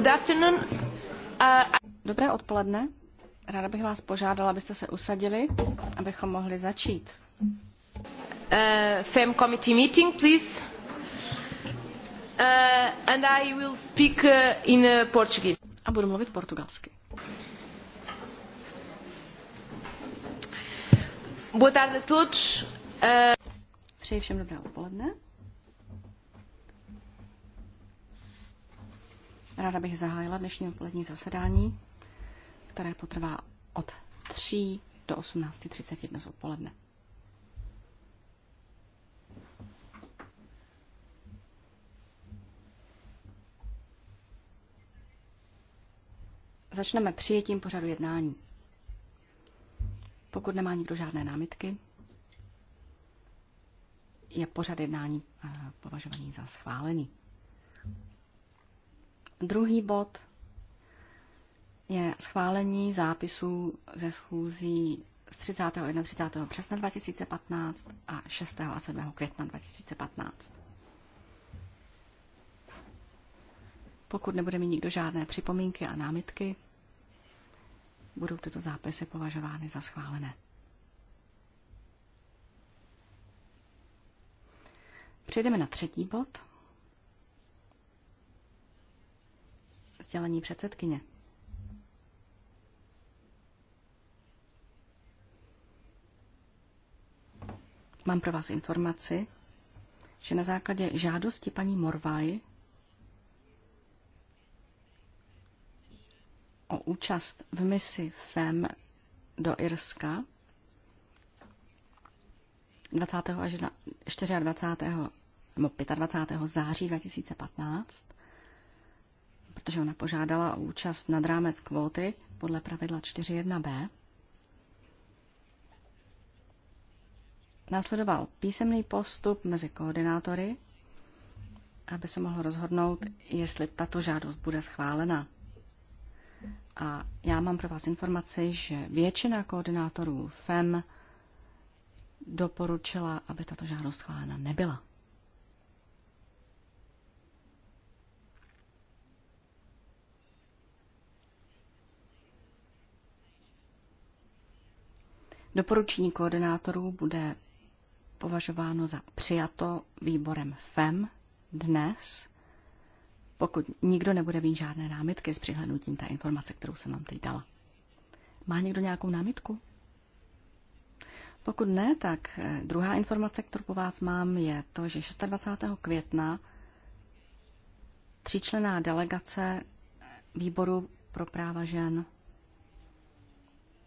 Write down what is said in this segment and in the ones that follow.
Good afternoon. Uh, dobré odpoledne. Ráda bych vás požádala, abyste se usadili, abychom mohli začít. Uh, FEM committee meeting, please. Uh, and I will speak uh, in uh, Portuguese. A budu mluvit portugalsky. Boa tarde a todos. Uh... Přeji všem dobré odpoledne. Ráda bych zahájila dnešní odpolední zasedání, které potrvá od 3 do 18.30 dnes odpoledne. Začneme přijetím pořadu jednání. Pokud nemá nikdo žádné námitky, je pořad jednání eh, považovaný za schválený. Druhý bod je schválení zápisů ze schůzí z 30. a 31. března 2015 a 6. a 7. května 2015. Pokud nebude mít nikdo žádné připomínky a námitky, budou tyto zápisy považovány za schválené. Přejdeme na třetí bod. sdělení předsedkyně. Mám pro vás informaci, že na základě žádosti paní Morvaj o účast v misi FEM do Irska 20. až 24. nebo 25. září 2015 protože ona požádala o účast nad rámec kvóty podle pravidla 4.1b. Následoval písemný postup mezi koordinátory, aby se mohlo rozhodnout, jestli tato žádost bude schválena. A já mám pro vás informaci, že většina koordinátorů FEM doporučila, aby tato žádost schválena nebyla. Doporučení koordinátorů bude považováno za přijato výborem FEM dnes, pokud nikdo nebude mít žádné námitky s přihlednutím té informace, kterou jsem vám teď dala. Má někdo nějakou námitku? Pokud ne, tak eh, druhá informace, kterou po vás mám, je to, že 26. května tříčlená delegace výboru pro práva žen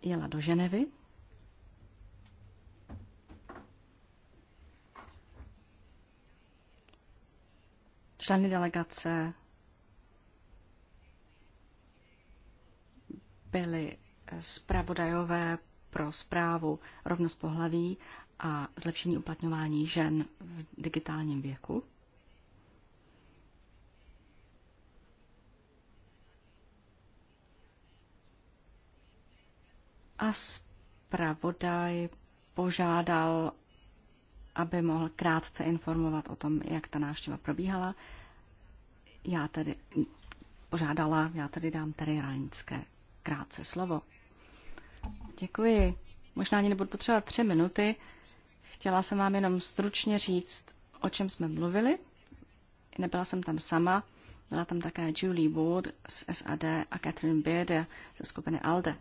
jela do Ženevy členy delegace byli zpravodajové pro zprávu rovnost pohlaví a zlepšení uplatňování žen v digitálním věku. A zpravodaj požádal aby mohl krátce informovat o tom, jak ta návštěva probíhala. Já tedy požádala, já tedy dám tady Ránské krátce slovo. Děkuji. Možná ani nebudu potřebovat tři minuty. Chtěla jsem vám jenom stručně říct, o čem jsme mluvili. Nebyla jsem tam sama, byla tam také Julie Wood z SAD a Catherine Bede ze skupiny ALDE.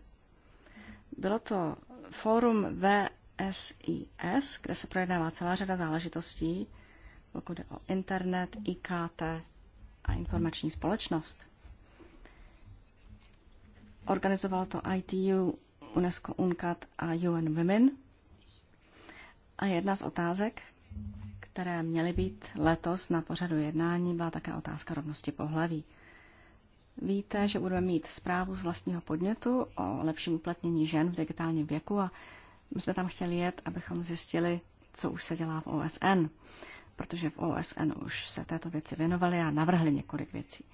Bylo to fórum SIS, kde se projednává celá řada záležitostí, pokud jde o internet, IKT a informační společnost. Organizovalo to ITU, UNESCO UNCAT a UN Women. A jedna z otázek, které měly být letos na pořadu jednání, byla také otázka rovnosti pohlaví. Víte, že budeme mít zprávu z vlastního podnětu o lepším uplatnění žen v digitálním věku a my jsme tam chtěli jet, abychom zjistili, co už se dělá v OSN, protože v OSN už se této věci věnovali a navrhli několik věcí.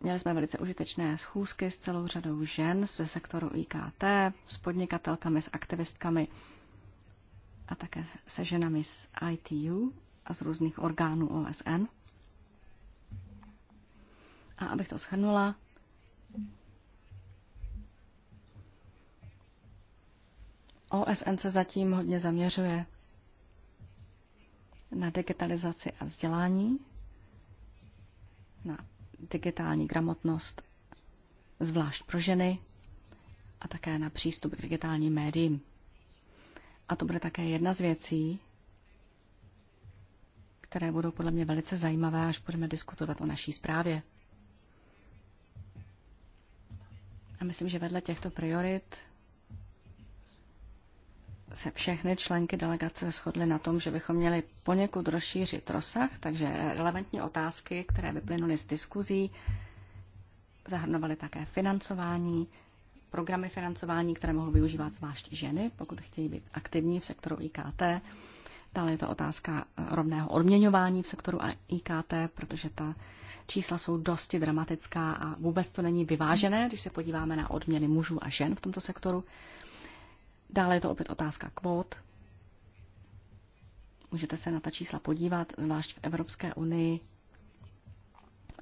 Měli jsme velice užitečné schůzky s celou řadou žen ze sektoru IKT, s podnikatelkami, s aktivistkami a také se ženami z ITU a z různých orgánů OSN. A abych to shrnula, OSN se zatím hodně zaměřuje na digitalizaci a vzdělání, na digitální gramotnost, zvlášť pro ženy, a také na přístup k digitálním médiím. A to bude také jedna z věcí, které budou podle mě velice zajímavé, až budeme diskutovat o naší zprávě. A myslím, že vedle těchto priorit se všechny členky delegace shodly na tom, že bychom měli poněkud rozšířit rozsah, takže relevantní otázky, které vyplynuly z diskuzí, zahrnovaly také financování, programy financování, které mohou využívat zvlášť ženy, pokud chtějí být aktivní v sektoru IKT. Dále je to otázka rovného odměňování v sektoru IKT, protože ta čísla jsou dosti dramatická a vůbec to není vyvážené, když se podíváme na odměny mužů a žen v tomto sektoru. Dále je to opět otázka kvót. Můžete se na ta čísla podívat, zvlášť v Evropské unii.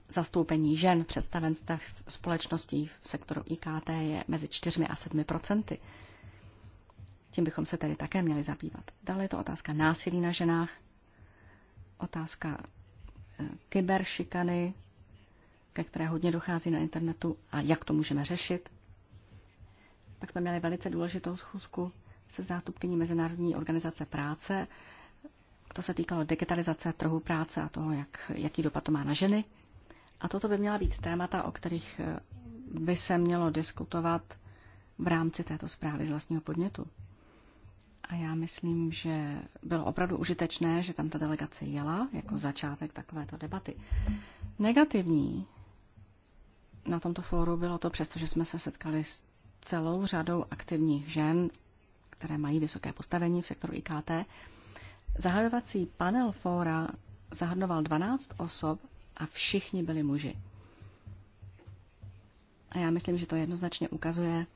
Zastoupení žen v představenstvech v společností v sektoru IKT je mezi 4 a 7 procenty. Tím bychom se tedy také měli zabývat. Dále je to otázka násilí na ženách, otázka eh, kyberšikany, ke které hodně dochází na internetu a jak to můžeme řešit tak jsme měli velice důležitou schůzku se zástupkyní Mezinárodní organizace práce. To se týkalo digitalizace trhu práce a toho, jak, jaký dopad to má na ženy. A toto by měla být témata, o kterých eh, by se mělo diskutovat v rámci této zprávy z vlastního podnětu. A já myslím, že bylo opravdu užitečné, že tam ta delegace jela jako začátek takovéto debaty. Negativní na tomto fóru bylo to, přestože jsme se setkali s celou řadou aktivních žen, které mají vysoké postavení v sektoru IKT. Zahajovací panel fóra zahrnoval 12 osob a všichni byli muži. A já myslím, že to jednoznačně ukazuje,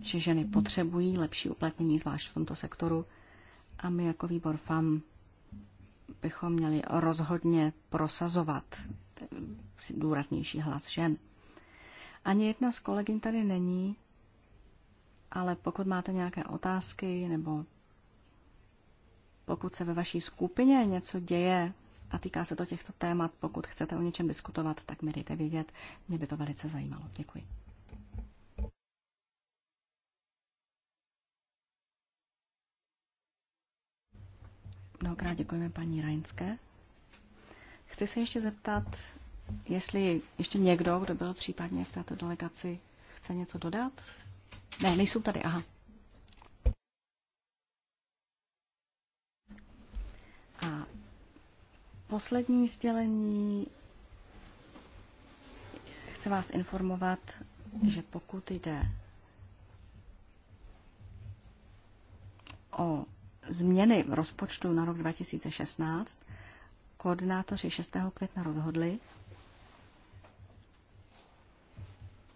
že ženy potřebují lepší uplatnění, zvlášť v tomto sektoru. A my jako výbor FAM bychom měli rozhodně prosazovat důraznější hlas žen. Ani jedna z kolegyn tady není, ale pokud máte nějaké otázky nebo pokud se ve vaší skupině něco děje a týká se to těchto témat, pokud chcete o něčem diskutovat, tak mi dejte vědět. Mě by to velice zajímalo. Děkuji. Mnohokrát děkujeme paní Rajnské. Chci se ještě zeptat, jestli ještě někdo, kdo byl případně v této delegaci, chce něco dodat? Ne, nejsou tady, aha. A poslední sdělení. Chci vás informovat, že pokud jde o změny v rozpočtu na rok 2016, koordinátoři 6. května rozhodli,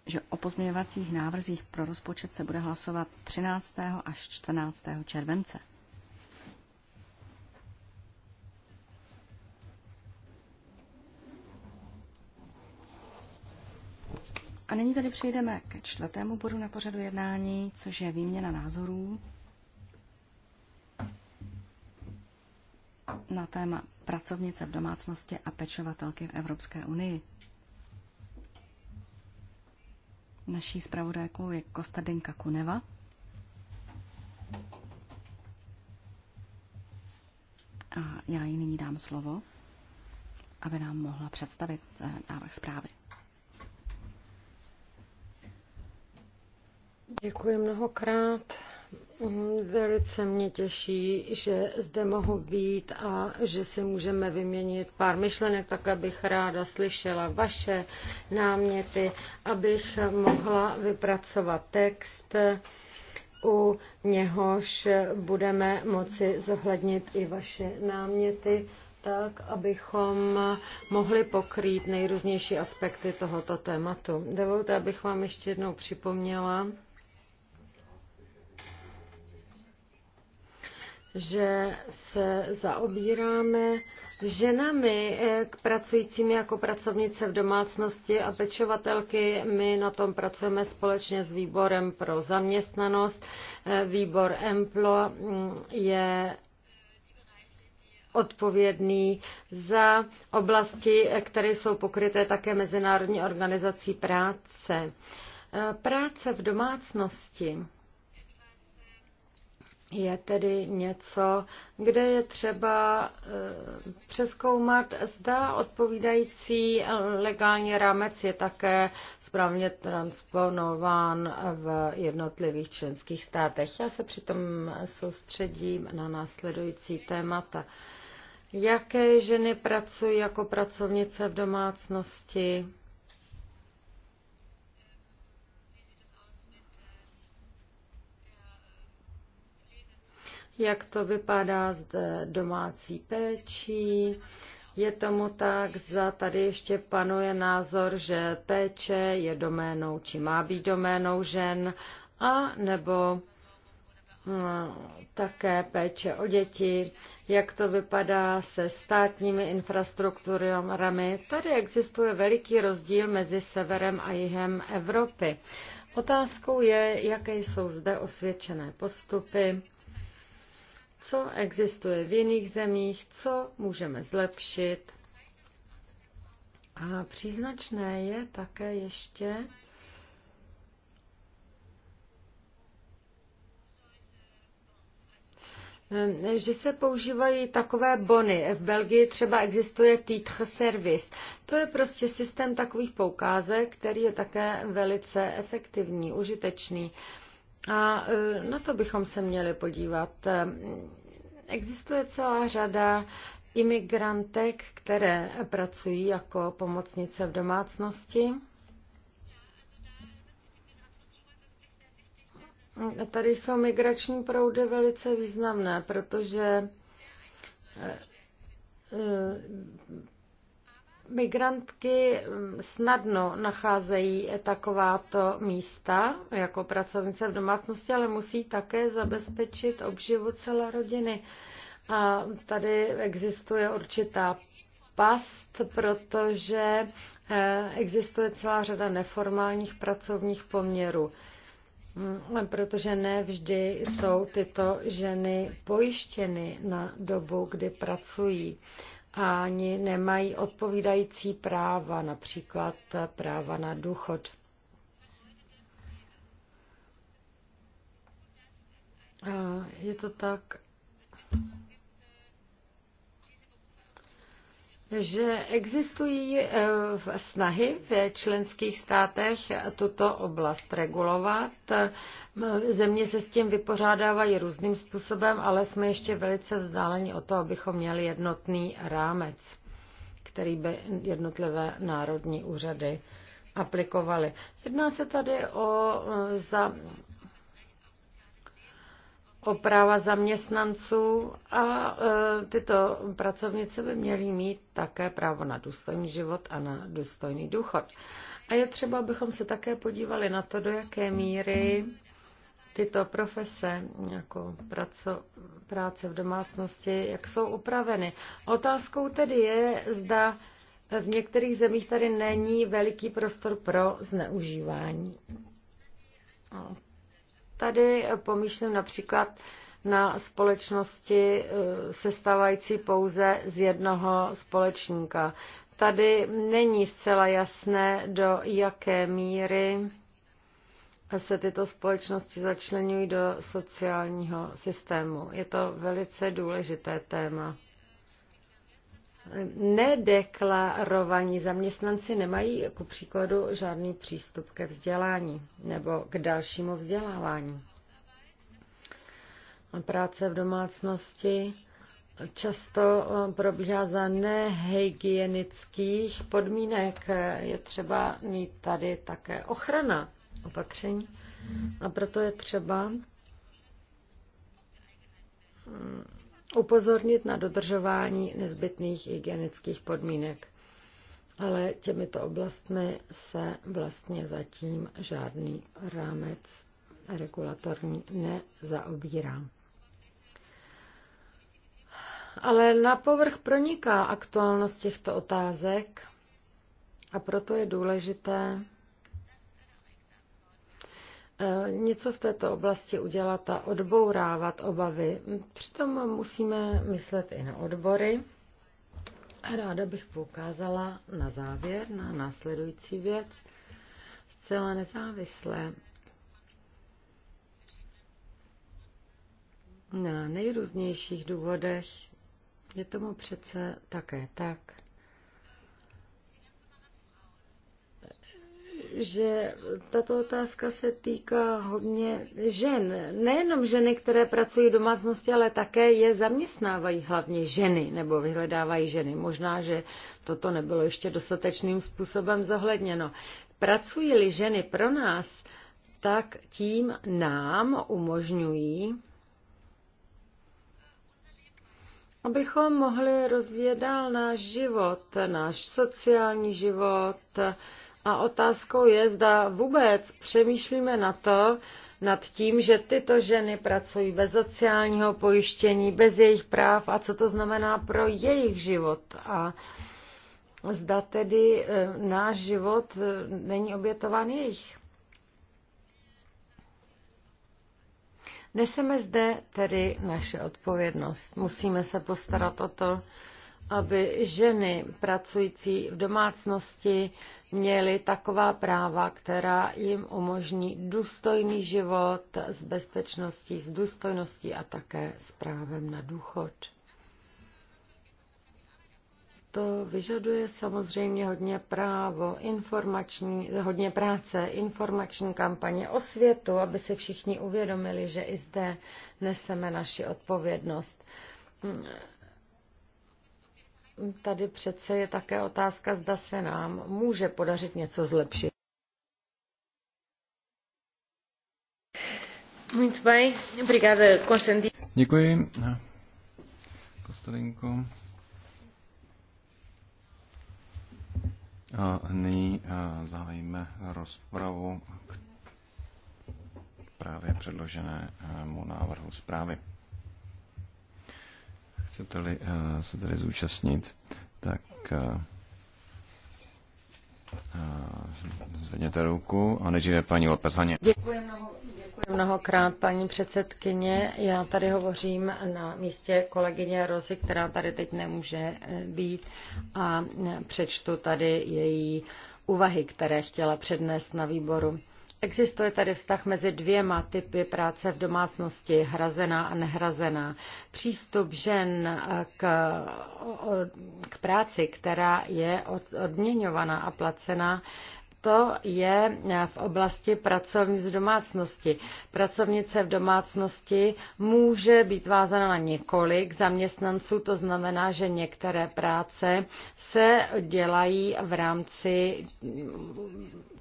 že o pozměňovacích návrzích pro rozpočet se bude hlasovat 13. až 14. července. A nyní tady přejdeme ke čtvrtému bodu na pořadu jednání, což je výměna názorů na téma pracovnice v domácnosti a pečovatelky v Evropské unii. Naší zpravodajkou je Kostadinka Kuneva. A já jí nyní dám slovo, aby nám mohla představit eh, návrh zprávy. Děkuji mnohokrát. Velice mě těší, že zde mohu být a že si můžeme vyměnit pár myšlenek, tak abych ráda slyšela vaše náměty, abych mohla vypracovat text, u něhož budeme moci zohlednit i vaše náměty, tak abychom mohli pokrýt nejrůznější aspekty tohoto tématu. Dovolte, abych vám ještě jednou připomněla, že se zaobíráme ženami eh, k pracujícími jako pracovnice v domácnosti a pečovatelky. My na tom pracujeme společně s výborem pro zaměstnanost. Eh, výbor EMPLO mm, je odpovědný za oblasti, eh, které jsou pokryté také Mezinárodní organizací práce. Práce v domácnosti je tedy něco, kde je třeba eh, přeskoumat, zda odpovídající legální rámec je také správně transponován v jednotlivých členských státech. Já se přitom soustředím na následující témata. Jaké ženy pracují jako pracovnice v domácnosti? jak to vypadá s domácí péčí. Je tomu tak, za tady ještě panuje názor, že péče je doménou, či má být doménou žen, a nebo hm, také péče o děti, jak to vypadá se státními infrastrukturami. Tady existuje veliký rozdíl mezi severem a jihem Evropy. Otázkou je, jaké jsou zde osvědčené postupy co existuje v jiných zemích, co můžeme zlepšit. A příznačné je také ještě, eh, že se používají takové bony. V Belgii třeba existuje titre service. To je prostě systém takových poukázek, který je také velice efektivní, užitečný. Um, a e, na to bychom se měli podívat. E, existuje celá řada imigrantek, které pracují jako pomocnice v domácnosti. Tady jsou migrační proudy velice významné, protože e, Migrantky mm, snadno nacházejí takováto místa jako pracovnice v domácnosti, ale musí také zabezpečit obživu celé rodiny. A tady existuje určitá past, protože eh, existuje celá řada neformálních pracovních poměrů, mm, protože ne vždy jsou tyto ženy pojištěny na dobu, kdy pracují ani nemají odpovídající práva, například práva na důchod. Je to tak, že existují eh, snahy v členských státech tuto oblast regulovat. Země se s tím vypořádávají různým způsobem, ale jsme ještě velice vzdáleni o to, abychom měli jednotný rámec, který by jednotlivé národní úřady aplikovaly. Jedná se tady o eh, za o práva zaměstnanců a e, tyto pracovnice by měly mít také právo na důstojný život a na důstojný důchod. A je třeba, abychom se také podívali na to, do jaké míry tyto profese, jako praco, práce v domácnosti, jak jsou upraveny. Otázkou tedy je, zda v některých zemích tady není veliký prostor pro zneužívání. Tady eh, pomýšlím například na společnosti eh, sestávající pouze z jednoho společníka. Tady není zcela jasné, do jaké míry se tyto společnosti začlenují do sociálního systému. Je to velice důležité téma. Nedeklarovaní zaměstnanci nemají ku příkladu žádný přístup ke vzdělání nebo k dalšímu vzdělávání. Práce v domácnosti často eh, probíhá za nehygienických podmínek. Je třeba mít tady také ochrana opatření a proto je třeba mm, upozornit na dodržování nezbytných hygienických podmínek. Ale těmito oblastmi se vlastně zatím žádný rámec regulatorní nezaobírá. Ale na povrch proniká aktuálnost těchto otázek a proto je důležité Eh, něco v této oblasti udělat a odbourávat obavy. Přitom musíme myslet i na odbory. Ráda bych poukázala na závěr, na následující věc, zcela nezávisle na nejrůznějších důvodech je tomu přece také tak, že tato otázka se týká hodně žen. Nejenom ženy, které pracují v domácnosti, ale také je zaměstnávají hlavně ženy nebo vyhledávají ženy. Možná, že toto nebylo ještě dostatečným způsobem zohledněno. Pracují-li ženy pro nás, tak tím nám umožňují abychom mohli rozvíjet náš život, náš sociální život, a otázkou je, zda vůbec přemýšlíme na to, nad tím, že tyto ženy pracují bez sociálního pojištění, bez jejich práv a co to znamená pro jejich život. A zda tedy e, náš život e, není obětován jejich. Neseme zde tedy naše odpovědnost. Musíme se postarat o to, aby ženy pracující v domácnosti měly taková práva, která jim umožní důstojný život s bezpečností, s důstojností a také s právem na důchod. To vyžaduje samozřejmě hodně právo, informační, hodně práce, informační kampaně, osvětu, aby si všichni uvědomili, že i zde neseme naši odpovědnost Tady přece je také otázka, zda se nám může podařit něco zlepšit. Muito bem, obrigada, Constantino. Děkuji, Kostelinko. A nyní zahájíme rozpravu k právě předloženému návrhu zprávy chcete-li uh, se tady zúčastnit, tak uh, zvedněte ruku a je paní Lopez Haně. Děkuji, děkuji mnohokrát, paní předsedkyně. Já tady hovořím na místě kolegyně Rosy, která tady teď nemůže být a přečtu tady její úvahy, které chtěla přednést na výboru. Existuje tady vztah mezi dvěma typy práce v domácnosti, hrazená a nehrazená. Přístup žen k, k práci, která je odměňovaná a placená, to je v oblasti pracovnic v domácnosti. Pracovnice v domácnosti může být vázaná na několik zaměstnanců, to znamená, že některé práce se dělají v rámci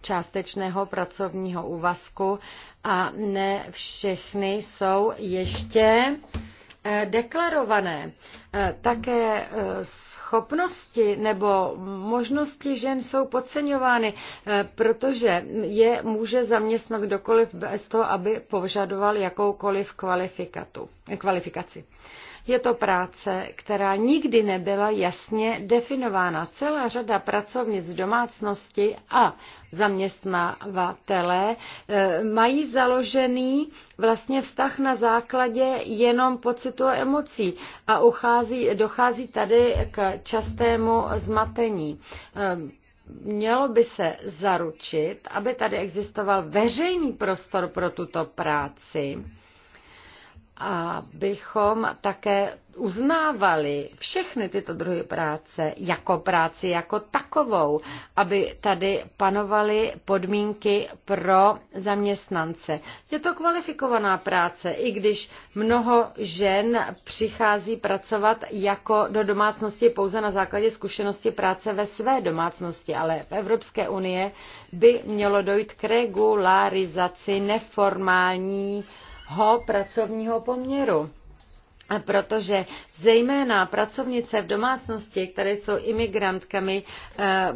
částečného pracovního úvazku a ne všechny jsou ještě eh, deklarované. Eh, také eh, s schopnosti nebo možnosti žen jsou podceňovány, eh, protože je může zaměstnat kdokoliv bez toho, aby požadoval jakoukoliv kvalifikaci. Je to práce, která nikdy nebyla jasně definována. Celá řada pracovnic v domácnosti a zaměstnavatele eh, mají založený vlastně vztah na základě jenom pocitu a emocí a uchází, dochází tady k častému zmatení eh, mělo by se zaručit, aby tady existoval veřejný prostor pro tuto práci abychom také uznávali všechny tyto druhy práce jako práci jako takovou, aby tady panovaly podmínky pro zaměstnance. Je to kvalifikovaná práce, i když mnoho žen přichází pracovat jako do domácnosti pouze na základě zkušenosti práce ve své domácnosti, ale v Evropské unie by mělo dojít k regularizaci neformální ho pracovního poměru. Protože zejména pracovnice v domácnosti, které jsou imigrantkami, eh,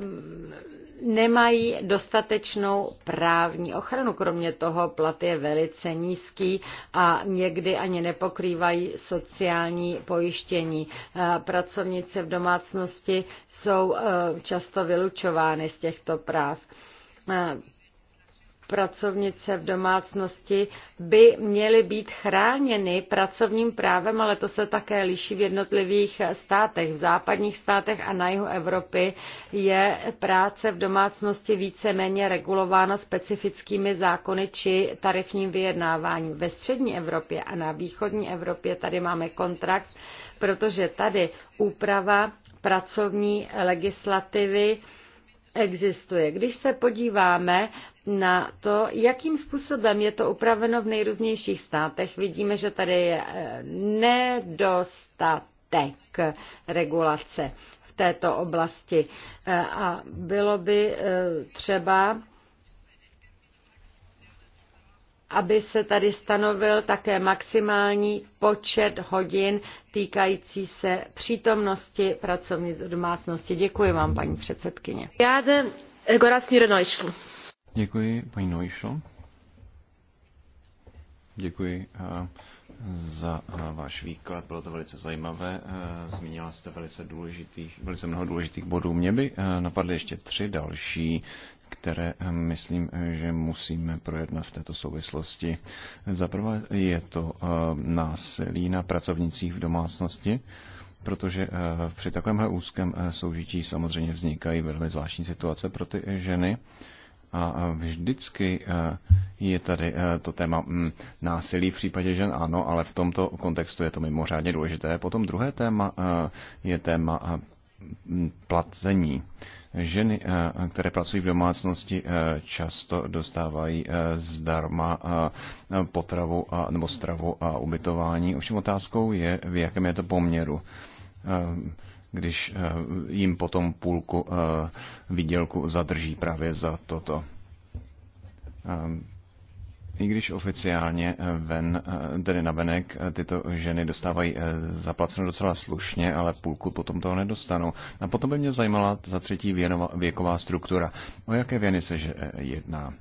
nemají dostatečnou právní ochranu. Kromě toho plat je velice nízký a někdy ani nepokrývají sociální pojištění. Eh, pracovnice v domácnosti jsou eh, často vylučovány z těchto práv pracovnice v domácnosti by měly být chráněny pracovním právem, ale to se také liší v jednotlivých státech. V západních státech a na jihu Evropy je práce v domácnosti víceméně regulována specifickými zákony či tarifním vyjednáváním. Ve střední Evropě a na východní Evropě tady máme kontrakt, protože tady úprava pracovní legislativy existuje. Když se podíváme na to, jakým způsobem je to upraveno v nejrůznějších státech, vidíme, že tady je eh, nedostatek regulace v této oblasti. Eh, a bylo by eh, třeba aby se tady stanovil také maximální počet hodin týkající se přítomnosti pracovnic v domácnosti. Děkuji vám, paní předsedkyně. Já jde Gorazmír Neuschl. Děkuji, paní Nojšo. Děkuji eh, za eh, váš výklad, bylo to velice zajímavé. Eh, zmínila jste velice, důležitých, velice mnoho důležitých bodů. Mě by napadly ještě tři další, které myslím, že musíme projednat v této souvislosti. Za prvé je to násilí na pracovnicích v domácnosti protože při takovémhle úzkém soužití samozřejmě vznikají velmi zvláštní situace pro ty ženy. A vždycky e, je tady e, to téma mm, násilí v případě žen, ano, ale v tomto kontextu je to mimořádně důležité. Potom druhé téma e, je téma placení. Ženy, které pracují v domácnosti, často dostávají zdarma potravu a, nebo stravu a ubytování. Ovšem otázkou je, v jakém je to poměru když eh, jim potom půlku eh, výdělku zadrží právě za toto. Eh, I když oficiálně ven, tedy na venek, tyto ženy dostávají zaplaceno docela slušně, ale půlku potom toho nedostanou. A potom by mě zajímala za třetí věnova, věková struktura. O jaké věny se jedná?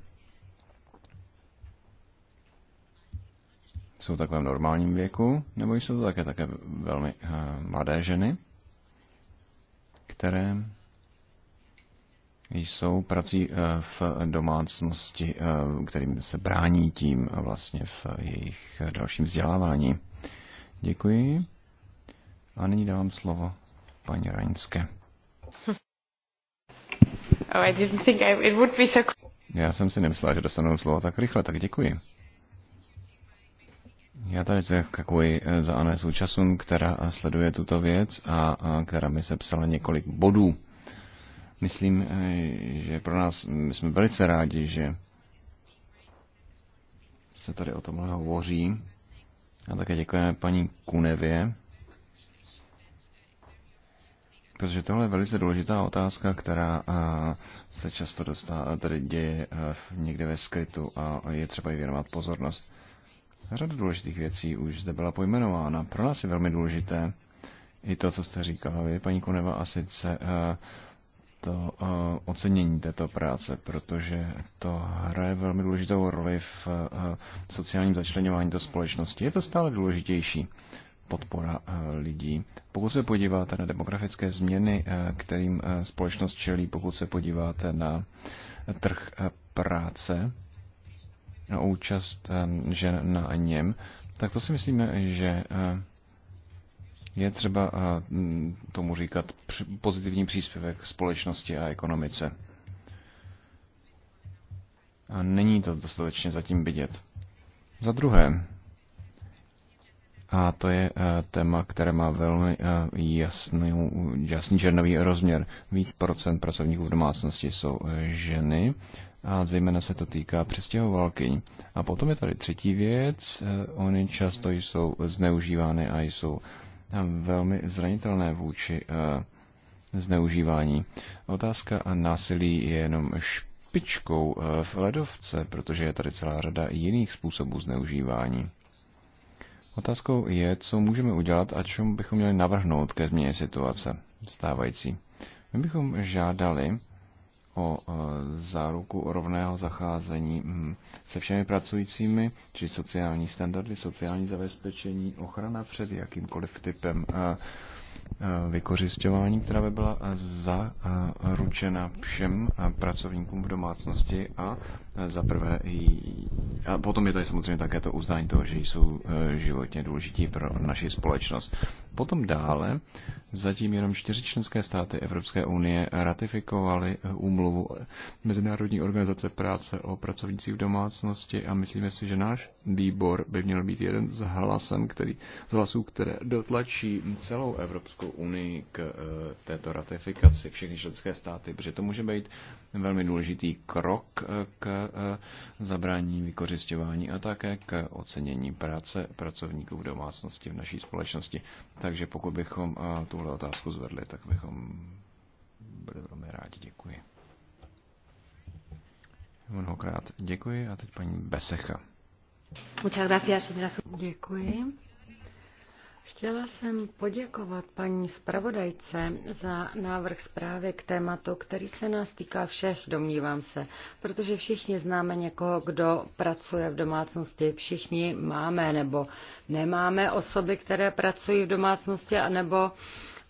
Jsou v takovém normálním věku, nebo jsou to také, také velmi mladé ženy? které jsou prací eh, v domácnosti, eh, kterým se brání tím eh, vlastně v jejich dalším vzdělávání. Děkuji. A nyní dávám slovo paní Raňské. Oh, I didn't think I, it would be so... Já jsem si nemyslela, že dostanu slovo tak rychle, tak děkuji. Já tady kakuji eh, za Ané Současun, která sleduje tuto věc a která mi se psala několik bodů. Myslím, eh, že pro nás, my mm, jsme velice rádi, že se tady o tomhle hovoří. A také děkujeme paní Kunevě, protože tohle je velice důležitá otázka, která eh, se často dostá, tady děje někde ve skrytu a je třeba i věnovat pozornost. Řada důležitých věcí už zde byla pojmenována. Pro nás je velmi důležité i to, co jste říkala vy, paní Koneva, a sice eh, to eh, ocenění této práce, protože to hraje velmi důležitou roli v eh, sociálním začlenování do společnosti. Je to stále důležitější podpora lidí. Pokud se podíváte na demografické změny, kterým společnost čelí, pokud se podíváte na trh práce, účast eh, žen na něm, tak to si myslíme, že eh, je třeba eh, tomu říkat pozitivní příspěvek společnosti a ekonomice. A není to dostatečně zatím vidět. Za druhé, a to je téma, které má velmi jasný, jasný černový rozměr. Víc procent pracovníků v domácnosti jsou ženy a zejména se to týká přestěhovalky. A potom je tady třetí věc, eh, oni často jsou zneužívány a jsou eh, velmi zranitelné vůči eh, zneužívání. Otázka násilí je jenom špičkou v ledovce, protože je tady celá řada jiných způsobů zneužívání. Otázkou je, co můžeme udělat a čemu bychom měli navrhnout ke změně situace stávající. My bychom žádali, o e, záruku rovného zacházení hm, se všemi pracujícími, či sociální standardy, sociální zabezpečení, ochrana před jakýmkoliv typem e, Eh, vykořišťování, která by byla eh, zaručena všem eh, pracovníkům v domácnosti a za prvé a potom je to samozřejmě také to uznání toho, že jsou životně důležití pro naši společnost. Potom dále, zatím jenom čtyři členské státy Evropské unie ratifikovaly úmluvu Mezinárodní organizace práce o pracovnících v domácnosti a myslíme si, že náš výbor by měl být jeden z, hlasem, který, z hlasů, které dotlačí celou Evropu Evropskou unii k eh, této ratifikaci všechny členské státy, protože to může být velmi důležitý krok eh, k eh, zabrání vykořišťování a také k ocenění práce pracovníků v domácnosti v naší společnosti. Takže pokud bychom tuhle otázku zvedli, tak bychom byli velmi rádi. Děkuji. Mnohokrát děkuji a teď paní Besecha. Děkuji. Chtěla jsem poděkovat paní zpravodajce za návrh zprávy k tématu, který se nás týká všech, domnívám se, protože všichni známe někoho, kdo pracuje v domácnosti, všichni máme nebo nemáme osoby, které pracují v domácnosti, anebo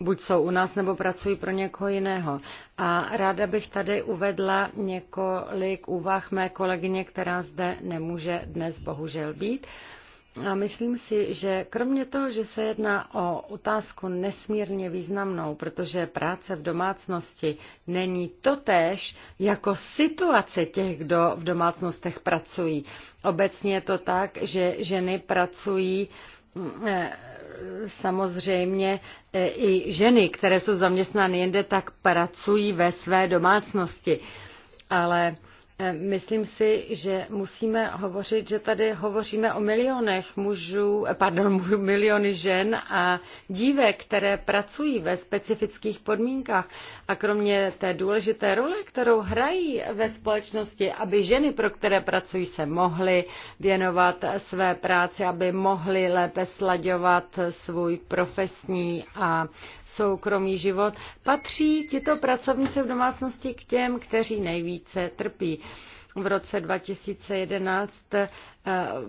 buď jsou u nás nebo pracují pro někoho jiného. A ráda bych tady uvedla několik úvah mé kolegyně, která zde nemůže dnes bohužel být. A myslím si, že kromě toho, že se jedná o otázku nesmírně významnou, protože práce v domácnosti není totéž jako situace těch, kdo v domácnostech pracují. Obecně je to tak, že ženy pracují eh, samozřejmě eh, i ženy, které jsou zaměstnány jinde, tak pracují ve své domácnosti. Ale Eh, myslím si, že musíme hovořit, že tady hovoříme o milionech mužů, eh, pardon, miliony žen a dívek, které pracují ve specifických podmínkách. A kromě té důležité role, kterou hrají ve společnosti, aby ženy, pro které pracují, se mohly věnovat své práci, aby mohly lépe slaďovat svůj profesní a soukromý život, patří tito pracovníci v domácnosti k těm, kteří nejvíce trpí v roce 2011 eh,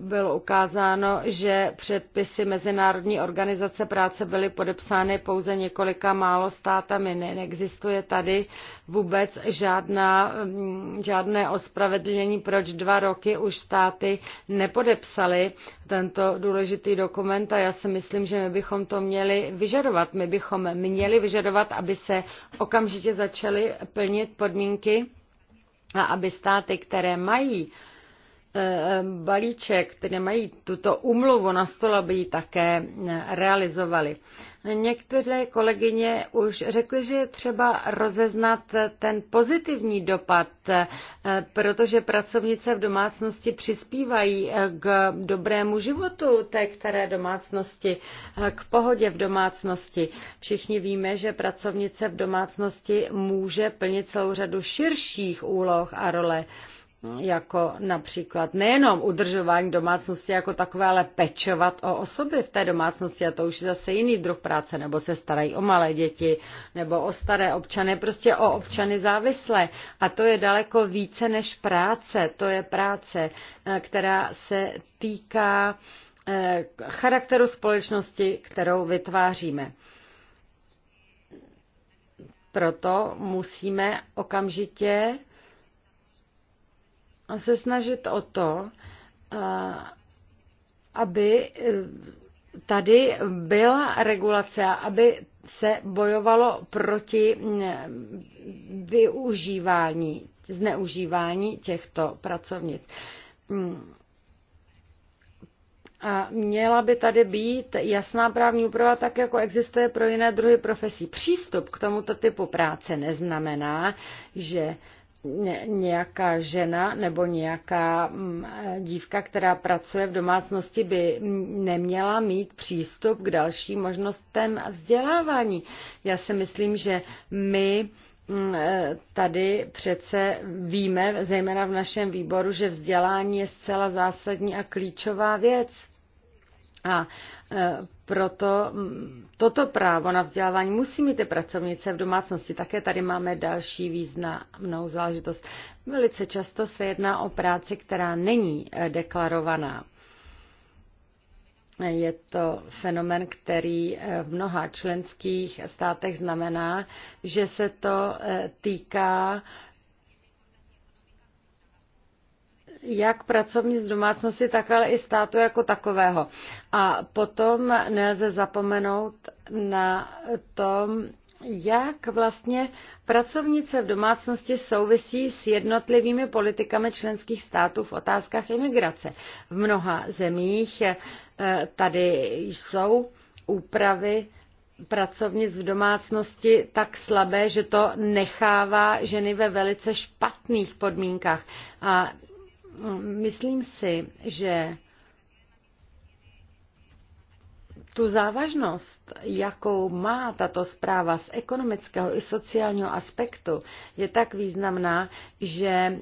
bylo ukázáno, že předpisy Mezinárodní organizace práce byly podepsány pouze několika málo státami. neexistuje tady vůbec žádná, mm, žádné ospravedlnění, proč dva roky už státy nepodepsaly tento důležitý dokument a já si myslím, že my bychom to měli vyžadovat. My bychom měli vyžadovat, aby se okamžitě začaly plnit podmínky a aby státy, které mají E, balíček, které mají tuto umluvu na stole, aby ji také realizovali. Některé kolegyně už řekly, že je třeba rozeznat ten pozitivní dopad, e, protože pracovnice v domácnosti přispívají e, k dobrému životu té které domácnosti, k pohodě v domácnosti. Všichni víme, že pracovnice v domácnosti může plnit celou řadu širších úloh a role jako například nejenom udržování domácnosti jako takové, ale pečovat o osoby v té domácnosti a to už je zase jiný druh práce, nebo se starají o malé děti, nebo o staré občany, prostě o občany závislé. A to je daleko více než práce, to je práce, eh, která se týká eh, charakteru společnosti, kterou vytváříme. Proto musíme okamžitě se snažit o to, aby e, tady byla regulace, aby se bojovalo proti využívání, zneužívání těchto pracovnic. A měla by tady být jasná právní úprava, tak jako existuje pro jiné druhy profesí. Přístup k tomuto typu práce neznamená, že nějaká žena nebo nějaká mm, dívka, která pracuje v domácnosti, by neměla mít přístup k dalším možnostem vzdělávání. Já si myslím, že my mm, e, tady přece víme, zejména v našem výboru, že vzdělání je zcela zásadní a klíčová věc. A e, proto mm, toto právo na vzdělávání musí mít i pracovnice v domácnosti. Také tady máme další významnou záležitost. Velice často se jedná o práci, která není eh, deklarovaná. Je to fenomen, který eh, v mnoha členských státech znamená, že se to eh, týká jak pracovní z domácnosti, tak ale i státu jako takového. A potom nelze zapomenout na tom, jak vlastně pracovnice v domácnosti souvisí s jednotlivými politikami členských států v otázkách imigrace. V mnoha zemích eh, tady jsou úpravy pracovnic v domácnosti tak slabé, že to nechává ženy ve velice špatných podmínkách. A Myslím si, že tu závažnost, jakou má tato zpráva z ekonomického i sociálního aspektu, je tak významná, že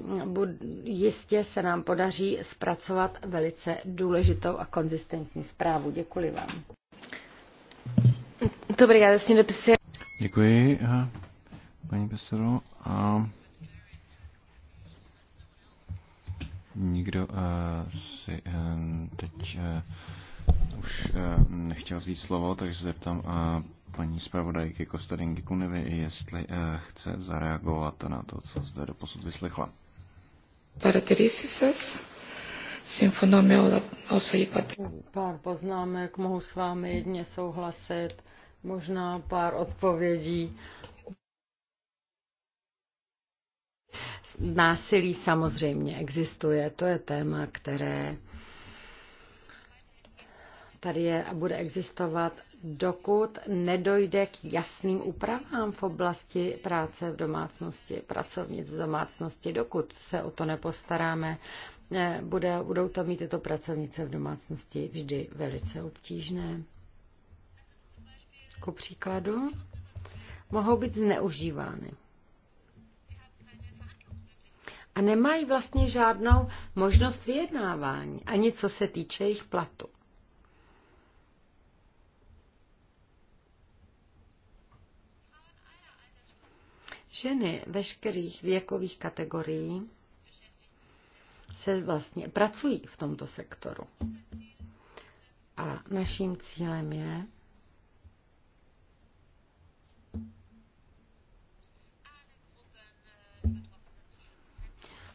jistě se nám podaří zpracovat velice důležitou a konzistentní zprávu. Děkuji vám. Dobrý já Děkuji, eh, paní Pesero. A... Nikdo uh, si uh, teď uh, už uh, nechtěl vzít slovo, takže se zeptám uh, paní zpravodajky Kostadinky Kunevy, jestli uh, chce zareagovat na to, co zde doposud vyslechla. Paraterisis symfonomia osejpat. Pár poznámek, mohu s vámi jedně souhlasit, možná pár odpovědí Násilí samozřejmě existuje, to je téma, které tady je a bude existovat, dokud nedojde k jasným úpravám v oblasti práce v domácnosti, pracovnic v domácnosti, dokud se o to nepostaráme, eh, bude, budou to mít tyto pracovnice v domácnosti vždy velice obtížné. Ku příkladu, mohou být zneužívány a nemají vlastně žádnou možnost vyjednávání, ani co se týče jejich platu. Ženy veškerých věkových kategorií se vlastně pracují v tomto sektoru. A naším cílem je,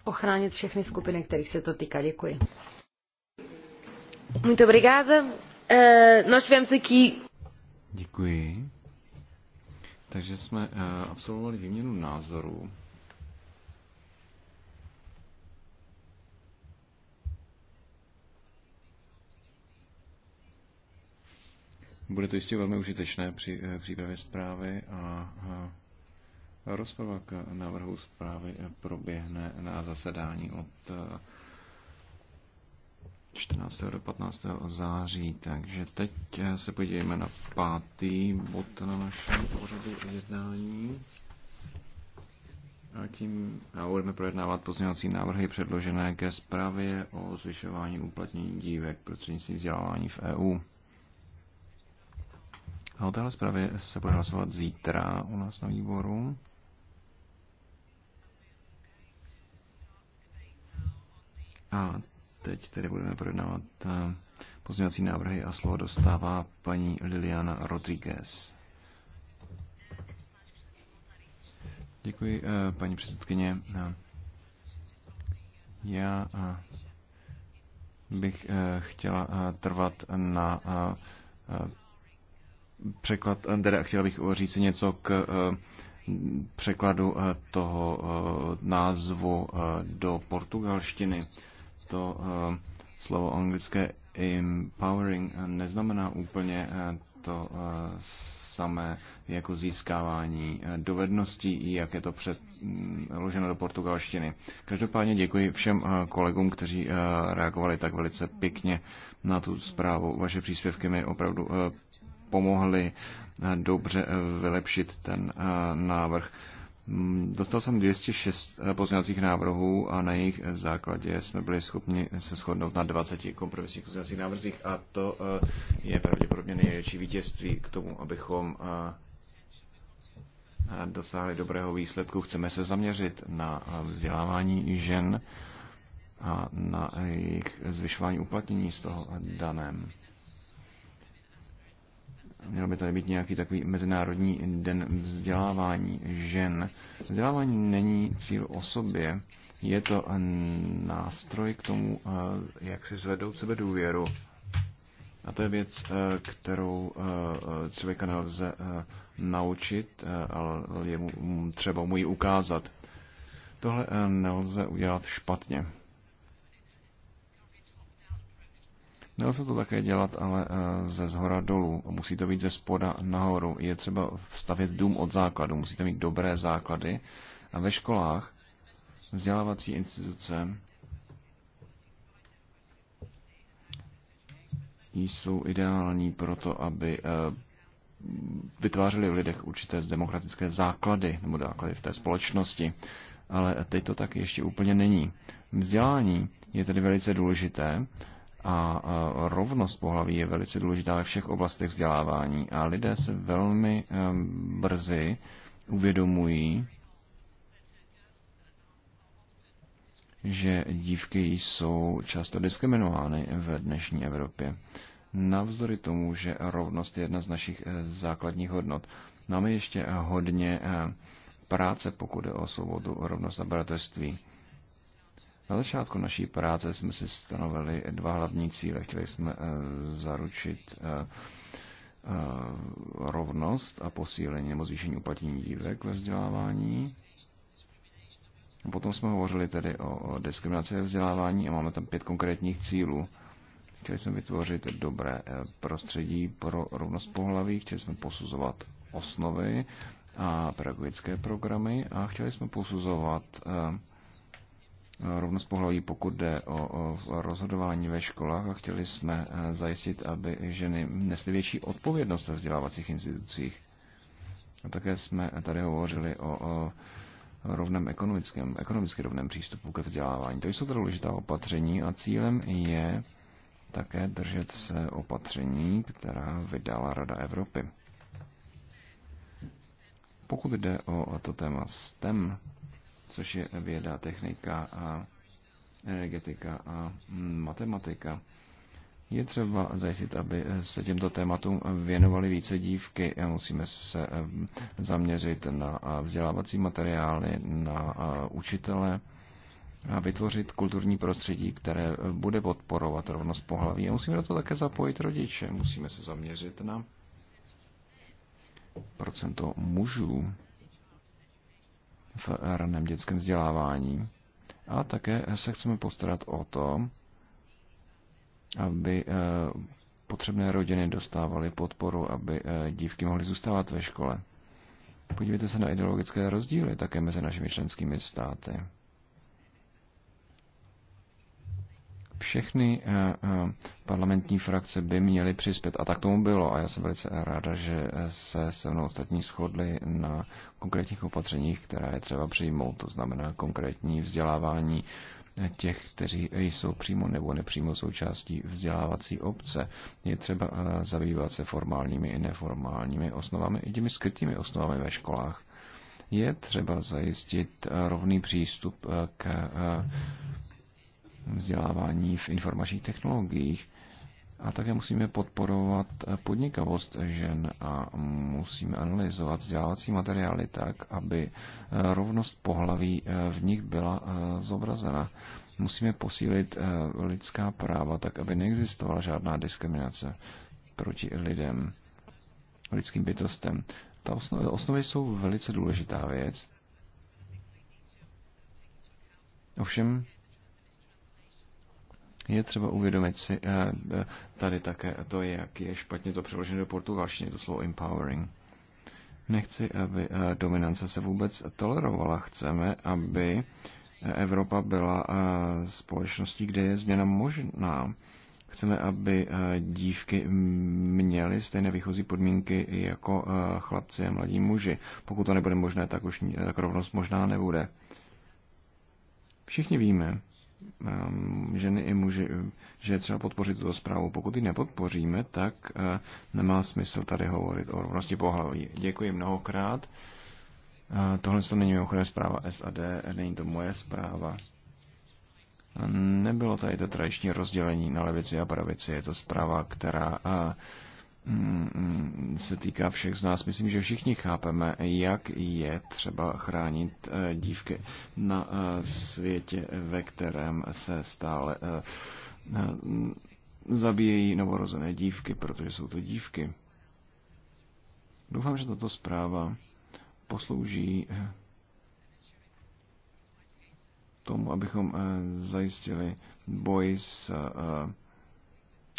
ochránit všechny skupiny, kterých se to týká. Děkuji. Muito obrigada. Uh, nós tivemos aqui... Děkuji. Takže jsme uh, absolvovali výměnu názorů. Bude to jistě velmi užitečné při uh, přípravě zprávy a, uh, Rozprava k návrhu zprávy proběhne na zasedání od 14. Eh, do 15. září. Takže teď eh, se podívejme na pátý bod na našem pořadu jednání. A tím a budeme projednávat pozměňovací návrhy předložené ke zprávě o zvyšování uplatnění dívek prostřednictvím vzdělávání v EU. A o téhle zprávě se bude hlasovat zítra u nás na výboru. A teď tedy budeme projednávat eh, pozměňovací návrhy a slovo dostává paní Liliana Rodriguez. Děkuji, eh, paní předsedkyně. Eh, já bych chtěla trvat na překlad, teda chtěla bych říct něco k překladu toho názvu do portugalštiny to eh, slovo anglické empowering neznamená úplně eh, to eh, samé jako získávání dovedností, jak je to předloženo mm, do portugalštiny. Každopádně děkuji všem kolegům, kteří reagovali tak velice pěkně na tu zprávu. Vaše příspěvky mi opravdu pomohly dobře vylepšit ten návrh. Mm, dostal jsem 206 eh, pozměňovacích návrhů a na jejich eh, základě jsme byli schopni se shodnout na 20 kompromisních pozměňovacích návrzích a to eh, je pravděpodobně největší vítězství k tomu, abychom dosáhli dobrého výsledku. Chceme se zaměřit na vzdělávání žen a na jejich zvyšování uplatnění z toho daném měl by tady být nějaký takový mezinárodní den vzdělávání žen. Vzdělávání není cíl sobě, je to nástroj k tomu, eh, jak si zvedou sebe důvěru. A to je věc, eh, kterou eh, člověka nelze naučit, ale je mu třeba mu ji ukázat. Tohle nelze udělat špatně. Nelze to také dělat, ale eh, ze zhora dolů. Musí to být ze spoda nahoru. Je třeba stavět dům od základu. Musíte mít dobré základy. A ve školách vzdělávací instituce jsou ideální pro to, aby eh, vytvářely v lidech určité demokratické základy nebo základy v té společnosti. Ale teď to tak ještě úplně není. Vzdělání je tedy velice důležité a rovnost pohlaví je velice důležitá ve všech oblastech vzdělávání a lidé se velmi brzy uvědomují, že dívky jsou často diskriminovány v dnešní Evropě. Navzdory tomu, že rovnost je jedna z našich eh, základních hodnot, máme ještě eh, hodně eh, práce, pokud je o svobodu, rovnost a bratrství. Na začátku naší práce jsme si stanovili dva hlavní cíle. Chtěli jsme eh, zaručit eh, eh, rovnost a posílení nebo zvýšení uplatnění dívek ve vzdělávání. Potom jsme hovořili tedy o diskriminaci ve vzdělávání a máme tam pět konkrétních cílů. Chtěli jsme vytvořit dobré prostředí pro rovnost pohlaví, chtěli jsme posuzovat osnovy a pedagogické programy a chtěli jsme posuzovat rovnost pohlaví, pokud jde o rozhodování ve školách a chtěli jsme eh, zajistit, aby ženy nesly větší odpovědnost ve vzdělávacích institucích. A také jsme tady hovořili o rovném ekonomickém, ekonomicky rovném přístupu ke vzdělávání. To jsou to důležitá opatření a cílem je také držet se opatření, která vydala Rada Evropy. Pokud jde o to téma STEM, což je věda, technika a energetika a matematika. Je třeba zajistit, aby se těmto tématům věnovaly více dívky. Musíme se zaměřit na vzdělávací materiály, na učitele a vytvořit kulturní prostředí, které bude podporovat rovnost pohlaví. A musíme do toho také zapojit rodiče. Musíme se zaměřit na procento mužů v raném dětském vzdělávání. A také se chceme postarat o to, aby eh, potřebné rodiny dostávaly podporu, aby eh, dívky mohly zůstávat ve škole. Podívejte se na ideologické rozdíly také mezi našimi členskými státy. všechny eh, eh, parlamentní frakce by měly přispět. A tak tomu bylo. A já jsem velice ráda, že se se mnou ostatní shodli na konkrétních opatřeních, která je třeba přijmout. To znamená konkrétní vzdělávání těch, kteří jsou přímo nebo nepřímo součástí vzdělávací obce. Je třeba eh, zabývat se formálními i neformálními osnovami, i těmi skrytými osnovami ve školách. Je třeba zajistit rovný přístup k vzdělávání v informačních technologiích. A také musíme podporovat podnikavost žen a musíme analyzovat vzdělávací materiály tak, aby rovnost pohlaví v nich byla eh, zobrazena. Musíme posílit eh, lidská práva tak, aby neexistovala žádná diskriminace proti lidem, lidským bytostem. Ta osnovy, osnovy jsou velice důležitá věc. Ovšem, Vlastně je třeba uvědomit si eh, eh, tady také to, jak je špatně to přeloženo do portugalštiny, to slovo empowering. Nechci, aby eh, dominance se vůbec tolerovala. Chceme, aby Evropa byla společností, kde je změna možná. Chceme, aby dívky měly stejné výchozí podmínky jako chlapci a mladí muži. Pokud to nebude možné, tak už tak rovnost možná nebude. Všichni víme, Ehm, ženy i muži, že je třeba podpořit tuto zprávu. Pokud ji nepodpoříme, tak eh, nemá smysl tady hovorit o rovnosti pohlaví. Děkuji mnohokrát. Eh, tohle to není mimochodem zpráva SAD, není to moje zpráva. Nebylo tady to tradiční rozdělení na levici a pravici, je to zpráva, která eh, Mm, se týká všech z nás. Myslím, že všichni chápeme, jak je třeba chránit eh, dívky na eh, světě, ve kterém se stále eh, zabíjejí novorozené dívky, protože jsou to dívky. Doufám, že tato zpráva poslouží tomu, abychom zajistili boj s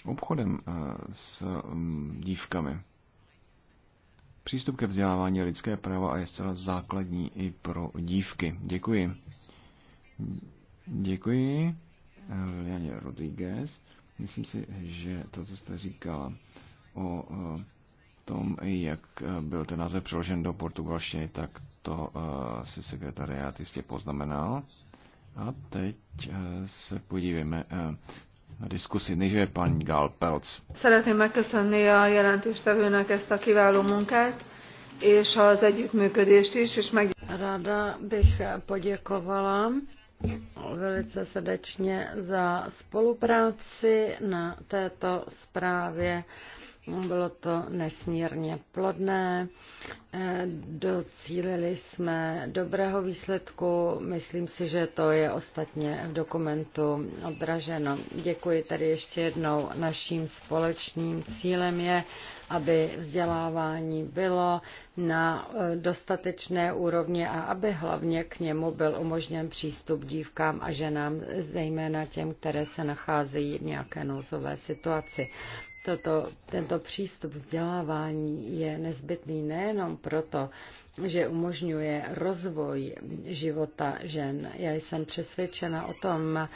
obchodem eh, s mm, dívkami. Přístup ke vzdělávání lidské práva a je zcela základní i pro dívky. Děkuji. Děkuji. Lilianě Rodriguez. Myslím si, že to, co jste říkala o eh, tom, jak eh, byl ten název přeložen do portugalštiny, tak to si sekretariát jistě poznamenal. A teď se podívejme diskusi. Nejdříve paní Gál Pelc. Szeretném megköszönni a jelentéstevőnek ezt a kiváló munkát és az együttműködést is, és meg... Ráda bych poděkovala velice srdečně za spolupráci na této zprávě bylo to nesmírně plodné, eh, docílili jsme dobrého výsledku, myslím si, že to je ostatně v dokumentu odraženo. Děkuji tady ještě jednou. Naším společným cílem je, aby vzdělávání bylo na eh, dostatečné úrovni a aby hlavně k němu byl umožněn přístup dívkám a ženám, zejména těm, které se nacházejí v nějaké nouzové situaci toto, tento přístup vzdělávání je nezbytný nejenom proto, že umožňuje rozvoj života žen. Já jsem přesvědčena o tom,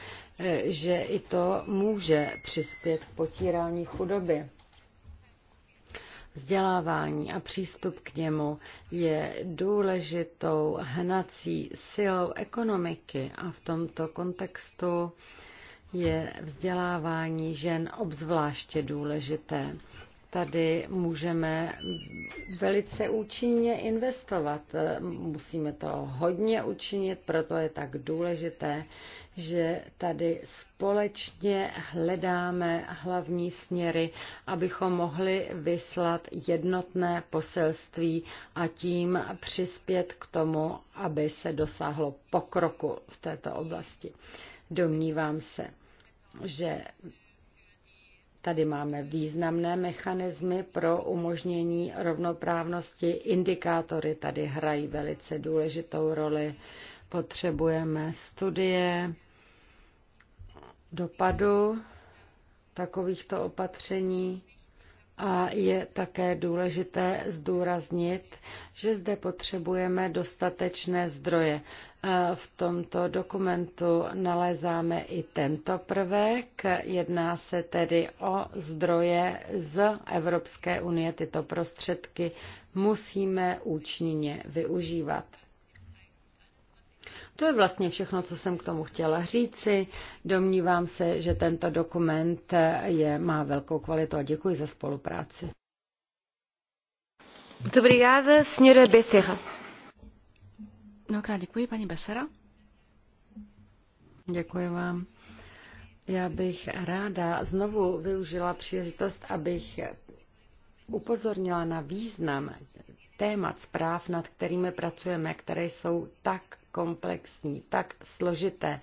že i to může přispět k potírání chudoby. Vzdělávání a přístup k němu je důležitou hnací silou ekonomiky a v tomto kontextu je vzdělávání žen obzvláště důležité. Tady můžeme velice účinně investovat. Musíme to hodně učinit, proto je tak důležité, že tady společně hledáme hlavní směry, abychom mohli vyslat jednotné poselství a tím přispět k tomu, aby se dosáhlo pokroku v této oblasti. Domnívám se, že Tady máme významné mechanismy pro umožnění rovnoprávnosti. Indikátory tady hrají velice důležitou roli. Potřebujeme studie dopadu takovýchto opatření a je také důležité zdůraznit, že zde potřebujeme dostatečné zdroje. V tomto dokumentu nalezáme i tento prvek. Jedná se tedy o zdroje z Evropské unie. Tyto prostředky musíme účinně využívat. To je vlastně všechno, co jsem k tomu chtěla říci. Domnívám se, že tento dokument je, má velkou kvalitu a děkuji za spolupráci. Muito obrigada, senhora Becerra. Mnohokrát děkuji, paní Besera. Děkuji vám. Já bych ráda znovu využila příležitost, abych upozornila na význam témat zpráv, nad kterými pracujeme, které jsou tak komplexní, tak složité,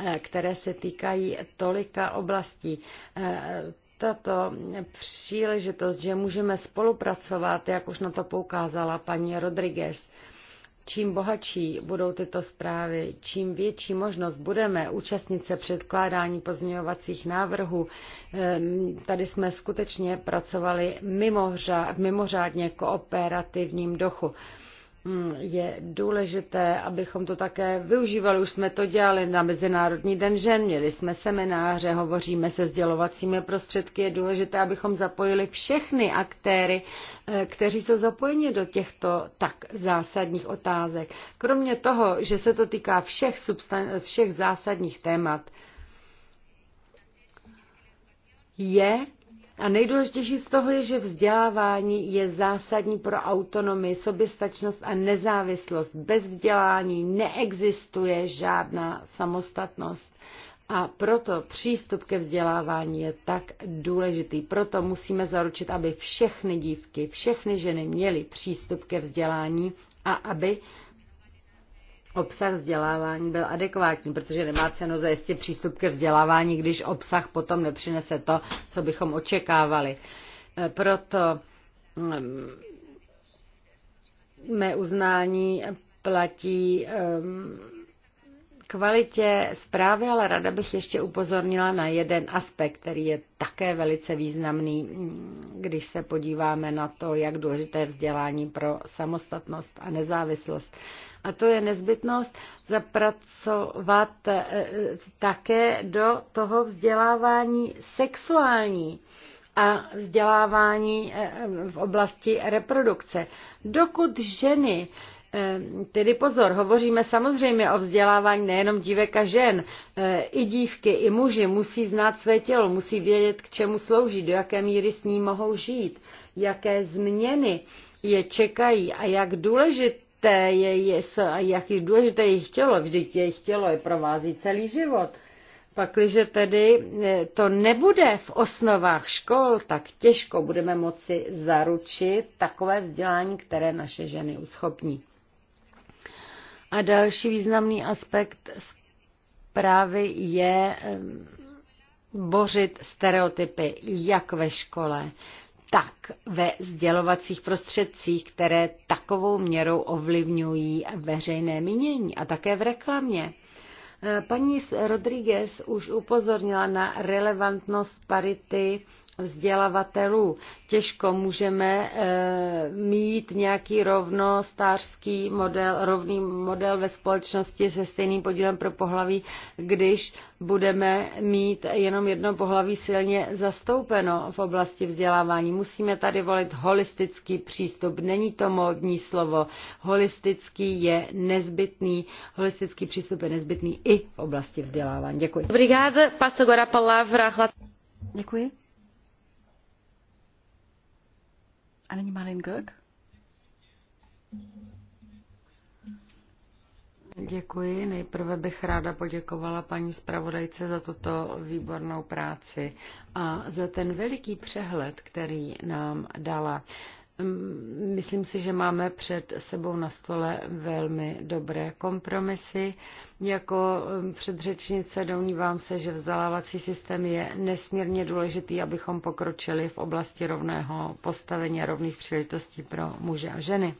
eh, které se týkají tolika oblastí eh, tato příležitost, že můžeme spolupracovat, jak už na to poukázala paní Rodriguez, čím bohatší budou tyto zprávy, čím větší možnost budeme účastnit se předkládání pozměňovacích návrhů. Ehm, tady jsme skutečně pracovali mimořádně kooperativním dochu. Mm, je důležité, abychom to také využívali. Už jsme to dělali na Mezinárodní den žen, měli jsme semináře, hovoříme se sdělovacími prostředky. Je důležité, abychom zapojili všechny aktéry, eh, kteří jsou zapojeni do těchto tak zásadních otázek. Kromě toho, že se to týká všech, substan- všech zásadních témat, je a nejdůležitější z toho je, že vzdělávání je zásadní pro autonomii, soběstačnost a nezávislost. Bez vzdělání neexistuje žádná samostatnost. A proto přístup ke vzdělávání je tak důležitý. Proto musíme zaručit, aby všechny dívky, všechny ženy měly přístup ke vzdělání a aby obsah vzdělávání byl adekvátní, protože nemá cenu zajistit přístup ke vzdělávání, když obsah potom nepřinese to, co bychom očekávali. E, proto mm, mé uznání platí mm, kvalitě zprávy, ale rada bych ještě upozornila na jeden aspekt, který je také velice významný, když se podíváme na to, jak důležité je vzdělání pro samostatnost a nezávislost. A to je nezbytnost zapracovat eh, také do toho vzdělávání sexuální a vzdělávání eh, v oblasti reprodukce. Dokud ženy Eh, tedy pozor, hovoříme samozřejmě o vzdělávání nejenom dívek a žen. Eh, I dívky, i muži musí znát své tělo, musí vědět, k čemu slouží, do jaké míry s ní mohou žít, jaké změny je čekají a jak důležité je, je, jak je důležité jejich tělo. Vždyť jejich tělo je provází celý život. Pakliže tedy eh, to nebude v osnovách škol, tak těžko budeme moci zaručit takové vzdělání, které naše ženy uschopní. A další významný aspekt zprávy je bořit stereotypy jak ve škole, tak ve sdělovacích prostředcích, které takovou měrou ovlivňují veřejné mínění a také v reklamě. E, paní Rodriguez už upozornila na relevantnost parity vzdělavatelů. Těžko můžeme e, mít nějaký rovnostářský model, rovný model ve společnosti se stejným podílem pro pohlaví, když budeme mít jenom jedno pohlaví silně zastoupeno v oblasti vzdělávání. Musíme tady volit holistický přístup. Není to módní slovo. Holistický je nezbytný. Holistický přístup je nezbytný i v oblasti vzdělávání. Děkuji. Děkuji. nyní Malin Gök. Děkuji. Nejprve bych ráda poděkovala paní zpravodajce za tuto výbornou práci a za ten veliký přehled, který nám dala. Mm, myslím si, že máme před sebou na stole velmi dobré kompromisy. Jako mm, předřečnice domnívám se, že vzdělávací systém je nesmírně důležitý, abychom pokročili v oblasti rovného postavení a rovných příležitostí pro muže a ženy.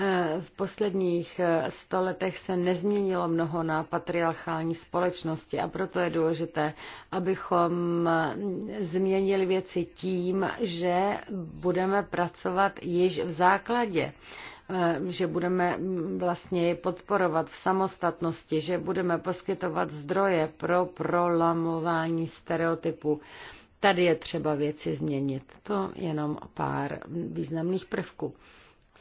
Eh, v posledních eh, stoletech se nezměnilo mnoho na patriarchální společnosti a proto je důležité, abychom eh, změnili věci tím, že budeme pracovat již v základě že budeme mm, vlastně podporovat v samostatnosti, že budeme poskytovat zdroje pro prolamování stereotypů. Tady je třeba věci změnit. To jenom pár významných prvků.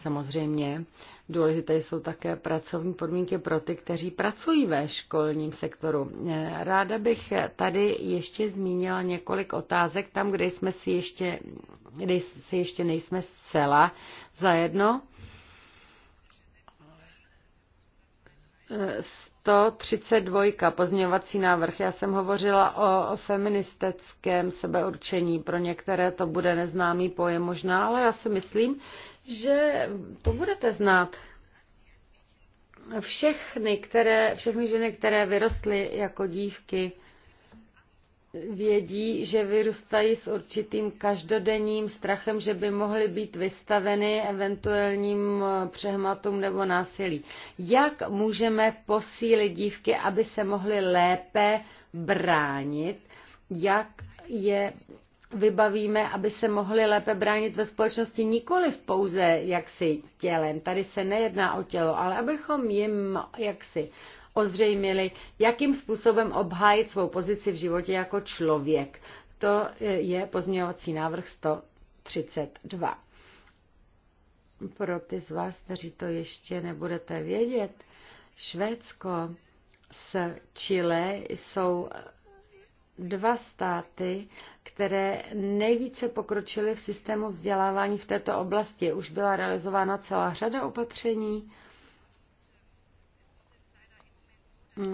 Samozřejmě důležité jsou také pracovní podmínky pro ty, kteří pracují ve školním sektoru. Ráda bych tady ještě zmínila několik otázek tam, kde jsme si ještě, kde si ještě nejsme zcela zajedno. 132. pozměňovací návrh. Já jsem hovořila o feministeckém sebeurčení. Pro některé to bude neznámý pojem možná, ale já si myslím, že to budete znát. Všechny, které, všechny ženy, které vyrostly jako dívky, vědí, že vyrůstají s určitým každodenním strachem, že by mohly být vystaveny eventuálním eh, přehmatům nebo násilí. Jak můžeme posílit dívky, aby se mohly lépe bránit? Jak je vybavíme, aby se mohli lépe bránit ve společnosti nikoli v pouze jaksi tělem. Tady se nejedná o tělo, ale abychom jim jaksi ozřejmili, jakým způsobem obhájit svou pozici v životě jako člověk. To je pozměňovací návrh 132. Pro ty z vás, kteří to ještě nebudete vědět, Švédsko s Chile jsou dva státy, které nejvíce pokročily v systému vzdělávání v této oblasti. Už byla realizována celá řada opatření.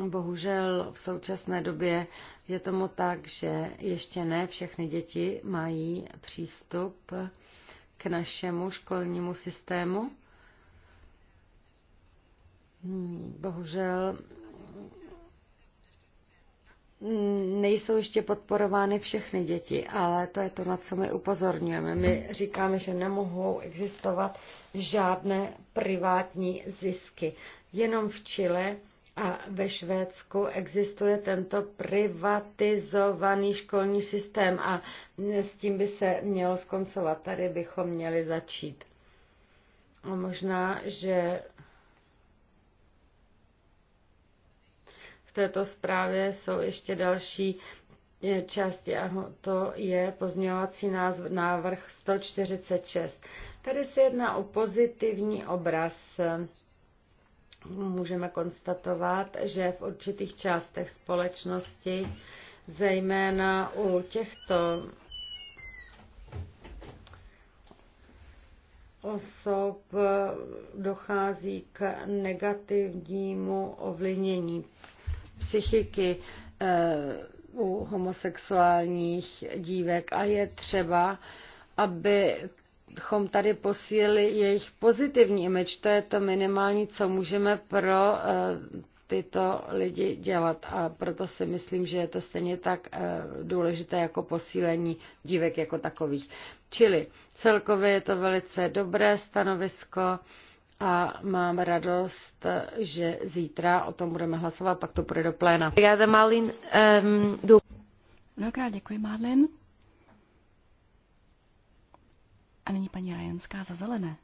Bohužel v současné době je tomu tak, že ještě ne všechny děti mají přístup k našemu školnímu systému. Bohužel nejsou ještě podporovány všechny děti, ale to je to, na co my upozorňujeme. My říkáme, že nemohou existovat žádné privátní zisky. Jenom v Chile a ve Švédsku existuje tento privatizovaný školní systém a s tím by se mělo skoncovat. Tady bychom měli začít. A možná, že této zprávě jsou ještě další e, části a to je pozměňovací návrh 146. Tady se jedná o pozitivní obraz. Můžeme konstatovat, že v určitých částech společnosti, zejména u těchto osob dochází k negativnímu ovlivnění psychiky eh, u homosexuálních dívek a je třeba, abychom tady posílili jejich pozitivní image. To je to minimální, co můžeme pro eh, tyto lidi dělat. A proto si myslím, že je to stejně tak eh, důležité jako posílení dívek jako takových. Čili celkově je to velice dobré stanovisko a mám radost, že zítra o tom budeme hlasovat, pak to půjde do pléna. Malin, um, ehm, Mnohokrát děkuji, Marlin. A nyní paní Rajenská za zelené.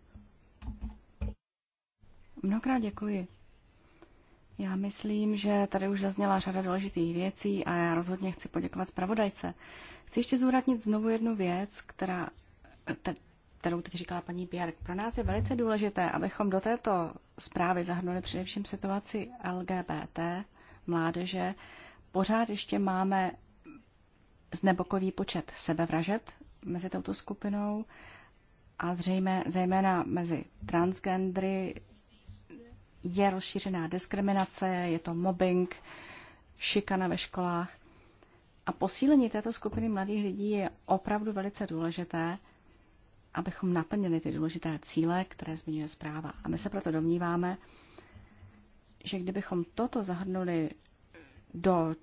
Mnohokrát děkuji. Já myslím, že tady už zazněla řada důležitých věcí a já rozhodně chci poděkovat zpravodajce. Chci ještě zúraznit znovu jednu věc, která kterou teď říkala paní Bjark. Pro nás je velice důležité, abychom do této zprávy zahrnuli především situaci LGBT, mládeže. Pořád ještě máme znebokový počet sebevražet mezi touto skupinou a zřejmě zejména mezi transgendry je rozšířená diskriminace, je to mobbing, šikana ve školách. A posílení této skupiny mladých lidí je opravdu velice důležité abychom naplnili ty důležité cíle, které zmiňuje zpráva. A my se proto domníváme, že kdybychom toto zahrnuli do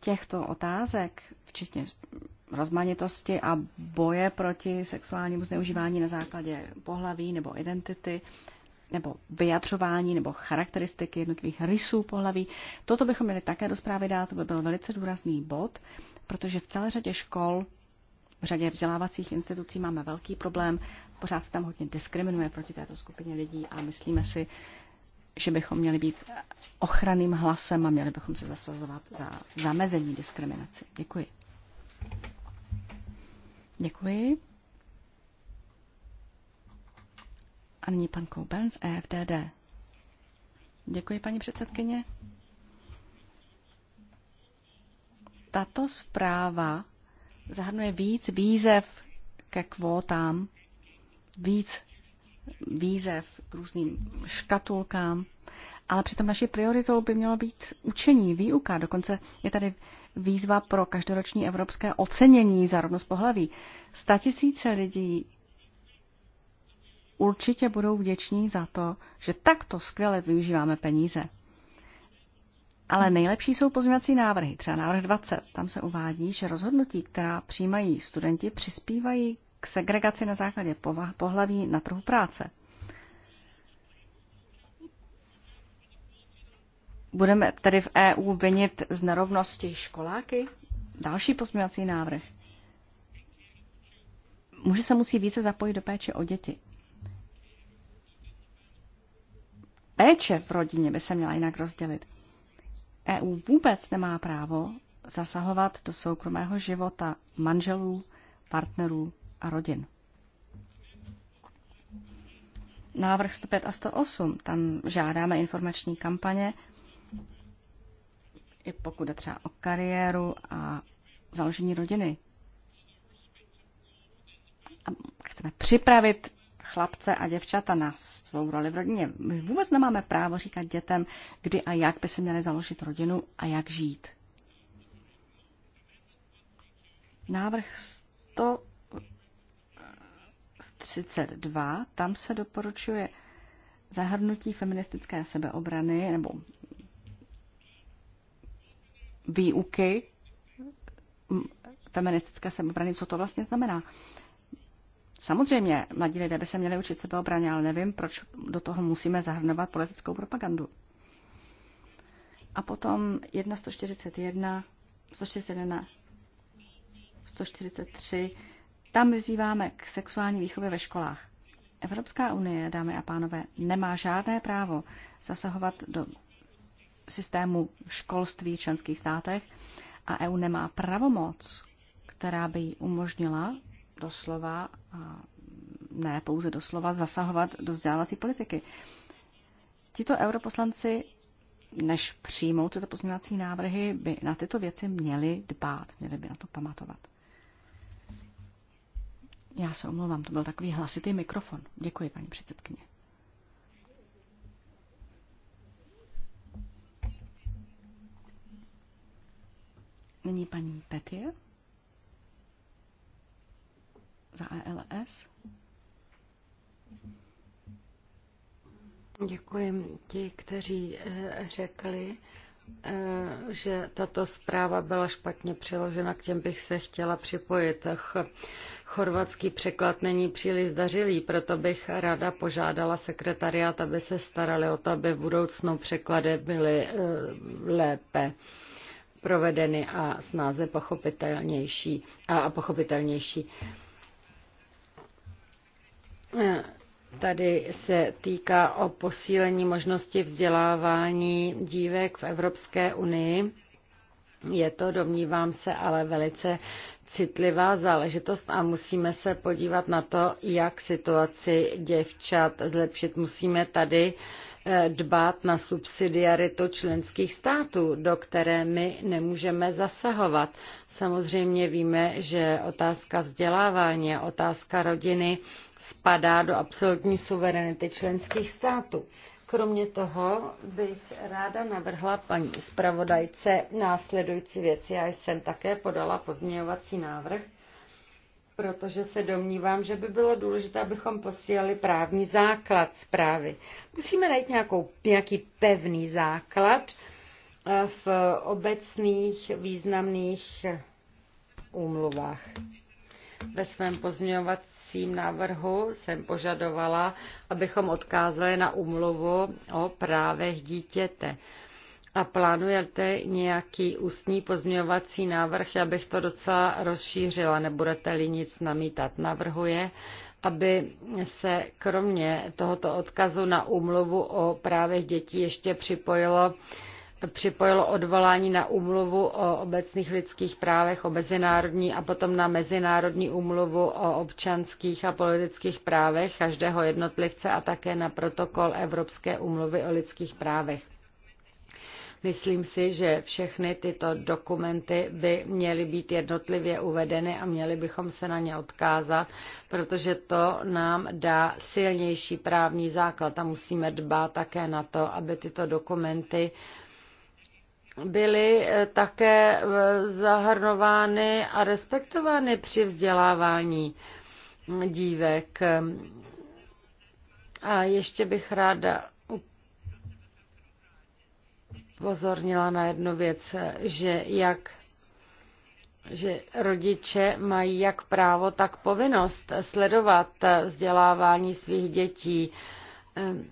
těchto otázek, včetně rozmanitosti a boje proti sexuálnímu zneužívání na základě pohlaví nebo identity, nebo vyjadřování nebo charakteristiky jednotlivých rysů pohlaví. Toto bychom měli také do zprávy dát, to by byl velice důrazný bod, protože v celé řadě škol v řadě vzdělávacích institucí máme velký problém, pořád se tam hodně diskriminuje proti této skupině lidí a myslíme si, že bychom měli být ochranným hlasem a měli bychom se zasazovat za zamezení diskriminaci. Děkuji. Děkuji. A nyní pan Kouben z EFDD. Děkuji, paní předsedkyně. Tato zpráva zahrnuje víc výzev ke kvótám, víc výzev k různým škatulkám, ale přitom naší prioritou by mělo být učení, výuka. Dokonce je tady výzva pro každoroční evropské ocenění za rovnost pohlaví. Statisíce lidí určitě budou vděční za to, že takto skvěle využíváme peníze. Ale nejlepší jsou pozměňovací návrhy, třeba návrh 20. Tam se uvádí, že rozhodnutí, která přijímají studenti, přispívají k segregaci na základě pohlaví na trhu práce. Budeme tedy v EU vinit z nerovnosti školáky? Další pozměňovací návrh. Muži se musí více zapojit do péče o děti. Péče v rodině by se měla jinak rozdělit. EU vůbec nemá právo zasahovat do soukromého života manželů, partnerů a rodin. Návrh 105 a 108, tam žádáme informační kampaně, i pokud je třeba o kariéru a založení rodiny. A chceme připravit chlapce a děvčata na svou roli v rodině. My vůbec nemáme právo říkat dětem, kdy a jak by si měli založit rodinu a jak žít. Návrh 132, tam se doporučuje zahrnutí feministické sebeobrany nebo výuky feministické sebeobrany, co to vlastně znamená. Samozřejmě, mladí lidé by se měli učit sebeobraně, ale nevím, proč do toho musíme zahrnovat politickou propagandu. A potom 1 141, 141, 143, tam vyzýváme k sexuální výchově ve školách. Evropská unie, dámy a pánové, nemá žádné právo zasahovat do systému školství v členských státech a EU nemá pravomoc, která by jí umožnila doslova, a ne pouze doslova, zasahovat do vzdělávací politiky. Tito europoslanci, než přijmou tyto pozměňovací návrhy, by na tyto věci měli dbát, měli by na to pamatovat. Já se omlouvám, to byl takový hlasitý mikrofon. Děkuji, paní předsedkyně. Nyní paní Petie za ALS. E Děkuji ti, kteří eh, řekli, eh, že tato zpráva byla špatně přeložena, k těm bych se chtěla připojit. Chorvatský překlad není příliš zdařilý, proto bych ráda požádala sekretariát, aby se starali o to, aby v budoucnu překlady byly eh, lépe provedeny a snáze pochopitelnější a pochopitelnější. Tady se týká o posílení možnosti vzdělávání dívek v Evropské unii. Je to, domnívám se, ale velice citlivá záležitost a musíme se podívat na to, jak situaci děvčat zlepšit. Musíme tady dbát na subsidiaritu členských států, do které my nemůžeme zasahovat. Samozřejmě víme, že otázka vzdělávání, otázka rodiny spadá do absolutní suverenity členských států. Kromě toho bych ráda navrhla paní zpravodajce následující věci. Já jsem také podala pozměňovací návrh, protože se domnívám, že by bylo důležité, abychom posílali právní základ zprávy. Musíme najít nějakou, nějaký pevný základ eh, v obecných významných úmluvách. Ve svém pozměňovacím návrhu jsem požadovala, abychom odkázali na úmluvu o právech dítěte. A plánujete nějaký ústní pozměňovací návrh, já bych to docela rozšířila, nebudete-li nic namítat. Navrhuje, aby se kromě tohoto odkazu na úmluvu o právech dětí ještě připojilo připojilo odvolání na úmluvu o obecných lidských právech, o mezinárodní a potom na mezinárodní úmluvu o občanských a politických právech každého jednotlivce a také na protokol Evropské úmluvy o lidských právech. Myslím si, že všechny tyto dokumenty by měly být jednotlivě uvedeny a měli bychom se na ně odkázat, protože to nám dá silnější právní základ a musíme dbát také na to, aby tyto dokumenty byly eh, také eh, zahrnovány a respektovány při vzdělávání dívek. A ještě bych ráda pozornila na jednu věc, že jak že rodiče mají jak právo, tak povinnost sledovat vzdělávání svých dětí. Ehm,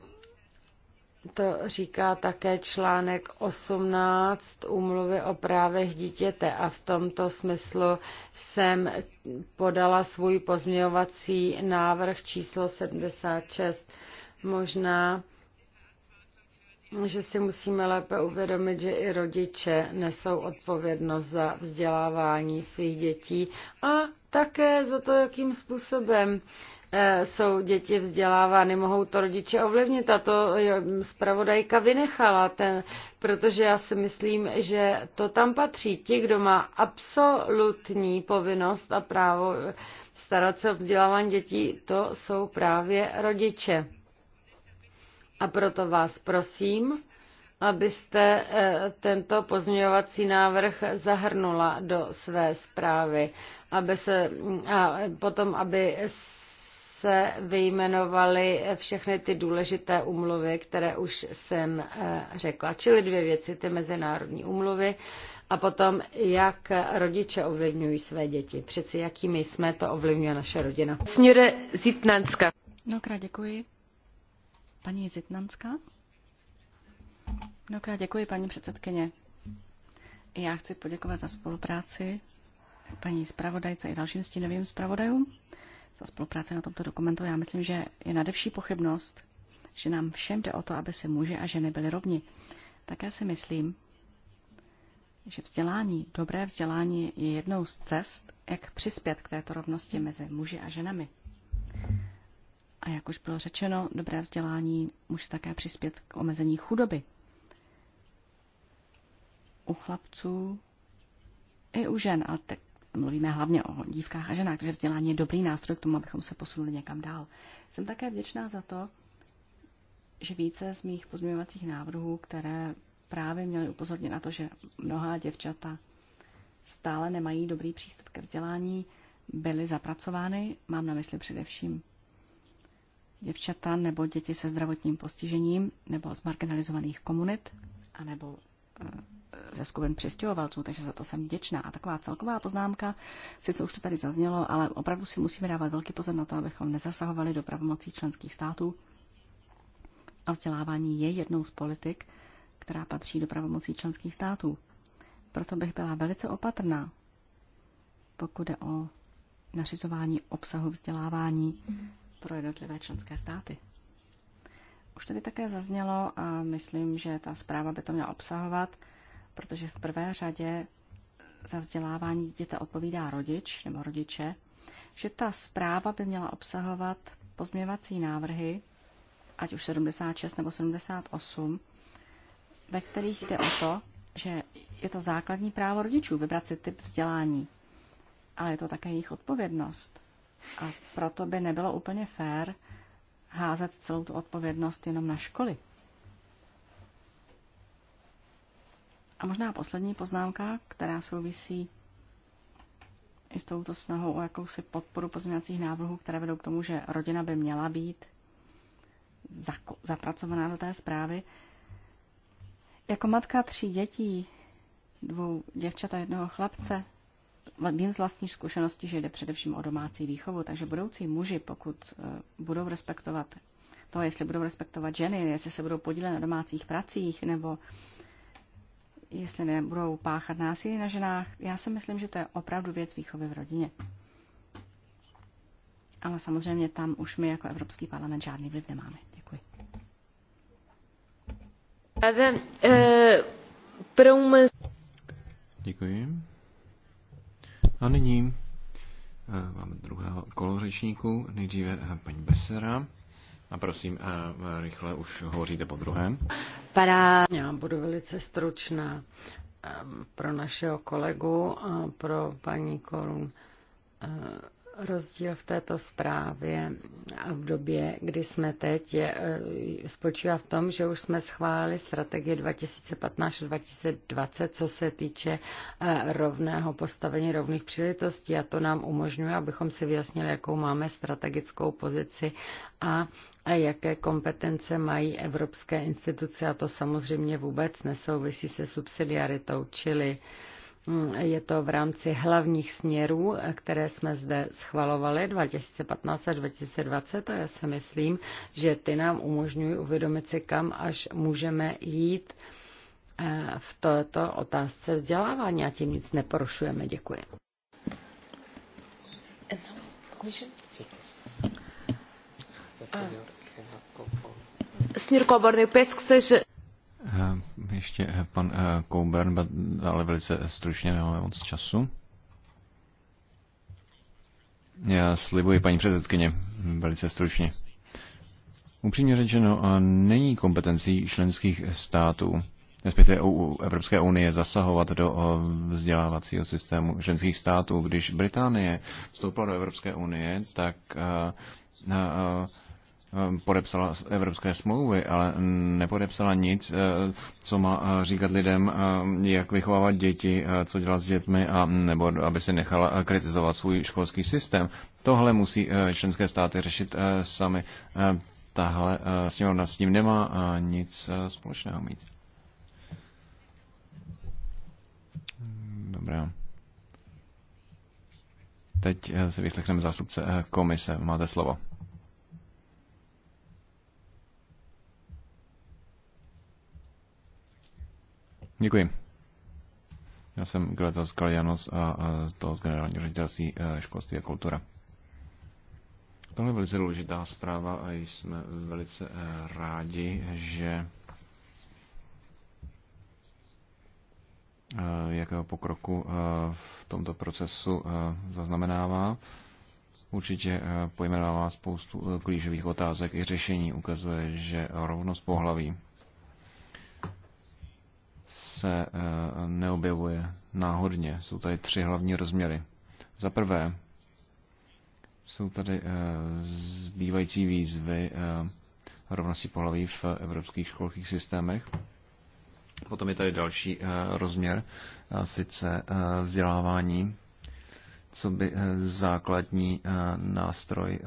to říká také článek 18 úmluvy o právech dítěte a v tomto smyslu jsem podala svůj pozměňovací návrh číslo 76. Možná že si musíme lépe uvědomit, že i rodiče nesou odpovědnost za vzdělávání svých dětí a také za to, jakým způsobem eh, jsou děti vzdělávány, mohou to rodiče ovlivnit a to eh, zpravodajka vynechala, ten, protože já si myslím, že to tam patří. Ti, kdo má absolutní povinnost a právo eh, starat se o vzdělávání dětí, to jsou právě rodiče. A proto vás prosím, abyste eh, tento pozměňovací návrh zahrnula do své zprávy, aby se, mm, a potom, aby se vyjmenovaly všechny ty důležité umluvy, které už jsem eh, řekla, čili dvě věci, ty mezinárodní umluvy a potom, jak rodiče ovlivňují své děti. Přeci jakými jsme, to ovlivňuje naše rodina. Sněde Zitnanska. Mnohokrát děkuji. Paní Zitnanská? Mnohokrát děkuji, paní předsedkyně. Já chci poděkovat za spolupráci paní zpravodajce i dalším stínovým zpravodajům za spolupráci na tomto dokumentu. Já myslím, že je nadevší pochybnost, že nám všem jde o to, aby se muži a ženy byli rovni. Také si myslím, že vzdělání, dobré vzdělání je jednou z cest, jak přispět k této rovnosti mezi muži a ženami. A jak už bylo řečeno, dobré vzdělání může také přispět k omezení chudoby. U chlapců i u žen, ale tak mluvíme hlavně o dívkách a ženách, takže vzdělání je dobrý nástroj k tomu, abychom se posunuli někam dál. Jsem také vděčná za to, že více z mých pozměňovacích návrhů, které právě měly upozornit na to, že mnohá děvčata stále nemají dobrý přístup ke vzdělání, byly zapracovány. Mám na mysli především děvčata nebo děti se zdravotním postižením nebo z marginalizovaných komunit a nebo eh, ze skupin přistěhovalců, takže za to jsem vděčná. A taková celková poznámka, sice už to tady zaznělo, ale opravdu si musíme dávat velký pozor na to, abychom nezasahovali do pravomocí členských států. A vzdělávání je jednou z politik, která patří do pravomocí členských států. Proto bych byla velice opatrná, pokud jde o nařizování obsahu vzdělávání pro jednotlivé členské státy. Už tady také zaznělo a myslím, že ta zpráva by to měla obsahovat, protože v prvé řadě za vzdělávání dítěte odpovídá rodič nebo rodiče, že ta zpráva by měla obsahovat pozměvací návrhy, ať už 76 nebo 78, ve kterých jde o to, že je to základní právo rodičů vybrat si typ vzdělání, ale je to také jejich odpovědnost. A proto by nebylo úplně fér házet celou tu odpovědnost jenom na školy. A možná poslední poznámka, která souvisí i s touto snahou o jakousi podporu pozměňovacích návrhů, které vedou k tomu, že rodina by měla být zapracovaná do té zprávy. Jako matka tří dětí, dvou děvčat a jednoho chlapce, vím z vlastní zkušenosti, že jde především o domácí výchovu, takže budoucí muži, pokud eh, budou respektovat to, jestli budou respektovat ženy, jestli se budou podílet na domácích pracích, nebo jestli nebudou páchat násilí na ženách, já si myslím, že to je opravdu věc výchovy v rodině. Ale samozřejmě tam už my jako Evropský parlament žádný vliv nemáme. Děkuji. Eh, Děkuji. A nyní eh, máme druhého kolo nejdříve eh, paní Besera. A prosím, eh, rychle už hovoříte po druhém. Pará, já budu velice stručná pro našeho kolegu a pro paní Korun rozdíl v této zprávě a v době, kdy jsme teď, je, e, spočívá v tom, že už jsme schválili strategie 2015-2020, co se týče e, rovného postavení rovných příležitostí a to nám umožňuje, abychom si vyjasnili, jakou máme strategickou pozici a a jaké kompetence mají evropské instituce a to samozřejmě vůbec nesouvisí se subsidiaritou, čili uh, Mm, je to v rámci hlavních směrů, které jsme zde schvalovali 2015 až 2020 a já si myslím, že ty nám umožňují uvědomit si, kam až můžeme jít eh, v této otázce vzdělávání a tím nic neporušujeme. Děkuji. Senhor Coburn, eu peço que seja Eh, ještě eh, pan eh, Coburn, ale velice stručně, nemáme moc času. Já slibuji, paní předsedkyně, velice stručně. Upřímně řečeno, není kompetencí členských států, respektive Evropské unie, zasahovat do vzdělávacího systému členských států. Když Británie vstoupila do Evropské unie, tak Eh, podepsala evropské smlouvy, ale nepodepsala nic, eh, co má eh, říkat lidem, jak vychovávat děti, co dělat s dětmi, a nebo aby si nechala kritizovat svůj školský systém. Tohle musí členské státy řešit sami. Tahle sněmovna s tím nemá nic společného mít. Dobrá. Teď si vyslechneme zástupce komise. Máte slovo. Děkuji. Já jsem Gletas Skalianos a, a to z generálního ředitelství eh, školství a kultura. Tohle je velice důležitá zpráva a jsme velice eh, rádi, že eh, jakého pokroku v tomto procesu zaznamenává. Určitě pojmenovává spoustu klíčových otázek i řešení. Ukazuje, že rovnost pohlaví se eh, neobjevuje náhodně. Jsou tady tři hlavní rozměry. Za prvé jsou tady eh, zbývající výzvy eh, rovnosti pohlaví v evropských školských systémech. Potom je tady další rozměr, a sice vzdělávání, co by základní nástroj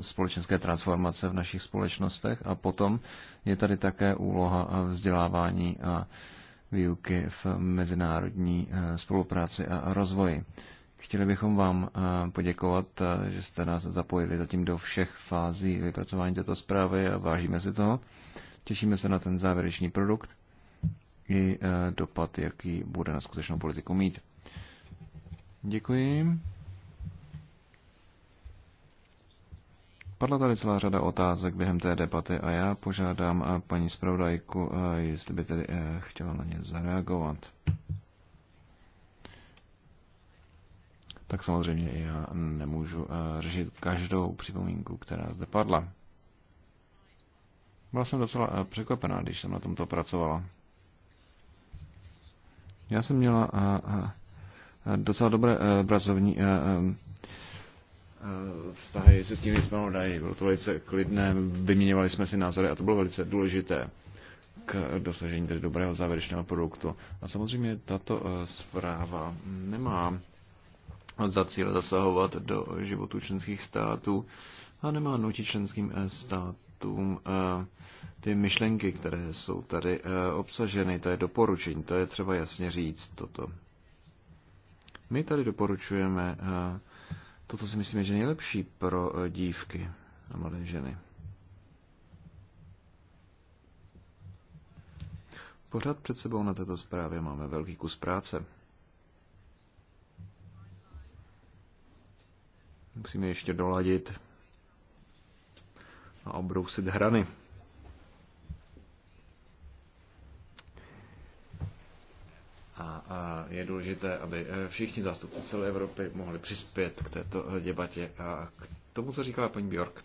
společenské transformace v našich společnostech. A potom je tady také úloha vzdělávání a vzdělávání výuky v mezinárodní eh, spolupráci a rozvoji. Chtěli bychom vám eh, poděkovat, eh, že jste nás zapojili zatím do všech fází vypracování této zprávy a vážíme si toho. Těšíme se na ten závěrečný produkt i dopad, jaký bude na skutečnou politiku mít. Děkuji. Padla tady celá řada otázek během té debaty a já požádám eh, paní zpravodajku, eh, jestli by tedy eh, chtěla na ně zareagovat. Tak samozřejmě já nemůžu řešit každou připomínku, která zde padla. Byla jsem docela překvapená, když jsem na tomto pracovala. Já jsem měla docela dobré pracovní vztahy se stínovým zpravodají. Bylo to velice klidné, vyměňovali jsme si názory a to bylo velice důležité k dosažení tedy dobrého závěrečného produktu. A samozřejmě tato eh, zpráva nemá za cíl zasahovat do životu členských států a nemá nutit členským eh, státům eh, ty myšlenky, které jsou tady obsaženy, to je doporučení, to je třeba jasně říct toto. My tady doporučujeme to, co si myslím, že je nejlepší pro eh, dívky a mladé ženy. Pořád před sebou na této zprávě máme velký kus práce. Musíme ještě doladit a obrousit hrany. A je důležité, aby eh, všichni zástupci celé Evropy mohli přispět k této eh, debatě a k tomu, co říkala paní Bjork.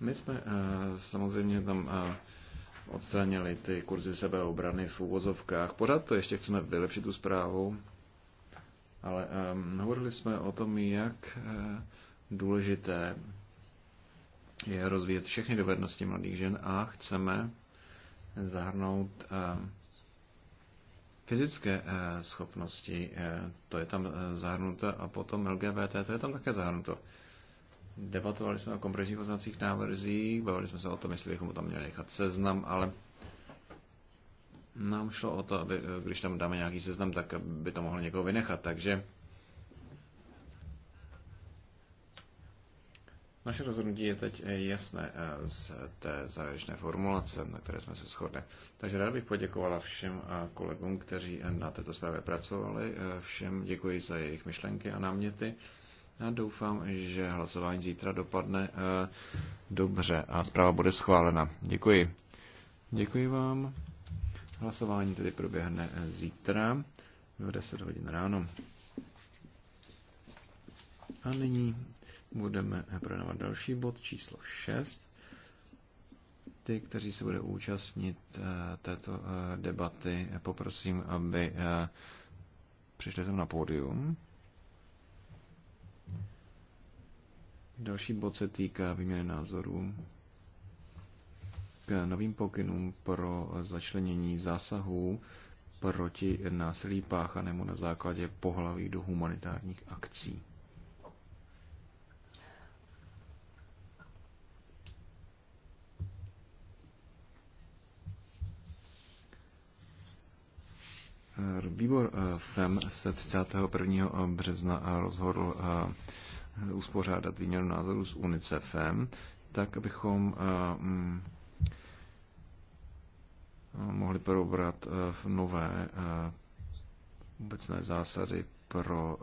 My jsme eh, samozřejmě tam odstranili ty kurzy sebeobrany v úvozovkách. Pořád to ještě chceme vylepšit tu zprávu, ale hovorili jsme o tom, jak důležité je rozvíjet všechny dovednosti mladých žen a chceme zahrnout eh, fyzické eh, schopnosti, eh, to je tam zahrnuto, a potom LGBT, to je tam také zahrnuto. Debatovali jsme o kompresních poznacích návrzích, bavili jsme se o tom, jestli bychom tam měli nechat seznam, ale nám šlo o to, aby, když tam dáme nějaký seznam, tak by to mohlo někoho vynechat. Takže Naše rozhodnutí je teď eh, jasné eh, z té závěrečné formulace, na které jsme se shodli. Takže rád bych poděkovala všem eh, kolegům, kteří na této zprávě pracovali. Všem děkuji za jejich myšlenky a náměty. Já doufám, že hlasování zítra dopadne dobře a zpráva bude schválena. Děkuji. Děkuji vám. Hlasování tedy proběhne zítra v 10 hodin ráno. A nyní budeme projednávat další bod číslo 6. Ty, kteří se bude účastnit eh, této eh, debaty, poprosím, aby eh, přišli sem na pódium. Další bod se týká výměny názorů k novým pokynům pro začlenění zásahů proti násilí páchanému na základě pohlaví do humanitárních akcí. Výbor eh, FEM se 31. Eh, března eh, rozhodl uspořádat výměnu názorů s UNICEFem, tak abychom mm, mohli probrat nové obecné zásady pro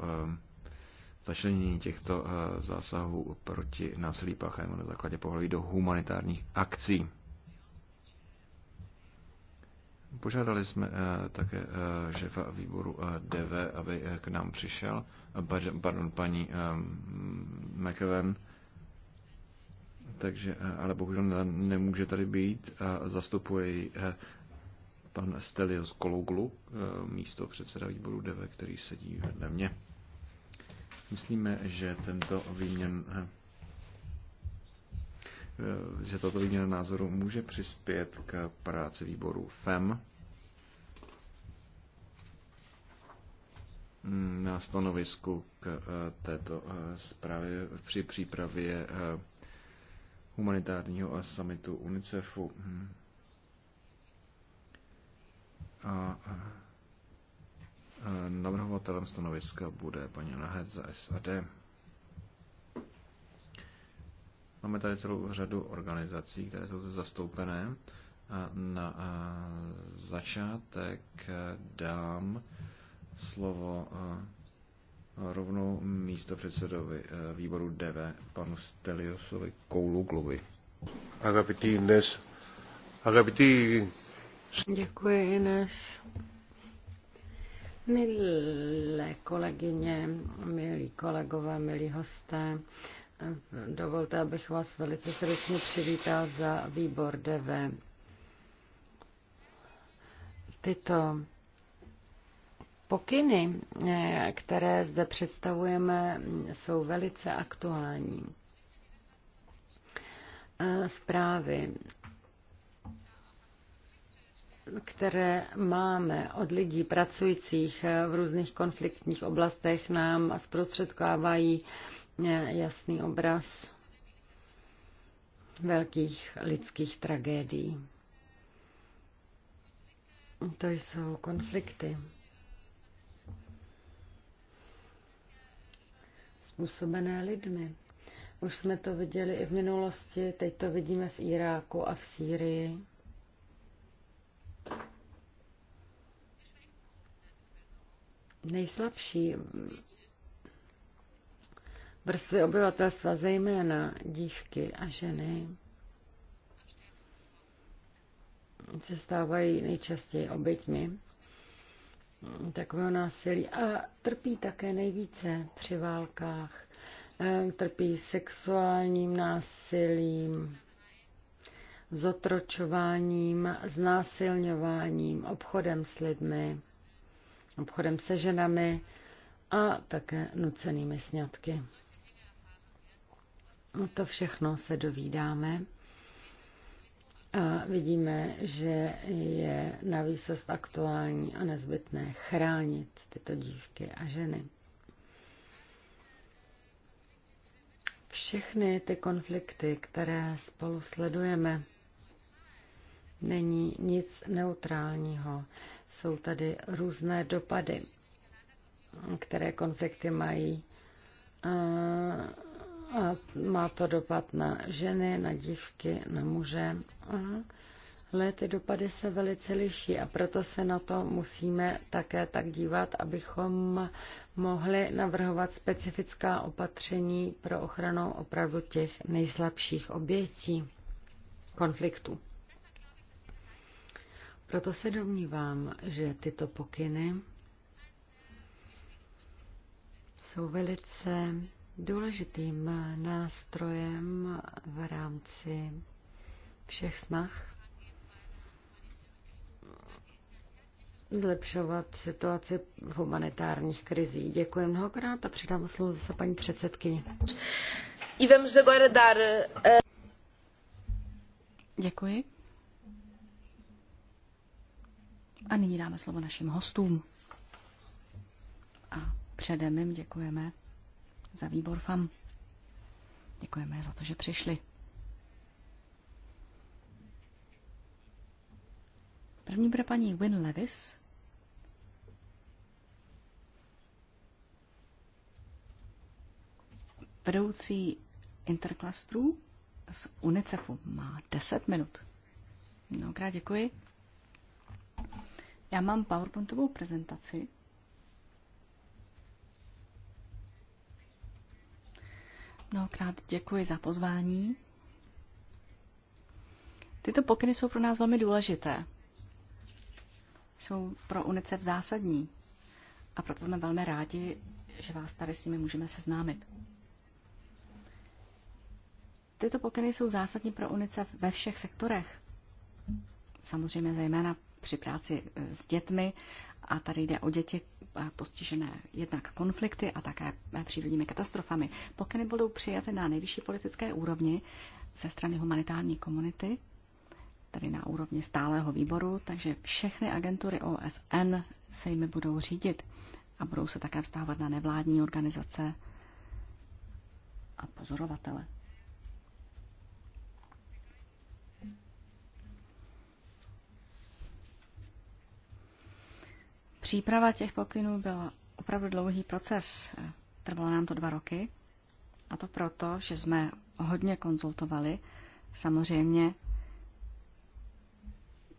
začlenění těchto zásahů proti násilí páchanému na základě pohledu do humanitárních akcí. Požádali jsme eh, také eh, šefa výboru eh, DV, aby k nám přišel, pardon, paní McEwen, takže, ale bohužel nemůže tady být, zastupuje ji pan Stelios Kolouglu, místo předseda výboru DV, který sedí vedle mě. Myslíme, že tento výměn Eh, že tato výměna názoru může přispět k práci výboru FEM mm, na stanovisku k eh, této eh, zprávě při přípravě humanitárního summitu UNICEFu. Mm. A navrhovatelem stanoviska bude paní Nahed za SAD. Máme tady celou řadu organizací, které jsou zastoupené. Na začátek eh, dám slovo eh, rovnou místo předsedovi eh, výboru DV, panu Steliosovi Kouluglovi. Agapitý dnes. Agapitý... Děkuji, Ines. Milé kolegyně, milí kolegové, milí hosté, Dovolte, abych vás velice srdečně přivítal za výbor DV. Tyto pokyny, eh, které zde představujeme, jsou velice aktuální. Eh, zprávy, které máme od lidí pracujících v různých konfliktních oblastech, nám zprostředkávají jasný obraz velkých lidských tragédií. To jsou konflikty. Způsobené lidmi. Už jsme to viděli i v minulosti, teď to vidíme v Iráku a v Sýrii. Nejslabší vrstvy obyvatelstva, zejména dívky a ženy, se stávají nejčastěji oběťmi takového násilí a trpí také nejvíce při válkách. Eh, trpí sexuálním násilím, zotročováním, znásilňováním, obchodem s lidmi, obchodem se ženami a také nucenými sňatky. To všechno se dovídáme. A vidíme, že je na výsost aktuální a nezbytné chránit tyto dívky a ženy. Všechny ty konflikty, které spolu sledujeme, není nic neutrálního. Jsou tady různé dopady, které konflikty mají. A a má to dopad na ženy, na dívky, na muže. ale ty dopady se velice liší a proto se na to musíme také tak dívat, abychom mohli navrhovat specifická opatření pro ochranu opravdu těch nejslabších obětí konfliktu. Proto se domnívám, že tyto pokyny jsou velice Důležitým nástrojem v rámci všech snah zlepšovat situaci v humanitárních krizí. Děkuji mnohokrát a předám slovo zase paní předsedkyni. E, Děkuji. A nyní dáme slovo našim hostům. A předem jim děkujeme za výbor FAM. Děkujeme za to, že přišli. První bude paní Win Levis. Vedoucí interklastrů z UNICEFu má 10 minut. Mnohokrát děkuji. Já mám PowerPointovou prezentaci. Mnohokrát děkuji za pozvání. Tyto pokyny jsou pro nás velmi důležité. Jsou pro UNICEF zásadní. A proto jsme velmi rádi, že vás tady s nimi můžeme seznámit. Tyto pokyny jsou zásadní pro UNICEF ve všech sektorech. Samozřejmě zejména při práci eh, s dětmi a tady jde o děti postižené jednak konflikty a také přírodními katastrofami. Pokyny budou přijaty na nejvyšší politické úrovni ze strany humanitární komunity, tedy na úrovni stálého výboru, takže všechny agentury OSN se jimi budou řídit a budou se také vztahovat na nevládní organizace a pozorovatele. Příprava těch pokynů byla opravdu dlouhý proces. Trvalo nám to dva roky. A to proto, že jsme hodně konzultovali. Samozřejmě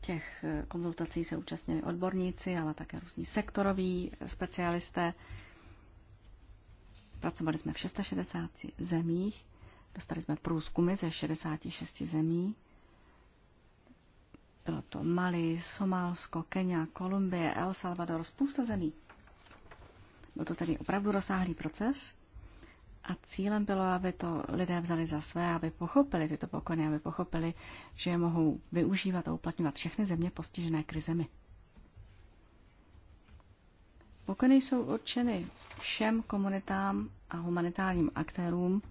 těch eh, konzultací se účastnili odborníci, ale také různí sektoroví eh, specialisté. Pracovali jsme v 660 zemích, dostali jsme průzkumy ze 66 zemí bylo to Mali, Somálsko, Kenia, Kolumbie, El Salvador, spousta zemí. Byl to tedy opravdu rozsáhlý proces a cílem bylo, aby to lidé vzali za své, aby pochopili tyto pokony, aby pochopili, že je mohou využívat a uplatňovat všechny země postižené krizemi. Pokony jsou určeny všem komunitám a humanitárním aktérům,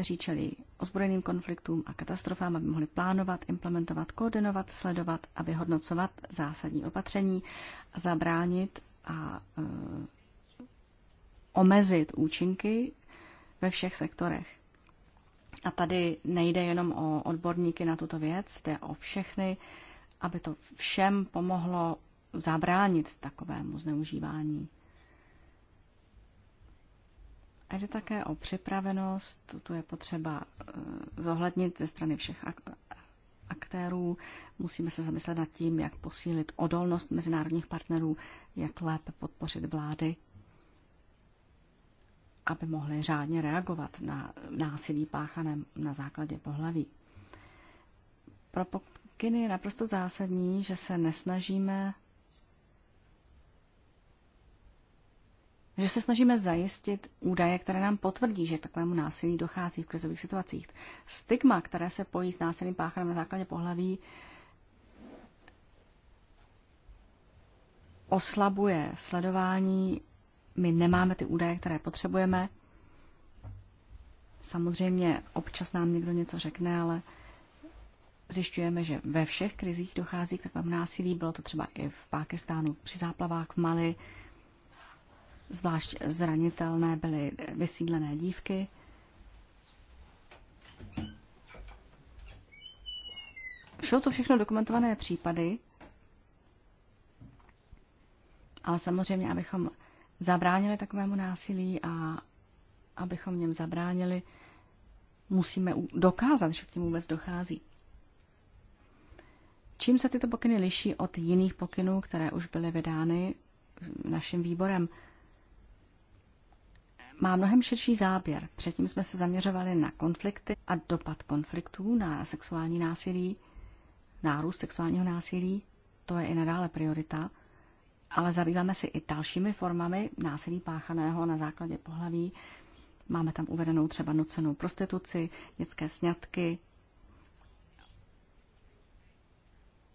kteří čelí ozbrojeným konfliktům a katastrofám, aby mohli plánovat, implementovat, koordinovat, sledovat a vyhodnocovat zásadní opatření zabránit a e, omezit účinky ve všech sektorech. A tady nejde jenom o odborníky na tuto věc, jde o všechny, aby to všem pomohlo zabránit takovému zneužívání a jde také o připravenost, tu je potřeba eh, zohlednit ze strany všech aktérů. Musíme se zamyslet nad tím, jak posílit odolnost mezinárodních partnerů, jak lépe podpořit vlády, aby mohly řádně reagovat na násilí páchané na základě pohlaví. Pro pokyny je naprosto zásadní, že se nesnažíme že se snažíme zajistit údaje, které nám potvrdí, že k takovému násilí dochází v krizových situacích. Stigma, které se pojí s násilným páchanem na základě pohlaví, oslabuje sledování, my nemáme ty údaje, které potřebujeme. Samozřejmě občas nám někdo něco řekne, ale zjišťujeme, že ve všech krizích dochází k takovému násilí. Bylo to třeba i v Pákistánu při záplavách v Mali, Zvlášť zranitelné byly vysídlené dívky. Jsou to všechno dokumentované případy, ale samozřejmě, abychom zabránili takovému násilí a abychom něm zabránili, musíme dokázat, že k němu vůbec dochází. Čím se tyto pokyny liší od jiných pokynů, které už byly vydány naším výborem? má mnohem širší záběr. Předtím jsme se zaměřovali na konflikty a dopad konfliktů na sexuální násilí, nárůst sexuálního násilí, to je i nadále priorita, ale zabýváme se i dalšími formami násilí páchaného na základě pohlaví. Máme tam uvedenou třeba nucenou prostituci, dětské sňatky,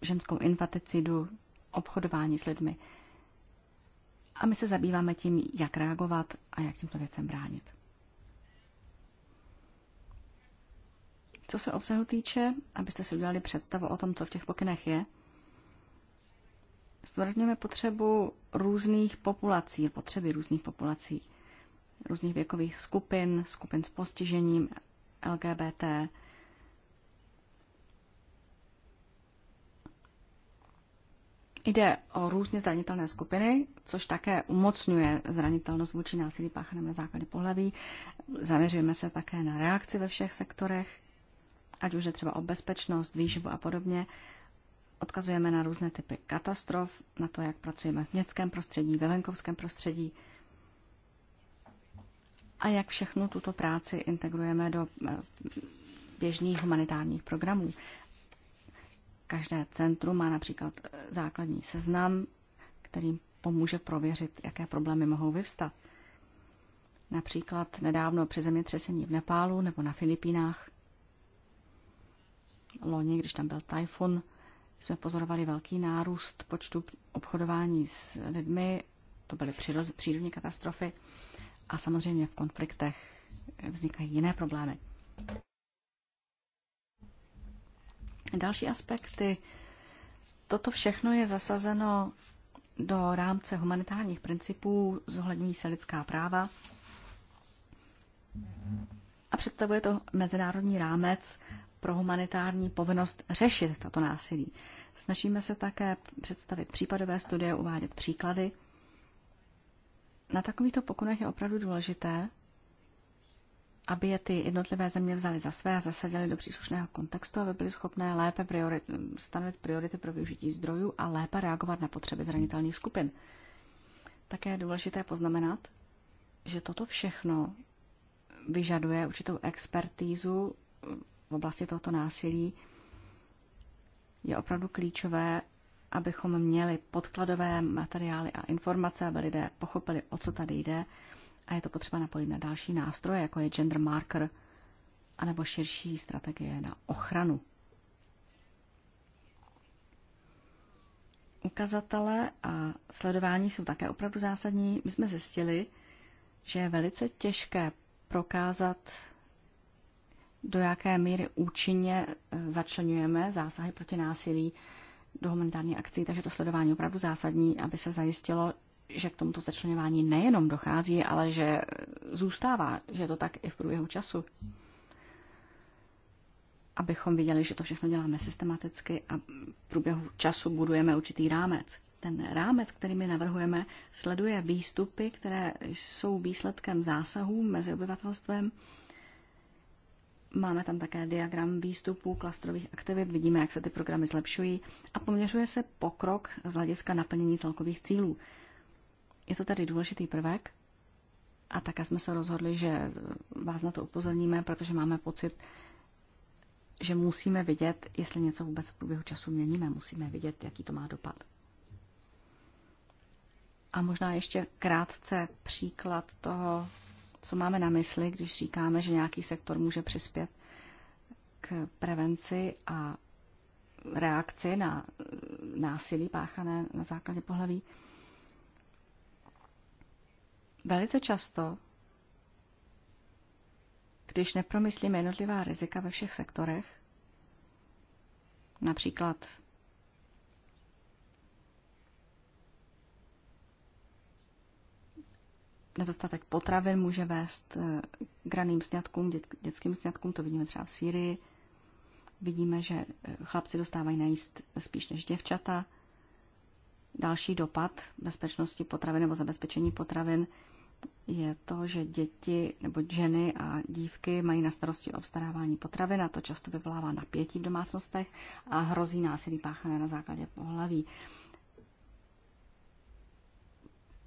ženskou infanticidu, obchodování s lidmi. A my se zabýváme tím, jak reagovat a jak těmto věcem bránit. Co se obsahu týče, abyste si udělali představu o tom, co v těch pokynech je, zdůrazňujeme potřebu různých populací, potřeby různých populací, různých věkových skupin, skupin s postižením, LGBT, Jde o různě zranitelné skupiny, což také umocňuje zranitelnost vůči násilí páchaném na základě pohlaví. Zaměřujeme se také na reakci ve všech sektorech, ať už je třeba o bezpečnost, výživu a podobně. Odkazujeme na různé typy katastrof, na to, jak pracujeme v městském prostředí, ve venkovském prostředí a jak všechnu tuto práci integrujeme do eh, běžných humanitárních programů. Každé centrum má například eh, základní seznam, kterým pomůže prověřit, jaké problémy mohou vyvstat. Například nedávno při zemětřesení v Nepálu nebo na Filipínách. Loni, když tam byl tajfun, jsme pozorovali velký nárůst počtu obchodování s lidmi. To byly přírodní katastrofy. A samozřejmě v konfliktech vznikají jiné problémy. Další aspekty. Toto všechno je zasazeno do rámce humanitárních principů, zohledňují se lidská práva a představuje to mezinárodní rámec pro humanitární povinnost řešit tato násilí. Snažíme se také představit případové studie, uvádět příklady. Na takovýchto pokunech je opravdu důležité, aby je ty jednotlivé země vzaly za své a zasadily do příslušného kontextu, aby byly schopné lépe priorit, stanovit priority pro využití zdrojů a lépe reagovat na potřeby zranitelných skupin. Také je důležité poznamenat, že toto všechno vyžaduje určitou expertízu eh, v oblasti tohoto násilí. Je opravdu klíčové, abychom měli podkladové materiály a informace, aby lidé pochopili, o co tady jde a je to potřeba napojit na další nástroje, jako je gender marker, anebo širší strategie na ochranu. Ukazatele a sledování jsou také opravdu zásadní. My jsme zjistili, že je velice těžké prokázat, do jaké míry účinně eh, začlenujeme zásahy proti násilí do humanitární akcí, takže to sledování je opravdu zásadní, aby se zajistilo, že k tomuto začlenování nejenom dochází, ale že zůstává, že je to tak i v průběhu času. Abychom viděli, že to všechno děláme systematicky a v průběhu času budujeme určitý rámec. Ten rámec, který my navrhujeme, sleduje výstupy, které jsou výsledkem zásahů mezi obyvatelstvem. Máme tam také diagram výstupů klastrových aktivit, vidíme, jak se ty programy zlepšují a poměřuje se pokrok z hlediska naplnění celkových cílů. Je to tady důležitý prvek a také jsme se rozhodli, že vás na to upozorníme, protože máme pocit, že musíme vidět, jestli něco vůbec v průběhu času měníme, musíme vidět, jaký to má dopad. A možná ještě krátce příklad toho, co máme na mysli, když říkáme, že nějaký sektor může přispět k prevenci a reakci na násilí páchané na základě pohlaví. Velice často, když nepromyslíme jednotlivá rizika ve všech sektorech, například nedostatek potravin může vést eh, k raným sňatkům, dětským sňatkům, to vidíme třeba v Sýrii. Vidíme, že eh, chlapci dostávají najíst spíš než děvčata. Další dopad bezpečnosti potravin nebo zabezpečení potravin je to, že děti nebo ženy a dívky mají na starosti obstarávání potravin a to často vyvolává napětí v domácnostech a hrozí násilí páchané na základě pohlaví.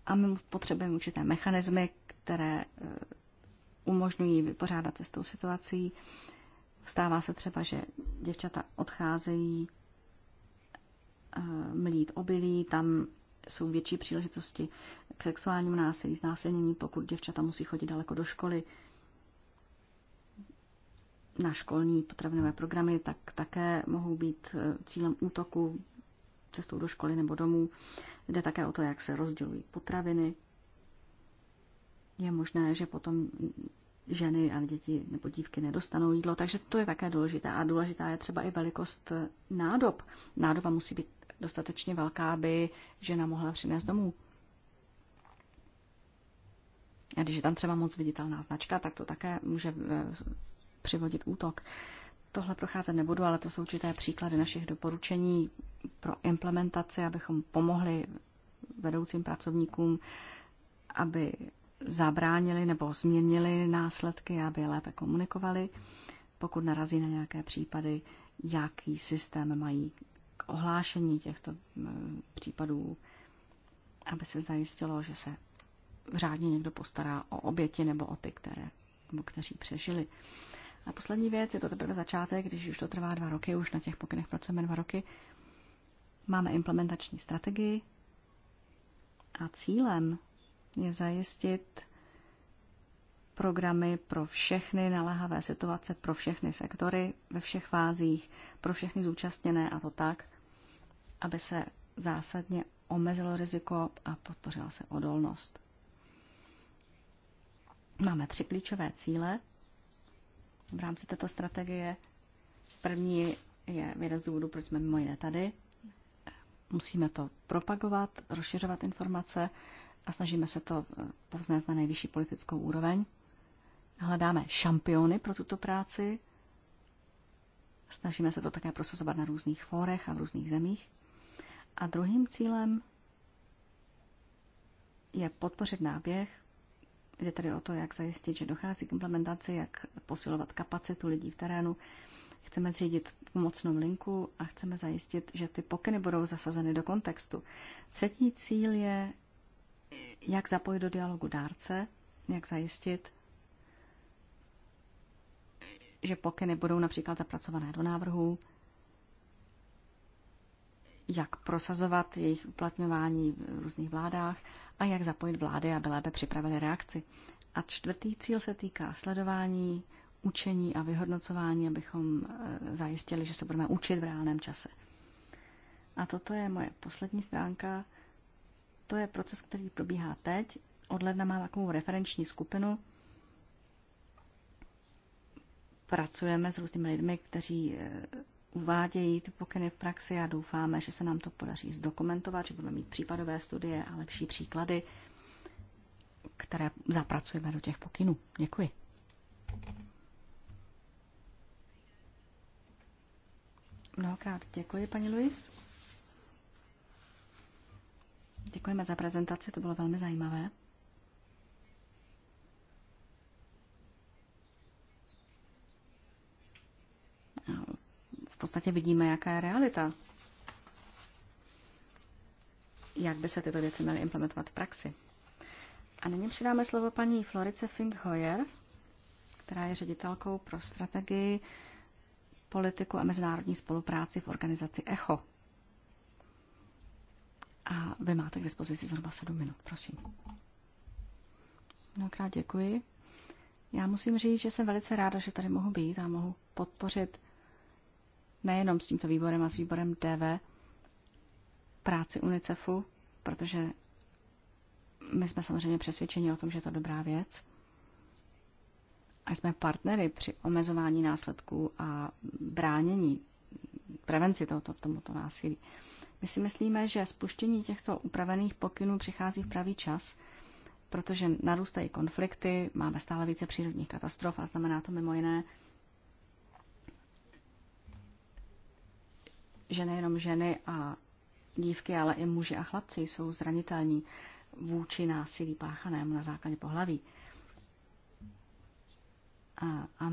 A my potřebujeme určité mechanismy, které eh, umožňují vypořádat se s tou situací. Stává se třeba, že děvčata odcházejí eh, mlít obilí, tam jsou větší příležitosti k sexuálnímu násilí, znásilnění, pokud děvčata musí chodit daleko do školy, na školní potravinové programy, tak také mohou být eh, cílem útoku cestou do školy nebo domů. Jde také o to, jak se rozdělují potraviny. Je možné, že potom ženy a děti nebo dívky nedostanou jídlo, takže to je také důležité. A důležitá je třeba i velikost eh, nádob. Nádoba musí být dostatečně velká, aby žena mohla přinést domů. A když je tam třeba moc viditelná značka, tak to také může eh, přivodit útok. Tohle procházet nebudu, ale to jsou určité příklady našich doporučení pro implementaci, abychom pomohli vedoucím pracovníkům, aby zabránili nebo změnili následky, aby lépe komunikovali, pokud narazí na nějaké případy, jaký systém mají ohlášení těchto mm, případů, aby se zajistilo, že se řádně někdo postará o oběti nebo o ty, které, nebo kteří přežili. A poslední věc, je to teprve začátek, když už to trvá dva roky, už na těch pokynech pracujeme dva roky, máme implementační strategii a cílem je zajistit programy pro všechny naléhavé situace, pro všechny sektory, ve všech fázích, pro všechny zúčastněné a to tak, aby se zásadně omezilo riziko a podpořila se odolnost. Máme tři klíčové cíle v rámci této strategie. První je jeden z důvodů, proč jsme mimo jiné tady. Musíme to propagovat, rozšiřovat informace a snažíme se to eh, povznést na nejvyšší politickou úroveň. Hledáme šampiony pro tuto práci. Snažíme se to také prosazovat na různých fórech a v různých zemích. A druhým cílem je podpořit náběh. Jde tedy o to, jak zajistit, že dochází k implementaci, jak posilovat kapacitu lidí v terénu. Chceme zřídit pomocnou linku a chceme zajistit, že ty pokyny budou zasazeny do kontextu. Třetí cíl je, jak zapojit do dialogu dárce, jak zajistit, že pokyny budou například zapracované do návrhu, jak prosazovat jejich uplatňování v různých vládách a jak zapojit vlády, aby lépe připravili reakci. A čtvrtý cíl se týká sledování, učení a vyhodnocování, abychom eh, zajistili, že se budeme učit v reálném čase. A toto je moje poslední stránka. To je proces, který probíhá teď. Od ledna má takovou referenční skupinu. Pracujeme s různými lidmi, kteří eh, uvádějí ty pokyny v praxi a doufáme, že se nám to podaří zdokumentovat, že budeme mít případové studie a lepší příklady, které zapracujeme do těch pokynů. Děkuji. Mnohokrát děkuji, paní Luis. Děkujeme za prezentaci, to bylo velmi zajímavé. podstatě vidíme, jaká je realita. Jak by se tyto věci měly implementovat v praxi. A nyní přidáme slovo paní Florice Fink-Hoyer, která je ředitelkou pro strategii, politiku a mezinárodní spolupráci v organizaci ECHO. A vy máte k dispozici zhruba 7 minut, prosím. Mnohokrát děkuji. Já musím říct, že jsem velice ráda, že tady mohu být a mohu podpořit nejenom s tímto výborem a s výborem DV práci UNICEFu, protože my jsme samozřejmě přesvědčeni o tom, že je to dobrá věc. A jsme partnery při omezování následků a bránění, prevenci tohoto, tomuto násilí. My si myslíme, že spuštění těchto upravených pokynů přichází v pravý čas, protože narůstají konflikty, máme stále více přírodních katastrof a znamená to mimo jiné, že nejenom ženy a dívky, ale i muži a chlapci jsou zranitelní vůči násilí páchanému na základě pohlaví. A, a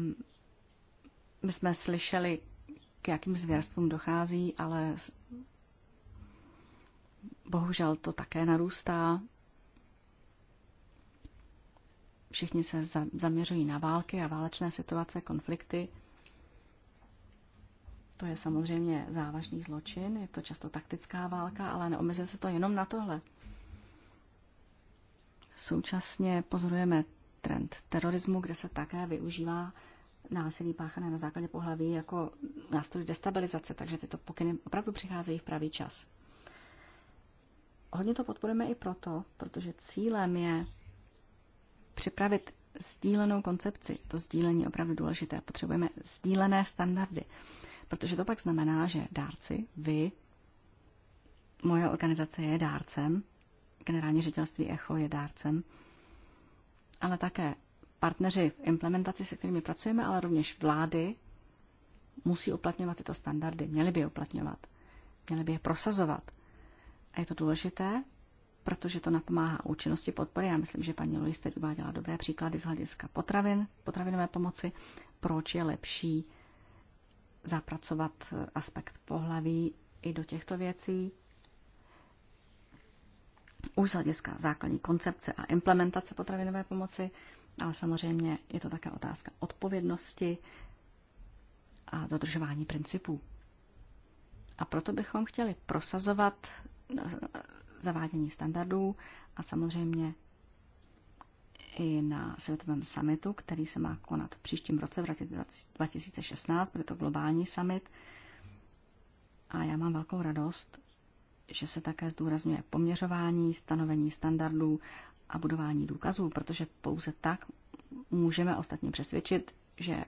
my jsme slyšeli, k jakým zvěrstvům dochází, ale bohužel to také narůstá. Všichni se zaměřují na války a válečné situace, konflikty. To je samozřejmě závažný zločin, je to často taktická válka, ale neomezuje se to jenom na tohle. Současně pozorujeme trend terorismu, kde se také využívá násilí páchané na základě pohlaví jako nástroj destabilizace, takže tyto pokyny opravdu přicházejí v pravý čas. Hodně to podporujeme i proto, protože cílem je připravit sdílenou koncepci. To sdílení je opravdu důležité. Potřebujeme sdílené standardy. Protože to pak znamená, že dárci, vy, moje organizace je dárcem, generální ředitelství ECHO je dárcem, ale také partneři v implementaci, se kterými pracujeme, ale rovněž vlády musí uplatňovat tyto standardy, měli by je uplatňovat, měli by je prosazovat. A je to důležité, protože to napomáhá účinnosti podpory. Já myslím, že paní Louise teď uváděla dobré příklady z hlediska potravin, potravinové pomoci, proč je lepší zapracovat aspekt pohlaví i do těchto věcí. Už z hlediska základní koncepce a implementace potravinové pomoci, ale samozřejmě je to také otázka odpovědnosti a dodržování principů. A proto bychom chtěli prosazovat zavádění standardů a samozřejmě i na světovém summitu, který se má konat v příštím roce, v roce 2016, bude to globální summit. A já mám velkou radost, že se také zdůrazňuje poměřování, stanovení standardů a budování důkazů, protože pouze tak můžeme ostatně přesvědčit, že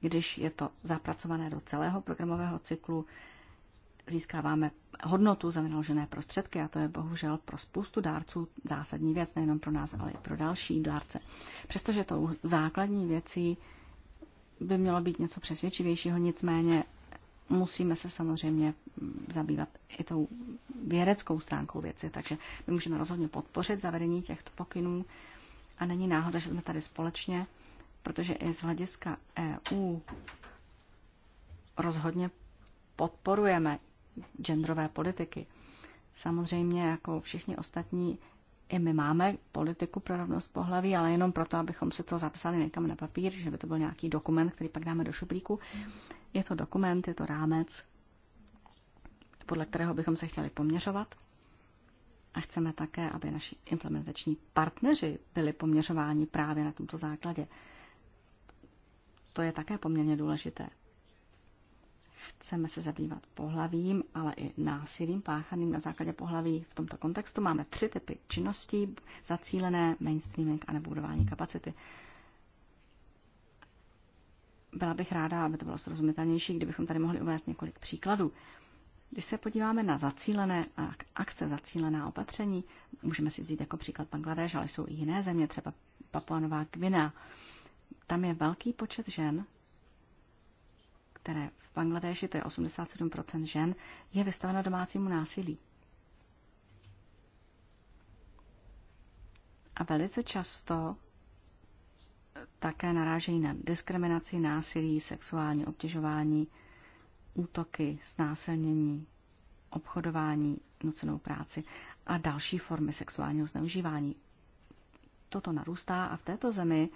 když je to zapracované do celého programového cyklu, získáváme hodnotu za vynaložené prostředky a to je bohužel pro spoustu dárců zásadní věc, nejenom pro nás, ale i pro další dárce. Přestože tou základní věcí by mělo být něco přesvědčivějšího, nicméně musíme se samozřejmě zabývat i tou vědeckou stránkou věci, takže my můžeme rozhodně podpořit zavedení těchto pokynů a není náhoda, že jsme tady společně, protože i z hlediska EU rozhodně podporujeme genderové politiky. Samozřejmě, jako všichni ostatní, i my máme politiku pro rovnost pohlaví, ale jenom proto, abychom se to zapsali někam na papír, že by to byl nějaký dokument, který pak dáme do šuplíku. Je to dokument, je to rámec, podle kterého bychom se chtěli poměřovat. A chceme také, aby naši implementační partneři byli poměřováni právě na tomto základě. To je také poměrně důležité chceme se zabývat pohlavím, ale i násilím páchaným na základě pohlaví. V tomto kontextu máme tři typy činností, zacílené, mainstreaming a nebudování kapacity. Byla bych ráda, aby to bylo srozumitelnější, kdybychom tady mohli uvést několik příkladů. Když se podíváme na zacílené akce, zacílená opatření, můžeme si vzít jako příklad Bangladeš, ale jsou i jiné země, třeba Papua Nová Gvina. Tam je velký počet žen, které v Bangladeši, to je 87% žen, je vystaveno domácímu násilí. A velice často také narážejí na diskriminaci, násilí, sexuální obtěžování, útoky, znásilnění, obchodování, nucenou práci a další formy sexuálního zneužívání. Toto narůstá a v této zemi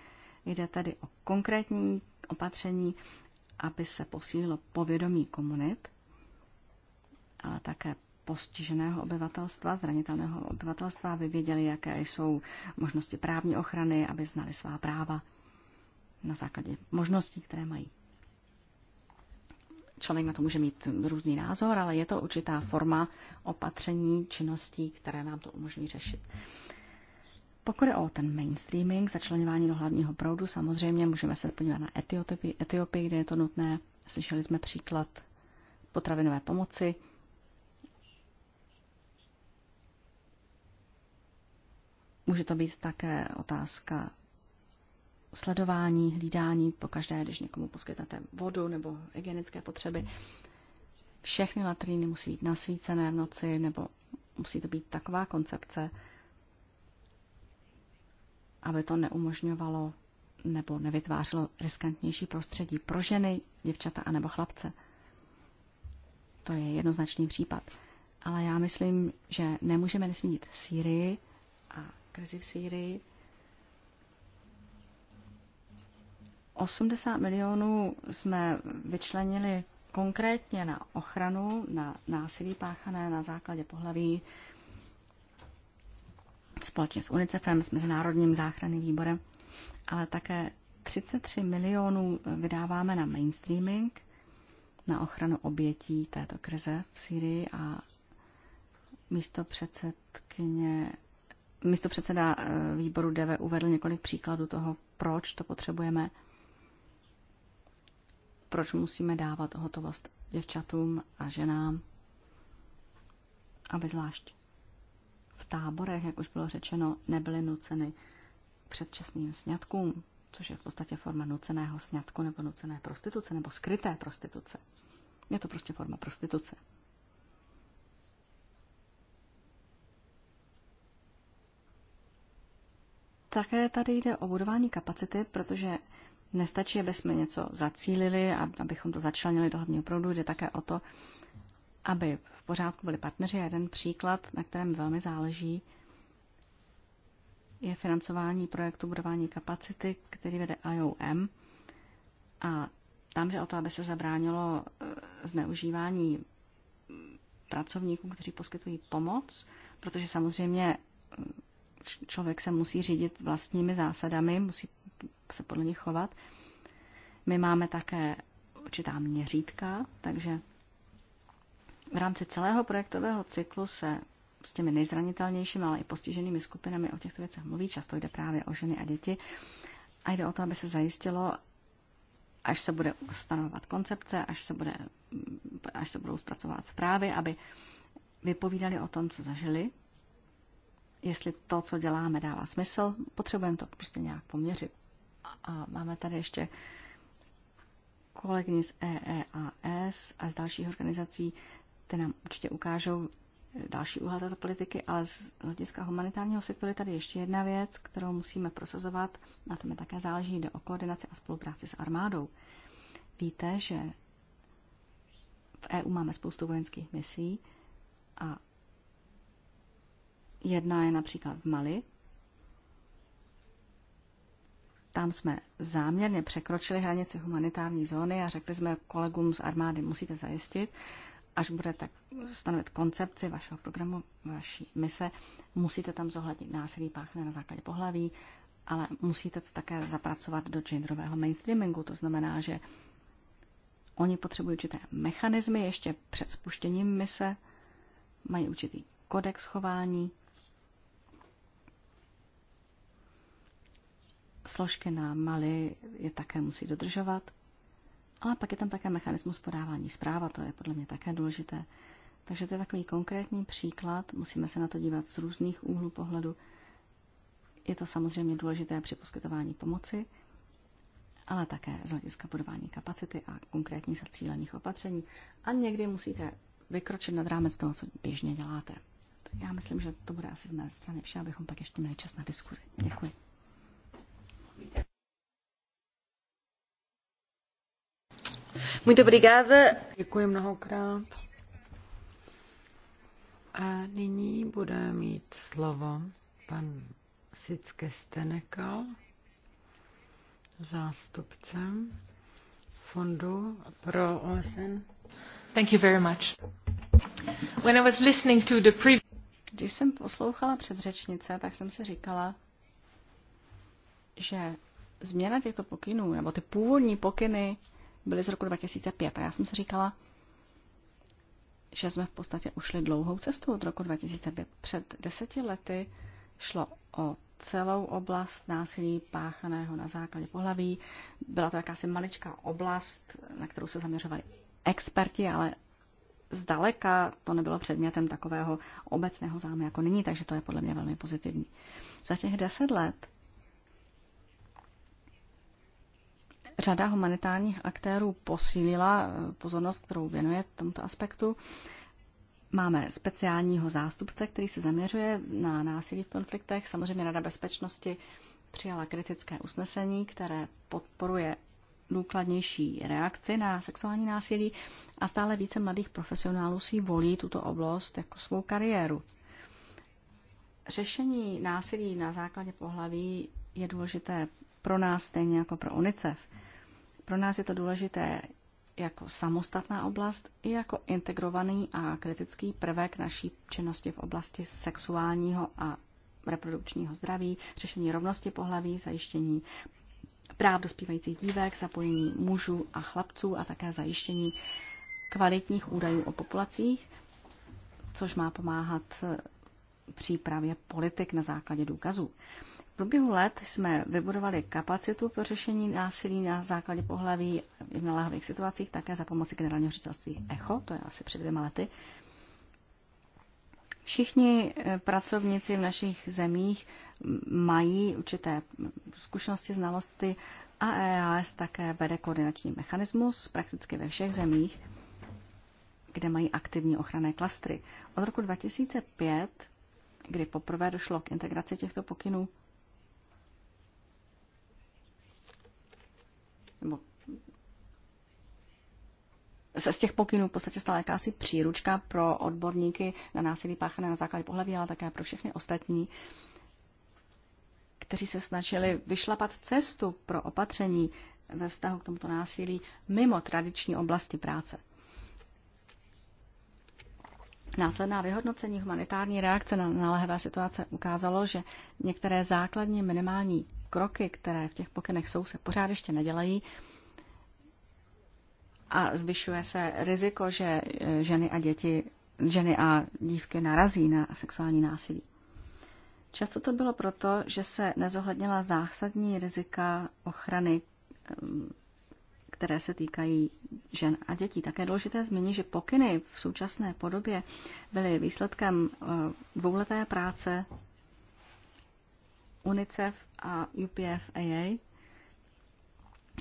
jde tedy o konkrétní opatření, aby se posílilo povědomí komunit, ale také postiženého obyvatelstva, zranitelného obyvatelstva, aby věděli, jaké jsou možnosti právní ochrany, aby znali svá práva na základě možností, které mají. Člověk na to může mít různý názor, ale je to určitá forma opatření, činností, které nám to umožní řešit. Pokud je o ten mainstreaming, začlenování do hlavního proudu, samozřejmě můžeme se podívat na Etiopii, Etiopii, kde je to nutné. Slyšeli jsme příklad potravinové pomoci. Může to být také otázka sledování, hlídání po každé, když někomu poskytnete vodu nebo hygienické potřeby. Všechny latriny musí být nasvícené v noci, nebo musí to být taková koncepce, aby to neumožňovalo nebo nevytvářelo riskantnější prostředí pro ženy, děvčata a nebo chlapce. To je jednoznačný případ. Ale já myslím, že nemůžeme nesmínit Sýrii a krizi v Sýrii. 80 milionů jsme vyčlenili konkrétně na ochranu, na násilí páchané na základě pohlaví, společně s UNICEFem, s Mezinárodním záchranným výborem, ale také 33 milionů vydáváme na mainstreaming, na ochranu obětí této krize v Syrii a místo předsedkyně místo předseda eh, výboru DV uvedl několik příkladů toho, proč to potřebujeme, proč musíme dávat hotovost děvčatům a ženám, aby zvlášť v táborech, jak už bylo řečeno, nebyly nuceny k předčasným sňatkům, což je v podstatě forma nuceného sňatku nebo nucené prostituce nebo skryté prostituce. Je to prostě forma prostituce. Také tady jde o budování kapacity, protože nestačí, aby jsme něco zacílili, abychom to začlenili do hlavního proudu, jde také o to, aby v pořádku byli partneři. A jeden příklad, na kterém velmi záleží, je financování projektu budování kapacity, který vede IOM. A tam jde o to, aby se zabránilo eh, zneužívání pracovníků, kteří poskytují pomoc, protože samozřejmě eh, člověk se musí řídit vlastními zásadami, musí se podle nich chovat. My máme také určitá měřítka, takže v rámci celého projektového cyklu se s těmi nejzranitelnějšími, ale i postiženými skupinami o těchto věcech mluví. Často jde právě o ženy a děti. A jde o to, aby se zajistilo, až se bude stanovovat koncepce, až se, bude, až se budou zpracovat zprávy, aby vypovídali o tom, co zažili, jestli to, co děláme, dává smysl. Potřebujeme to prostě nějak poměřit. A máme tady ještě kolegyni z EEAS a z dalších organizací, ty nám určitě ukážou eh, další úhel této politiky, ale z hlediska humanitárního sektoru tady ještě jedna věc, kterou musíme prosazovat, na tom je také záleží, jde o koordinaci a spolupráci s armádou. Víte, že v EU máme spoustu vojenských misí a jedna je například v Mali. Tam jsme záměrně překročili hranici humanitární zóny a řekli jsme kolegům z armády, musíte zajistit, až budete stanovit koncepci vašeho programu, vaší mise, musíte tam zohlednit násilí páchne na základě pohlaví, ale musíte to také zapracovat do genderového mainstreamingu. To znamená, že oni potřebují určité mechanismy ještě před spuštěním mise, mají určitý kodex chování, složky na Mali je také musí dodržovat. Ale pak je tam také mechanismus podávání zpráva, to je podle mě také důležité. Takže to je takový konkrétní příklad, musíme se na to dívat z různých úhlů pohledu. Je to samozřejmě důležité při poskytování pomoci, ale také z hlediska budování kapacity a konkrétních zacílených opatření. A někdy musíte vykročit nad rámec toho, co běžně děláte. Já myslím, že to bude asi z mé strany vše, abychom pak ještě měli čas na diskuzi. Děkuji. Muito obrigada. Děkuji mnohokrát. A nyní bude mít slovo pan Sicke Stenekal, zástupce Fondu pro OSN. Thank you very much. When I was listening to the pre- Když jsem poslouchala předřečnice, tak jsem si říkala, že změna těchto pokynů, nebo ty původní pokyny byly z roku 2005. A já jsem si říkala, že jsme v podstatě ušli dlouhou cestu od roku 2005. Před deseti lety šlo o celou oblast násilí páchaného na základě pohlaví. Byla to jakási maličká oblast, na kterou se zaměřovali experti, ale zdaleka to nebylo předmětem takového obecného zájmu jako nyní, takže to je podle mě velmi pozitivní. Za těch deset let Řada humanitárních aktérů posílila eh, pozornost, kterou věnuje tomuto aspektu. Máme speciálního zástupce, který se zaměřuje na násilí v konfliktech. Samozřejmě Rada bezpečnosti přijala kritické usnesení, které podporuje důkladnější reakci na sexuální násilí a stále více mladých profesionálů si volí tuto oblast jako svou kariéru. Řešení násilí na základě pohlaví je důležité pro nás stejně jako pro UNICEF. Pro nás je to důležité jako samostatná oblast i jako integrovaný a kritický prvek naší činnosti v oblasti sexuálního a reprodukčního zdraví, řešení rovnosti pohlaví, zajištění práv dospívajících dívek, zapojení mužů a chlapců a také zajištění kvalitních údajů o populacích, což má pomáhat přípravě politik na základě důkazů. V průběhu let jsme vybudovali kapacitu pro řešení násilí na základě pohlaví v naléhavých situacích také za pomoci generálního ředitelství ECHO, to je asi před dvěma lety. Všichni eh, pracovníci v našich zemích mají určité zkušenosti, znalosti a EAS také vede koordinační mechanismus prakticky ve všech zemích, kde mají aktivní ochranné klastry. Od roku 2005, kdy poprvé došlo k integraci těchto pokynů nebo se z těch pokynů v podstatě stala jakási příručka pro odborníky na násilí páchané na základě pohlaví, ale také pro všechny ostatní, kteří se snažili vyšlapat cestu pro opatření ve vztahu k tomuto násilí mimo tradiční oblasti práce. Následná vyhodnocení humanitární reakce na naléhavé situace ukázalo, že některé základní minimální kroky, které v těch pokynech jsou, se pořád ještě nedělají a zvyšuje se riziko, že eh, ženy a děti, ženy a dívky narazí na sexuální násilí. Často to bylo proto, že se nezohlednila zásadní rizika ochrany, eh, které se týkají žen a dětí. Také je důležité zmínit, že pokyny v současné podobě byly výsledkem eh, dvouleté práce UNICEF a UPFAA,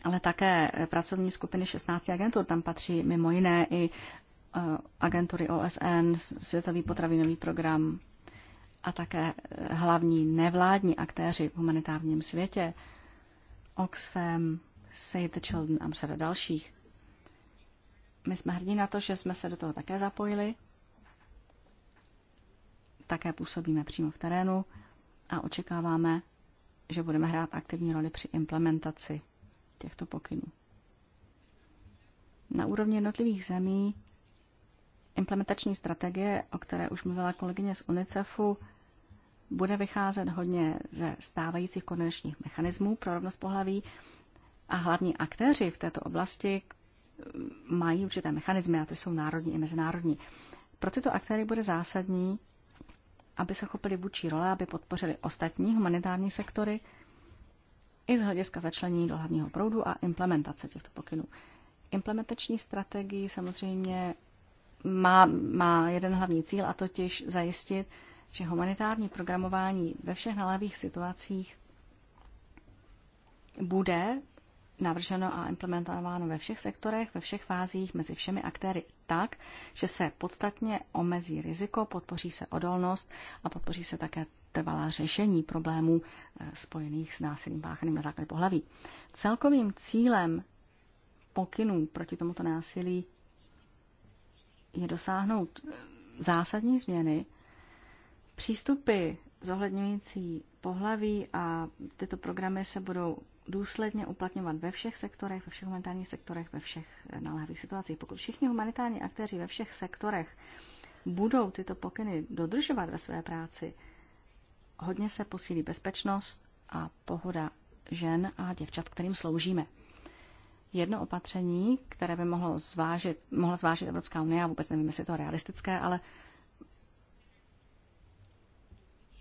ale také pracovní skupiny 16 agentur. Tam patří mimo jiné i e, agentury OSN, Světový potravinový program a také e, hlavní nevládní aktéři v humanitárním světě, Oxfam, Save the Children a řada dalších. My jsme hrdí na to, že jsme se do toho také zapojili. Také působíme přímo v terénu a očekáváme, že budeme hrát aktivní roli při implementaci těchto pokynů. Na úrovni jednotlivých zemí implementační strategie, o které už mluvila kolegyně z UNICEFu, bude vycházet hodně ze stávajících konečních mechanismů pro rovnost pohlaví a hlavní aktéři v této oblasti mají určité mechanismy a ty jsou národní i mezinárodní. Pro tyto aktéry bude zásadní, aby se chopili vůči role, aby podpořili ostatní humanitární sektory i z hlediska začlenění do hlavního proudu a implementace těchto pokynů. Implementační strategii samozřejmě má, má jeden hlavní cíl a totiž zajistit, že humanitární programování ve všech nalévých situacích bude navrženo a implementováno ve všech sektorech, ve všech fázích, mezi všemi aktéry tak, že se podstatně omezí riziko, podpoří se odolnost a podpoří se také trvalá řešení problémů eh, spojených s násilím páchaným na základě pohlaví. Celkovým cílem pokynů proti tomuto násilí je dosáhnout eh, zásadní změny, přístupy zohledňující pohlaví a tyto programy se budou důsledně uplatňovat ve všech sektorech, ve všech humanitárních sektorech, ve všech eh, naléhavých situacích. Pokud všichni humanitární aktéři ve všech sektorech budou tyto pokyny dodržovat ve své práci, hodně se posílí bezpečnost a pohoda žen a děvčat, kterým sloužíme. Jedno opatření, které by mohlo zvážit, mohla zvážit Evropská unie, já vůbec nevím, jestli je to realistické, ale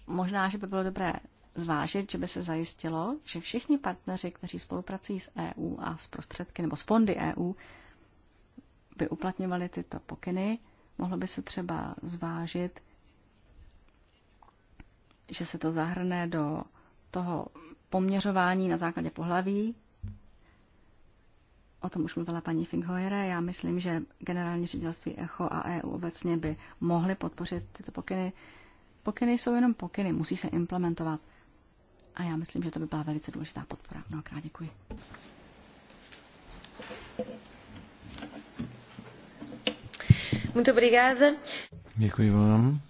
možná, že by bylo dobré zvážit, že by se zajistilo, že všichni partneři, kteří spolupracují s EU a s prostředky nebo s fondy EU, by uplatňovali tyto pokyny. Mohlo by se třeba zvážit, že se to zahrne do toho poměřování na základě pohlaví. O tom už mluvila paní Finghoere. Já myslím, že generální ředitelství ECHO a EU obecně by mohly podpořit tyto pokyny. Pokyny jsou jenom pokyny, musí se implementovat. A já myslím, že to by byla velice důležitá podpora. Mnohokrát děkuji. Muito obrigada. Děkuji vám.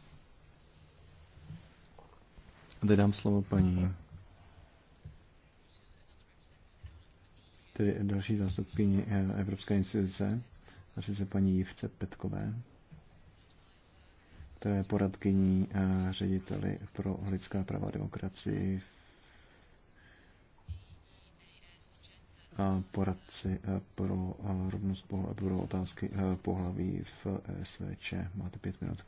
A teď dám slovo paní. Tedy další zástupkyni eh, Evropské instituce, a se paní Jivce Petkové. To je poradkyní a eh, řediteli pro lidská práva a demokracii v poradci eh, pro eh, rovnost pohlaví, pro otázky eh, pohlaví v SVČ. Máte pět minut.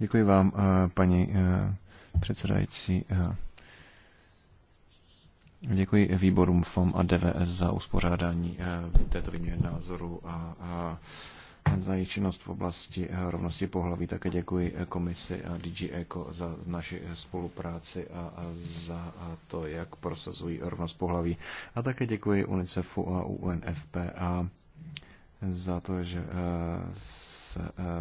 Děkuji vám, paní předsedající. Děkuji výborům FOM a DVS za uspořádání této výměny názoru a, a za jejich činnost v oblasti eh, rovnosti pohlaví. Také děkuji eh, komisi a DG Eco za naši eh, spolupráci a za to, jak prosazují rovnost pohlaví. A také děkuji UNICEFu a UNFPA za to, že se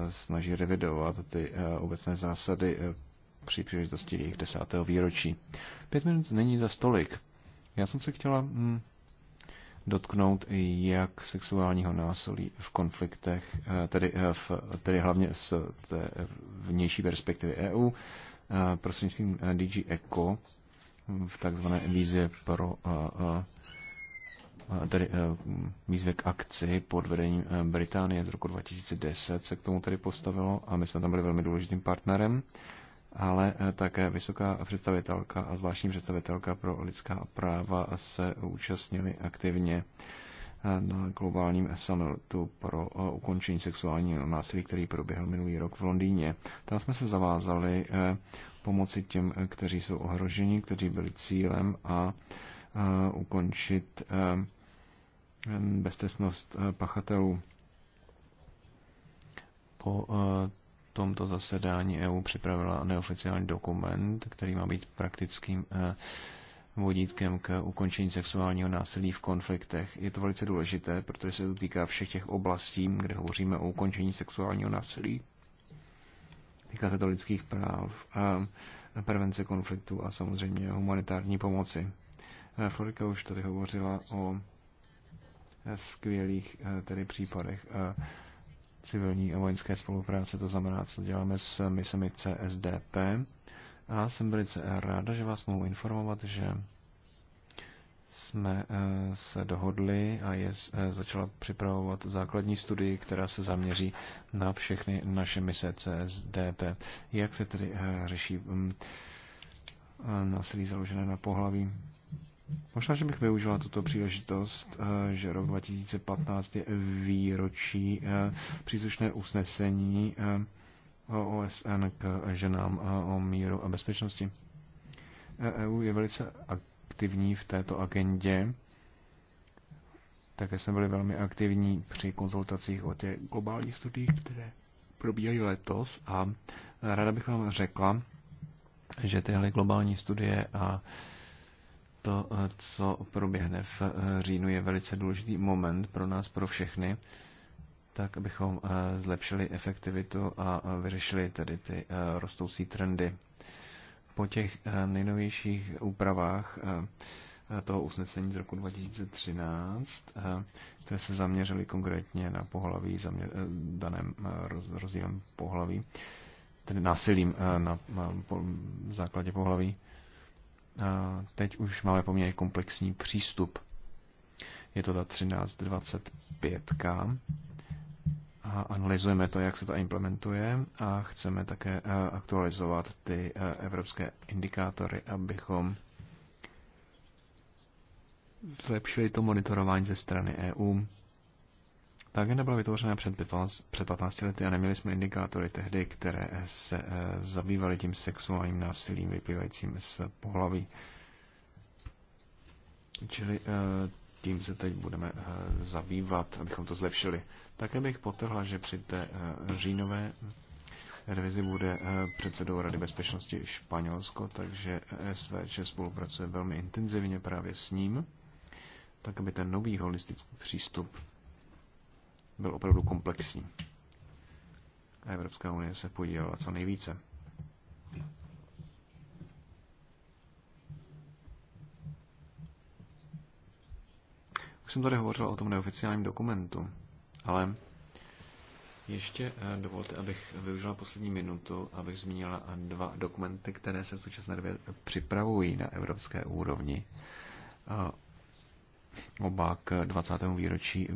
snaží revidovat ty obecné zásady při příležitosti jejich desátého výročí. Pět minut není za stolik. Já jsem se chtěla mm, dotknout jak sexuálního násilí v konfliktech, eh, tedy, eh, v, tedy hlavně z té vnější perspektivy EU, eh, prostřednictvím DG ECO v takzvané výzvě pro tedy výzvě k akci pod vedením Británie z roku 2010 se k tomu tedy postavilo a my jsme tam byli velmi důležitým partnerem ale eh, také vysoká představitelka a zvláštní představitelka pro lidská práva se účastnili aktivně eh, na globálním summitu pro eh, ukončení sexuálního násilí, který proběhl minulý rok v Londýně. Tam jsme se zavázali pomoci těm, kteří jsou ohroženi, kteří byli cílem a ukončit beztesnost pachatelů. Po tomto zasedání EU připravila neoficiální dokument, který má být praktickým eh, vodítkem k ukončení sexuálního násilí v konfliktech. Je to velice důležité, protože se to týká všech těch oblastí, kde hovoříme o ukončení sexuálního násilí. Týká se to lidských práv, prevence konfliktu a samozřejmě humanitární pomoci. Eh, Florika už tady hovořila o eh, skvělých tedy případech civilní a vojenské spolupráce, to znamená, co děláme s misemi CSDP. A jsem velice ráda, že vás mohu informovat, že jsme eh, se dohodli a je eh, začala připravovat základní studii, která se zaměří na všechny naše mise CSDP. Jak se tedy eh, řeší mm, násilí založené na pohlaví? Možná, že bych využila tuto příležitost, eh, že rok 2015 je výročí eh, příslušné usnesení eh, OSN k ženám o míru a bezpečnosti. EU e je velice aktivní v této agendě. Také jsme byli velmi aktivní při konzultacích o těch globálních studiích, které probíhají letos. A ráda bych vám řekla, že tyhle globální studie a uh, to, co proběhne v říjnu, je velice důležitý moment pro nás, pro všechny, tak abychom eh, zlepšili efektivitu a eh, vyřešili tedy ty eh, rostoucí trendy. Po těch nejnovějších úpravách toho usnesení z roku 2013, které se zaměřily konkrétně na pohlaví, zaměř, daném rozdílem pohlaví, tedy násilím na, na základě pohlaví, teď už máme poměrně komplexní přístup. Je to ta 1325K a analyzujeme to, jak se to implementuje a chceme také eh, aktualizovat ty eh, evropské indikátory, abychom zlepšili to monitorování ze strany EU ta agenda byla vytvořena před 15, před 15 lety a neměli jsme indikátory tehdy, které se eh, zabývaly tím sexuálním násilím vyplývajícím z pohlaví. Čili eh, tím se teď budeme eh, zabývat, abychom to zlepšili. Také bych potrhla, že při té říjnové revizi bude předsedou Rady bezpečnosti Španělsko, takže SVČ spolupracuje velmi intenzivně právě s ním, tak aby ten nový holistický přístup byl opravdu komplexní. A Evropská unie se podílela co nejvíce. Už jsem tady hovořil o tom neoficiálním dokumentu, ale ještě eh, dovolte, abych využila poslední minutu, abych zmínila dva dokumenty, které se v současné době připravují na evropské úrovni eh, oba k 20. výročí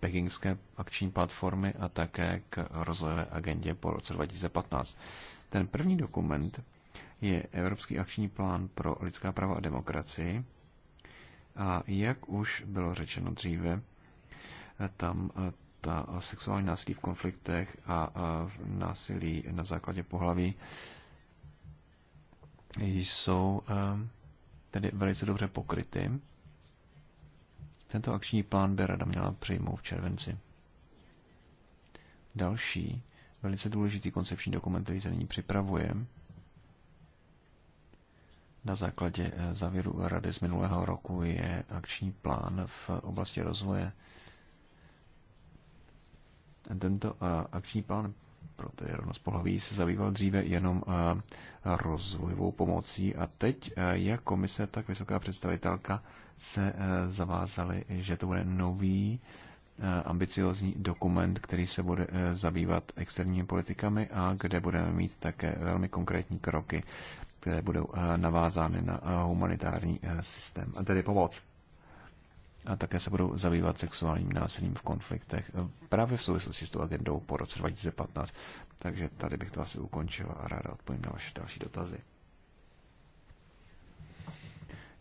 pekingské akční platformy a také k rozvojové agendě po roce 2015. Ten první dokument je Evropský akční plán pro lidská práva a demokracii. A jak už bylo řečeno dříve, tam eh, ta sexuální násilí v konfliktech a eh, násilí na základě pohlaví jsou eh, tedy velice dobře pokryty tento akční plán by rada měla přijmout v červenci. Další velice důležitý koncepční dokument, který se nyní připravuje, na základě eh, závěru Rady z minulého roku je akční plán v oblasti rozvoje. Tento eh, akční plán pro tedy rovnost pohlaví se zabýval dříve jenom eh, rozvojovou pomocí a teď eh, jak komise, tak vysoká představitelka se eh, zavázali, že to bude nový ambiciozní dokument, který se bude zabývat externími politikami a kde budeme mít také velmi konkrétní kroky, které budou navázány na humanitární systém, a tedy pomoc a také se budou zabývat sexuálním násilím v konfliktech eh, právě v souvislosti s tou agendou po roce 2015. Takže tady bych to asi ukončil a ráda odpovím na vaše další dotazy.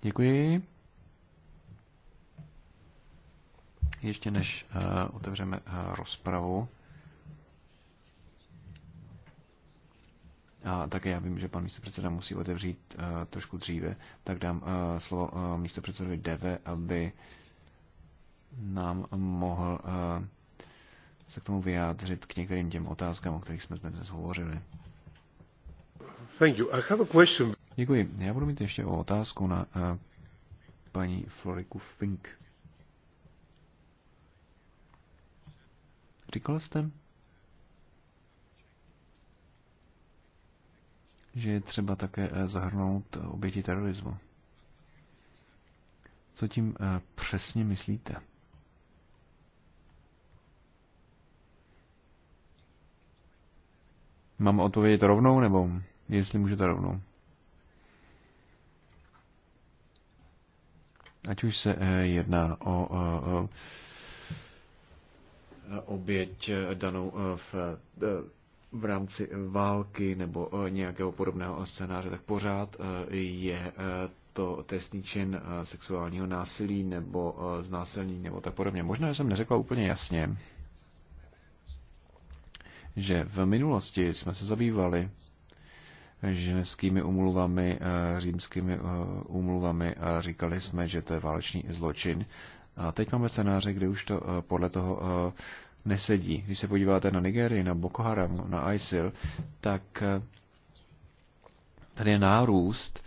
Děkuji. Ještě než uh, otevřeme uh, rozpravu, a také já vím, že pan místopředseda musí otevřít uh, trošku dříve, tak dám uh, slovo uh, místopředsedovi Deve, aby uh, nám mohl eh, se k tomu vyjádřit k některým těm otázkám, o kterých jsme dnes hovořili. Thank you. I have a question. Děkuji. Já budu mít ještě o otázku na eh, paní Floriku Fink. Říkal jste, že je třeba také eh, zahrnout oběti terorismu. Co tím přesně myslíte? Mám odpovědět rovnou, nebo jestli můžete rovnou? Ať už se eh, jedná o, o, eh, o eh, oběť danou v, v rámci války nebo nějakého podobného scénáře, tak pořád je to trestný čin sexuálního násilí nebo znásilní nebo tak podobně. Možná, že jsem neřekla úplně jasně, že v minulosti jsme se zabývali ženskými umluvami, eh, římskými eh, umluvami a říkali jsme, že to je válečný zločin. A teď máme scénáře, kde už to eh, podle toho nesedí. Když se podíváte na Nigerii, na Boko Haram, na ISIL, tak tady je nárůst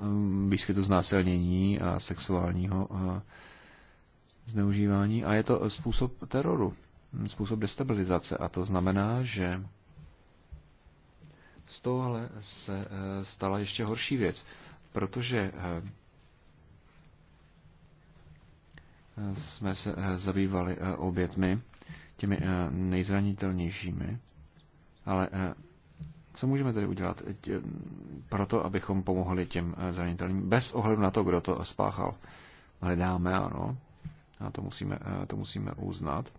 mm, výskytu znásilnění a sexuálního zneužívání a je to způsob teroru způsob destabilizace. A to znamená, že z tohohle se eh, stala ještě horší věc, protože eh, jsme se eh, zabývali obětmi, těmi nejzranitelnějšími, ale co můžeme tedy udělat pro to, abychom pomohli těm zranitelným, bez ohledu na to, kdo to spáchal? Hledáme, ano, a to musíme, to musíme uznat.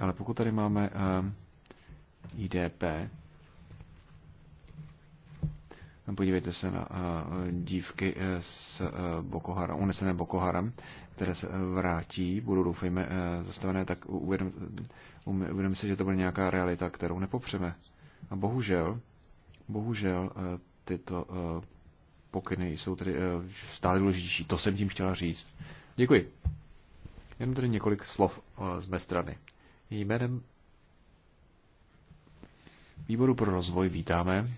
Ale pokud tady máme ehm, IDP, no, podívejte se na eh, dívky eh, s eh, Boko Haram, unesené Boko Haram, které se vrátí, budou doufejme zastavené, tak uvědomíme uvědom um, si, že to bude nějaká realita, kterou nepopřeme. A bohužel, bohužel tyto pokyny jsou tedy stále důležitější. To jsem tím chtěla říct. Děkuji. Jenom tedy několik slov z mé strany. Jménem Výboru pro rozvoj vítáme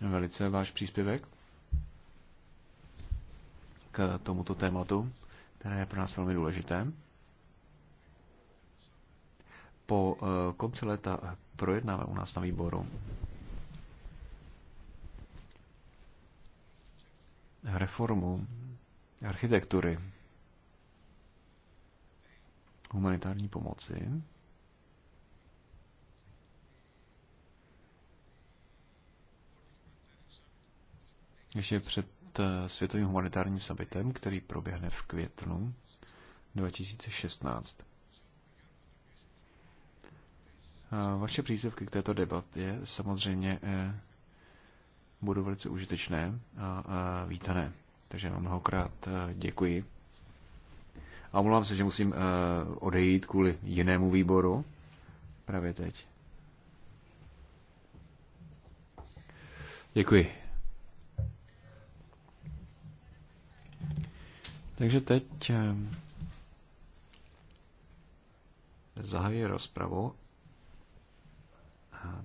velice váš příspěvek k tomuto tématu, které je pro nás velmi důležité. Po eh, konci léta projednáme u nás na výboru reformu architektury humanitární pomoci. Ještě před eh, světovým humanitárním summitem, který proběhne v květnu 2016. Eh, vaše příspěvky k této debatě samozřejmě eh, budou velice užitečné a vítané. Takže vám mnohokrát děkuji. A omlouvám se, že musím eh, odejít kvůli jinému výboru právě teď. Děkuji. Takže teď eh, zahajuji rozpravu.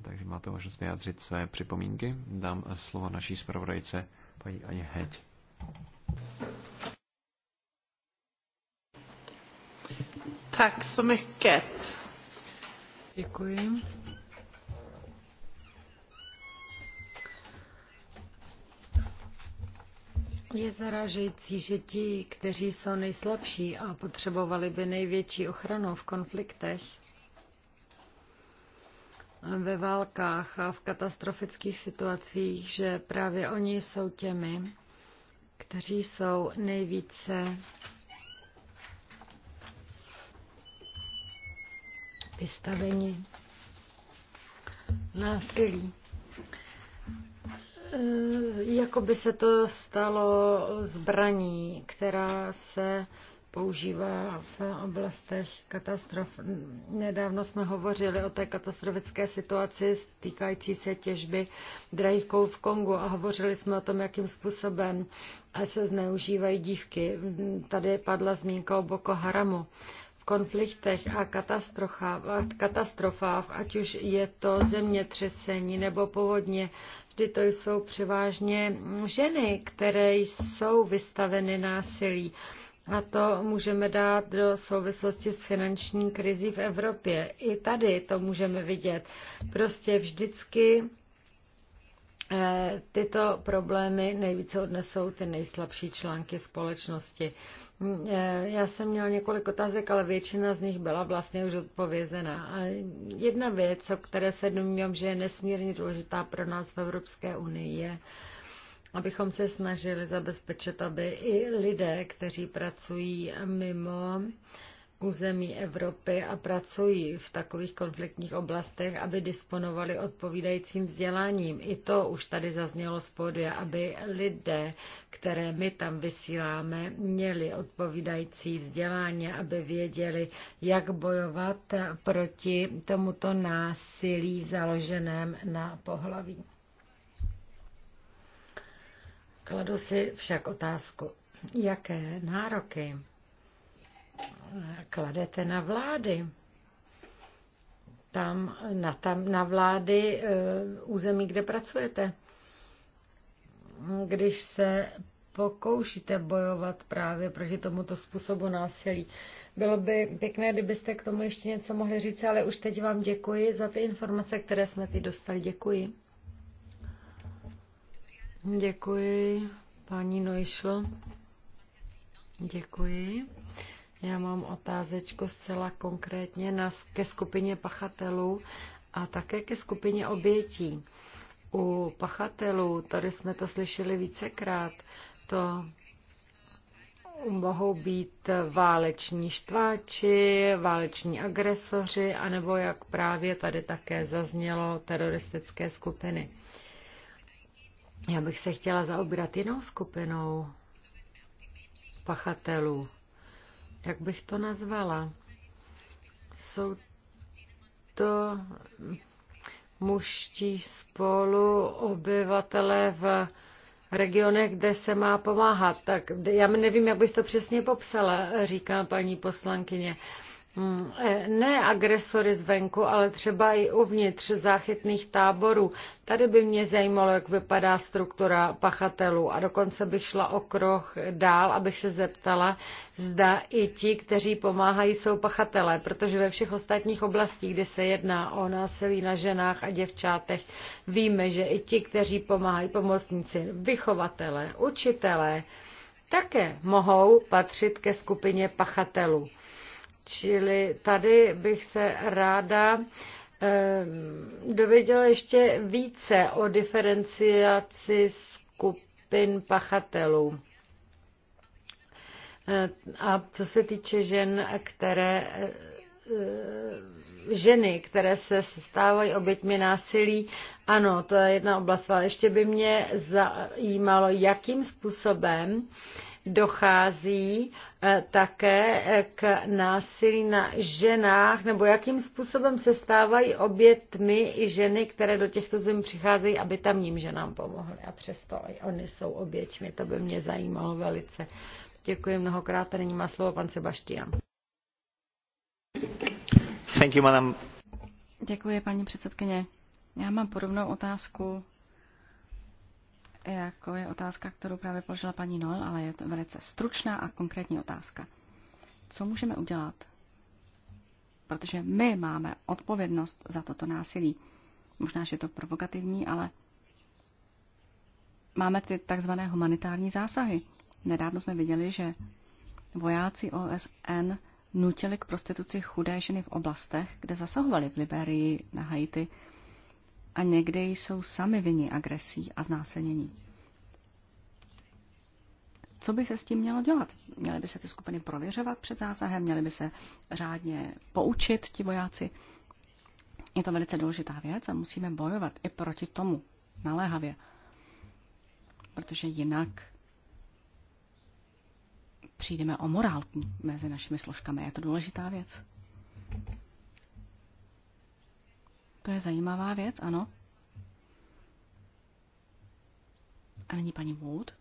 Takže máte možnost vyjádřit své připomínky. Dám slovo naší zpravodajce paní Aně Heď. Je zarážející že ti, kteří jsou nejslabší a potřebovali by největší ochranu v konfliktech, ve válkách a v katastrofických situacích, že právě oni jsou těmi, kteří jsou nejvíce vystaveni násilí. E, jako by se to stalo zbraní, která se používá v oblastech katastrof. Nedávno jsme hovořili o té katastrofické situaci týkající se těžby drahých v Kongu a hovořili jsme o tom, jakým způsobem se zneužívají dívky. Tady padla zmínka o Boko Haramu v konfliktech a katastrofách, ať už je to zemětřesení nebo povodně, vždy to jsou převážně ženy, které jsou vystaveny násilí. A to můžeme dát do souvislosti s finanční krizí v Evropě. I tady to můžeme vidět. Prostě vždycky eh, tyto problémy nejvíce odnesou ty nejslabší články společnosti. Eh, já jsem měla několik otázek, ale většina z nich byla vlastně už odpovězena. A jedna věc, o které se domnívám, že je nesmírně důležitá pro nás v Evropské unii, je, abychom se snažili zabezpečit, aby i lidé, kteří pracují mimo, území Evropy a pracují v takových konfliktních oblastech, aby disponovali odpovídajícím vzděláním. I to už tady zaznělo z pódia, aby lidé, které my tam vysíláme, měli odpovídající vzdělání, aby věděli, jak bojovat proti tomuto násilí založeném na pohlaví. Kladu si však otázku, jaké nároky kladete na vlády. Tam na, tam, na vlády eh, území, kde pracujete. Když se pokoušíte bojovat právě proti tomuto způsobu násilí. Bylo by pěkné, kdybyste k tomu ještě něco mohli říct, ale už teď vám děkuji za ty informace, které jsme ty dostali. Děkuji. Děkuji, paní Nojšl. Děkuji. Já mám otázečku zcela konkrétně na, ke skupině pachatelů a také ke skupině obětí. U pachatelů, tady jsme to slyšeli vícekrát, to mohou být váleční štváči, váleční agresoři, anebo jak právě tady také zaznělo, teroristické skupiny. Já bych se chtěla zaobrat jinou skupinou pachatelů jak bych to nazvala, jsou to muští spolu obyvatele v regionech, kde se má pomáhat. Tak já nevím, jak bych to přesně popsala, říká paní poslankyně. Hmm, ne agresory zvenku, ale třeba i uvnitř záchytných táborů. Tady by mě zajímalo, jak vypadá struktura pachatelů. A dokonce bych šla o krok dál, abych se zeptala, zda i ti, kteří pomáhají, jsou pachatelé, protože ve všech ostatních oblastích, kde se jedná o násilí na ženách a děvčátech, víme, že i ti, kteří pomáhají, pomocníci, vychovatelé, učitelé, také mohou patřit ke skupině pachatelů. Čili tady bych se ráda ehm, dověděla ještě více o diferenciaci skupin pachatelů. Eh, a co se týče žen, které eh, ženy, které se stávají oběťmi násilí, ano, to je jedna oblast, ale ještě by mě zajímalo, jakým způsobem dochází E, také e, k násilí na ženách, nebo jakým způsobem se stávají obětmi i ženy, které do těchto zem přicházejí, aby tamním ženám pomohly. A přesto i oni jsou oběťmi, to by mě zajímalo velice. Děkuji mnohokrát a nyní má slovo pan Sebastian. Thank you, madam. Děkuji, paní předsedkyně. Já mám podobnou otázku jako je otázka, kterou právě položila paní Noel, ale je to velice stručná a konkrétní otázka. Co můžeme udělat? Protože my máme odpovědnost za toto násilí. Možná, že je to provokativní, ale máme ty takzvané humanitární zásahy. Nedávno jsme viděli, že vojáci OSN nutili k prostituci chudé ženy v oblastech, kde zasahovali v Liberii, na Haiti a někdy jsou sami vyni agresí a znásilnění. Co by se s tím mělo dělat? Měly by se ty skupiny prověřovat před zásahem, měly by se řádně poučit ti vojáci. Je to velice důležitá věc a musíme bojovat i proti tomu naléhavě, protože jinak přijdeme o morálku mezi našimi složkami. Je to důležitá věc. To je zajímavá věc, ano. A není paní Wood.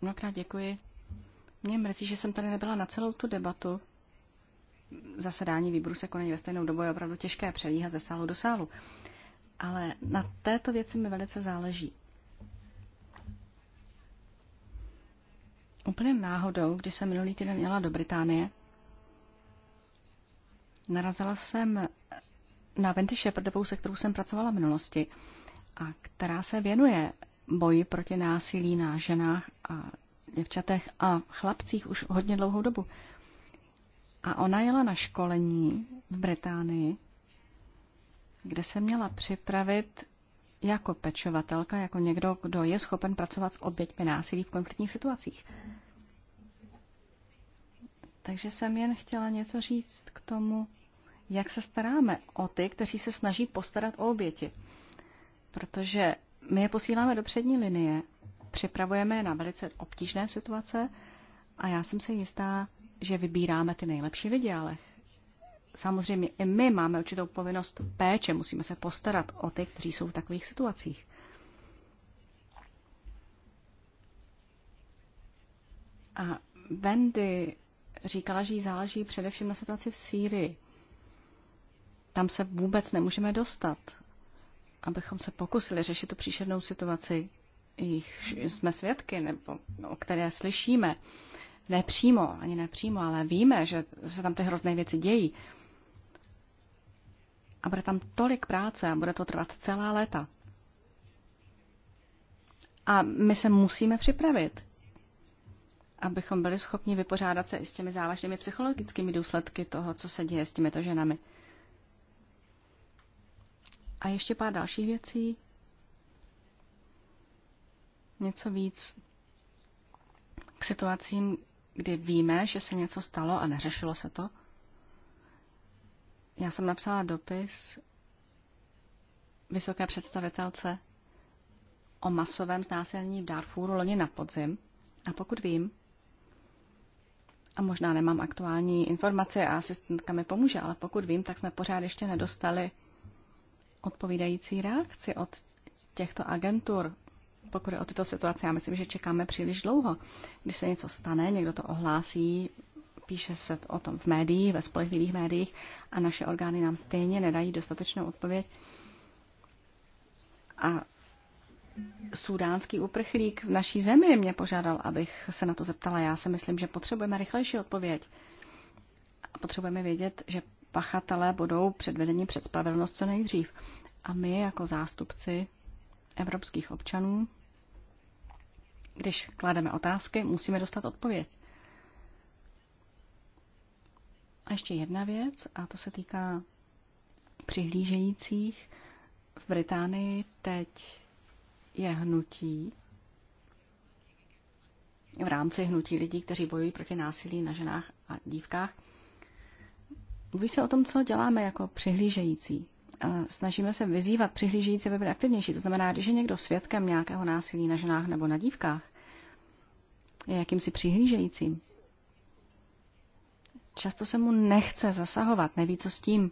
Mnohokrát děkuji. Mě mrzí, že jsem tady nebyla na celou tu debatu. Zasedání výboru se konají ve stejnou dobu, je opravdu těžké přelíhat ze sálu do sálu. Ale na této věci mi velice záleží. Úplně náhodou, když jsem minulý týden jela do Británie, Narazila jsem na Venty Shepardovou, se kterou jsem pracovala v minulosti a která se věnuje boji proti násilí na ženách a děvčatech a chlapcích už hodně dlouhou dobu. A ona jela na školení v Británii, kde se měla připravit jako pečovatelka, jako někdo, kdo je schopen pracovat s oběťmi násilí v konfliktních situacích. Takže jsem jen chtěla něco říct k tomu, jak se staráme o ty, kteří se snaží postarat o oběti. Protože my je posíláme do přední linie, připravujeme je na velice obtížné situace a já jsem se jistá, že vybíráme ty nejlepší lidi, ale samozřejmě i my máme určitou povinnost péče, musíme se postarat o ty, kteří jsou v takových situacích. A Wendy říkala, že jí záleží především na situaci v Sýrii tam se vůbec nemůžeme dostat, abychom se pokusili řešit tu příšernou situaci, jich jsme svědky nebo no, které slyšíme. Nepřímo, ani nepřímo, ale víme, že se tam ty hrozné věci dějí. A bude tam tolik práce a bude to trvat celá léta. A my se musíme připravit, abychom byli schopni vypořádat se i s těmi závažnými psychologickými důsledky toho, co se děje s těmito ženami. A ještě pár dalších věcí. Něco víc k situacím, kdy víme, že se něco stalo a neřešilo se to. Já jsem napsala dopis vysoké představitelce o masovém znásilnění v Darfuru loni na podzim. A pokud vím, a možná nemám aktuální informace a asistentka mi pomůže, ale pokud vím, tak jsme pořád ještě nedostali odpovídající reakci od těchto agentur, pokud je o tyto situace. Já myslím, že čekáme příliš dlouho. Když se něco stane, někdo to ohlásí, píše se o tom v médiích, ve spolehlivých médiích a naše orgány nám stejně nedají dostatečnou odpověď. A sudánský uprchlík v naší zemi mě požádal, abych se na to zeptala. Já si myslím, že potřebujeme rychlejší odpověď. A potřebujeme vědět, že pachatelé budou předvedeni před spravedlnost co nejdřív. A my jako zástupci evropských občanů, když klademe otázky, musíme dostat odpověď. A ještě jedna věc, a to se týká přihlížejících. V Británii teď je hnutí v rámci hnutí lidí, kteří bojují proti násilí na ženách a dívkách. Mluví se o tom, co děláme jako přihlížející. Snažíme se vyzývat přihlížející, aby byli aktivnější. To znamená, když je někdo svědkem nějakého násilí na ženách nebo na dívkách, je jakýmsi přihlížejícím. Často se mu nechce zasahovat, neví, co s tím.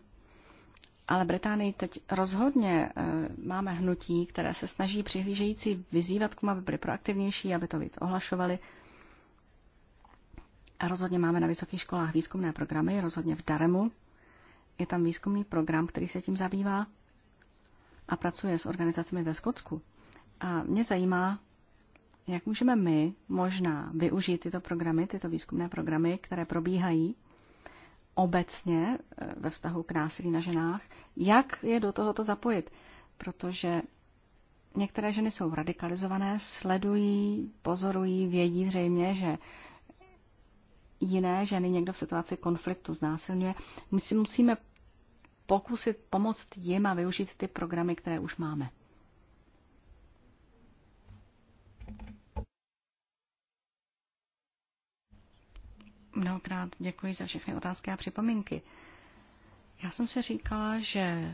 Ale Británii teď rozhodně e, máme hnutí, které se snaží přihlížející vyzývat k tomu, aby byli proaktivnější, aby to víc ohlašovali, a rozhodně máme na vysokých školách výzkumné programy, rozhodně v Daremu. Je tam výzkumný program, který se tím zabývá a pracuje s organizacemi ve Skotsku. A mě zajímá, jak můžeme my možná využít tyto programy, tyto výzkumné programy, které probíhají obecně eh, ve vztahu k násilí na ženách, jak je do tohoto zapojit. Protože některé ženy jsou radikalizované, sledují, pozorují, vědí zřejmě, že jiné ženy někdo v situaci konfliktu znásilňuje. My si musíme pokusit pomoct jim a využít ty programy, které už máme. Mnohokrát děkuji za všechny otázky a připomínky. Já jsem si říkala, že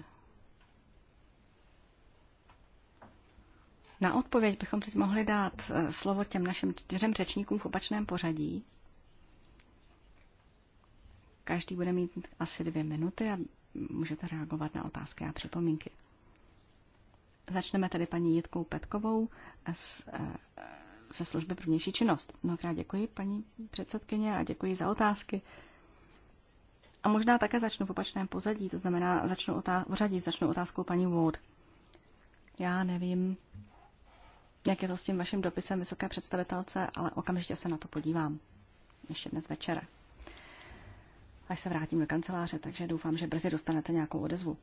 na odpověď bychom teď mohli dát eh, slovo těm našim čtyřem řečníkům v opačném pořadí. Každý bude mít asi dvě minuty a můžete reagovat na otázky a připomínky. Začneme tedy paní Jitkou Petkovou z, eh, ze služby pro vnější činnost. Mnohokrát děkuji, paní předsedkyně, a děkuji za otázky. A možná také začnu v opačném pozadí, to znamená, začnu v pořadí, začnu otázkou paní Wood. Já nevím, jak je to s tím vaším dopisem vysoké představitelce, ale okamžitě se na to podívám. Ještě dnes večer až se vrátím do kanceláře, takže doufám, že brzy dostanete nějakou odezvu.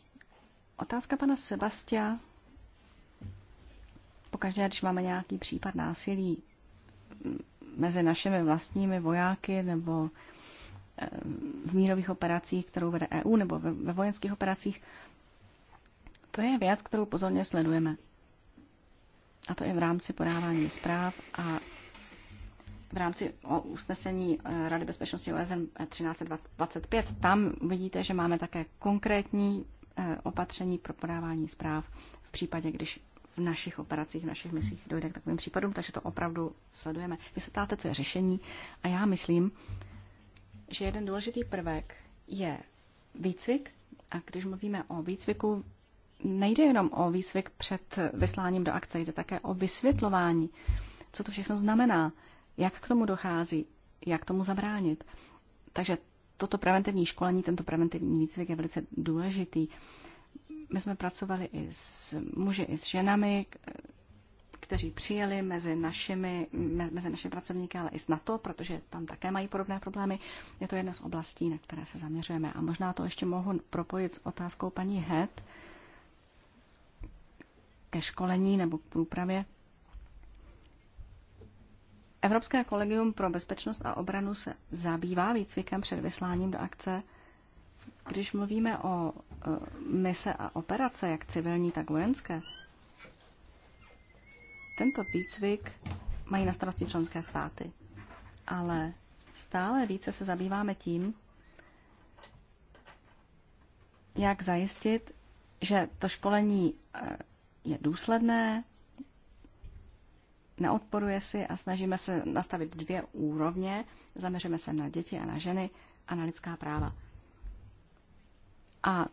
Otázka pana Sebastia. Pokaždé, když máme nějaký případ násilí mezi našimi vlastními vojáky nebo eh, v mírových operacích, kterou vede EU, nebo ve vojenských operacích, to je věc, kterou pozorně sledujeme. A to i v rámci podávání zpráv a v rámci usnesení eh, Rady bezpečnosti OSN 1325. Tam vidíte, že máme také konkrétní eh, opatření pro podávání zpráv v případě, když v našich operacích, v našich misích dojde k takovým případům, takže to opravdu sledujeme. Vy se ptáte, co je řešení a já myslím, že jeden důležitý prvek je výcvik a když mluvíme o výcviku, nejde jenom o výcvik před vysláním do akce, jde také o vysvětlování, co to všechno znamená, jak k tomu dochází? Jak tomu zabránit? Takže toto preventivní školení, tento preventivní výcvik je velice důležitý. My jsme pracovali i s muži, i s ženami, kteří přijeli mezi našimi, mezi našimi pracovníky, ale i s NATO, protože tam také mají podobné problémy. Je to jedna z oblastí, na které se zaměřujeme. A možná to ještě mohu propojit s otázkou paní Het ke školení nebo k průpravě. Evropské kolegium pro bezpečnost a obranu se zabývá výcvikem před vysláním do akce. Když mluvíme o e, mise a operace, jak civilní, tak vojenské, tento výcvik mají na starosti členské státy. Ale stále více se zabýváme tím, jak zajistit, že to školení e, je důsledné, neodporuje si a snažíme se nastavit dvě úrovně. Zaměříme se na děti a na ženy a na lidská práva. A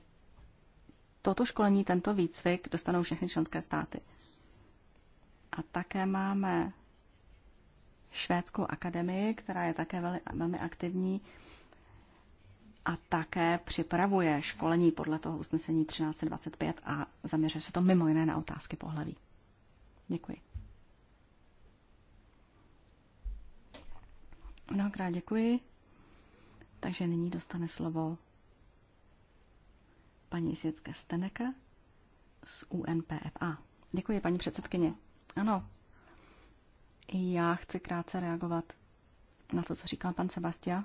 toto školení, tento výcvik dostanou všechny členské státy. A také máme švédskou akademii, která je také veli, velmi aktivní a také připravuje školení podle toho usnesení 1325 a zaměřuje se to mimo jiné na otázky pohlaví. Děkuji. Mnohokrát děkuji. Takže nyní dostane slovo paní Světské Steneka z UNPFA. Děkuji, paní předsedkyně. Ano, já chci krátce reagovat na to, co říkal pan Sebastian.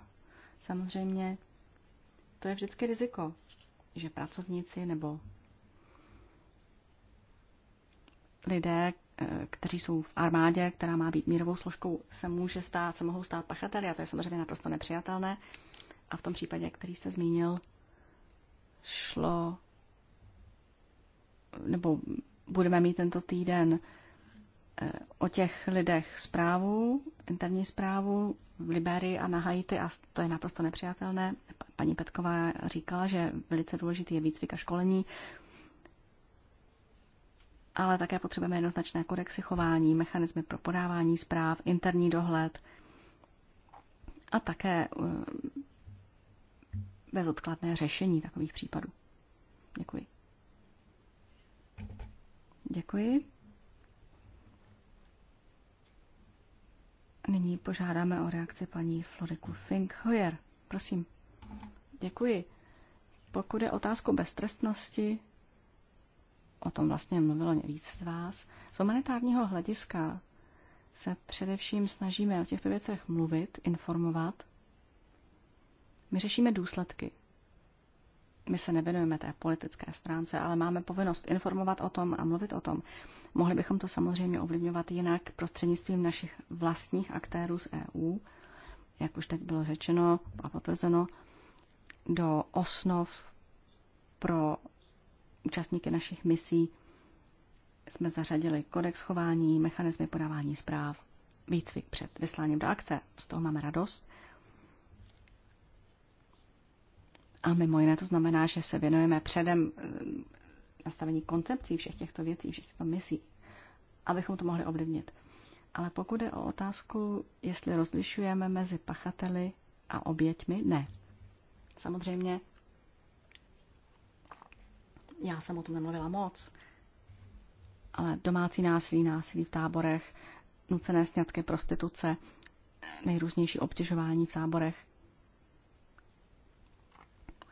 Samozřejmě to je vždycky riziko, že pracovníci nebo lidé, kteří jsou v armádě, která má být mírovou složkou, se může stát, se mohou stát pachateli a to je samozřejmě naprosto nepřijatelné. A v tom případě, který jste zmínil, šlo nebo budeme mít tento týden eh, o těch lidech zprávu, interní zprávu v Liberii a na Haiti a to je naprosto nepřijatelné. Paní Petková říkala, že velice důležitý je výcvik a školení ale také potřebujeme jednoznačné kodexy chování, mechanismy pro podávání zpráv, interní dohled a také eh, bezodkladné řešení takových případů. Děkuji. Děkuji. Nyní požádáme o reakci paní Floriku Fink-Hoyer. Prosím. Děkuji. Pokud je otázku beztrestnosti, o tom vlastně mluvilo víc z vás. Z humanitárního hlediska se především snažíme o těchto věcech mluvit, informovat. My řešíme důsledky. My se nevěnujeme té politické stránce, ale máme povinnost informovat o tom a mluvit o tom. Mohli bychom to samozřejmě ovlivňovat jinak prostřednictvím našich vlastních aktérů z EU, jak už teď bylo řečeno a potvrzeno, do osnov pro účastníky našich misí jsme zařadili kodex chování, mechanizmy podávání zpráv, výcvik před vysláním do akce. Z toho máme radost. A mimo jiné to znamená, že se věnujeme předem eh, nastavení koncepcí všech těchto věcí, všech těchto misí, abychom to mohli ovlivnit. Ale pokud je o otázku, jestli rozlišujeme mezi pachateli a oběťmi, ne. Samozřejmě já jsem o tom nemluvila moc. Ale domácí násilí, násilí v táborech, nucené sňatky, prostituce, nejrůznější obtěžování v táborech.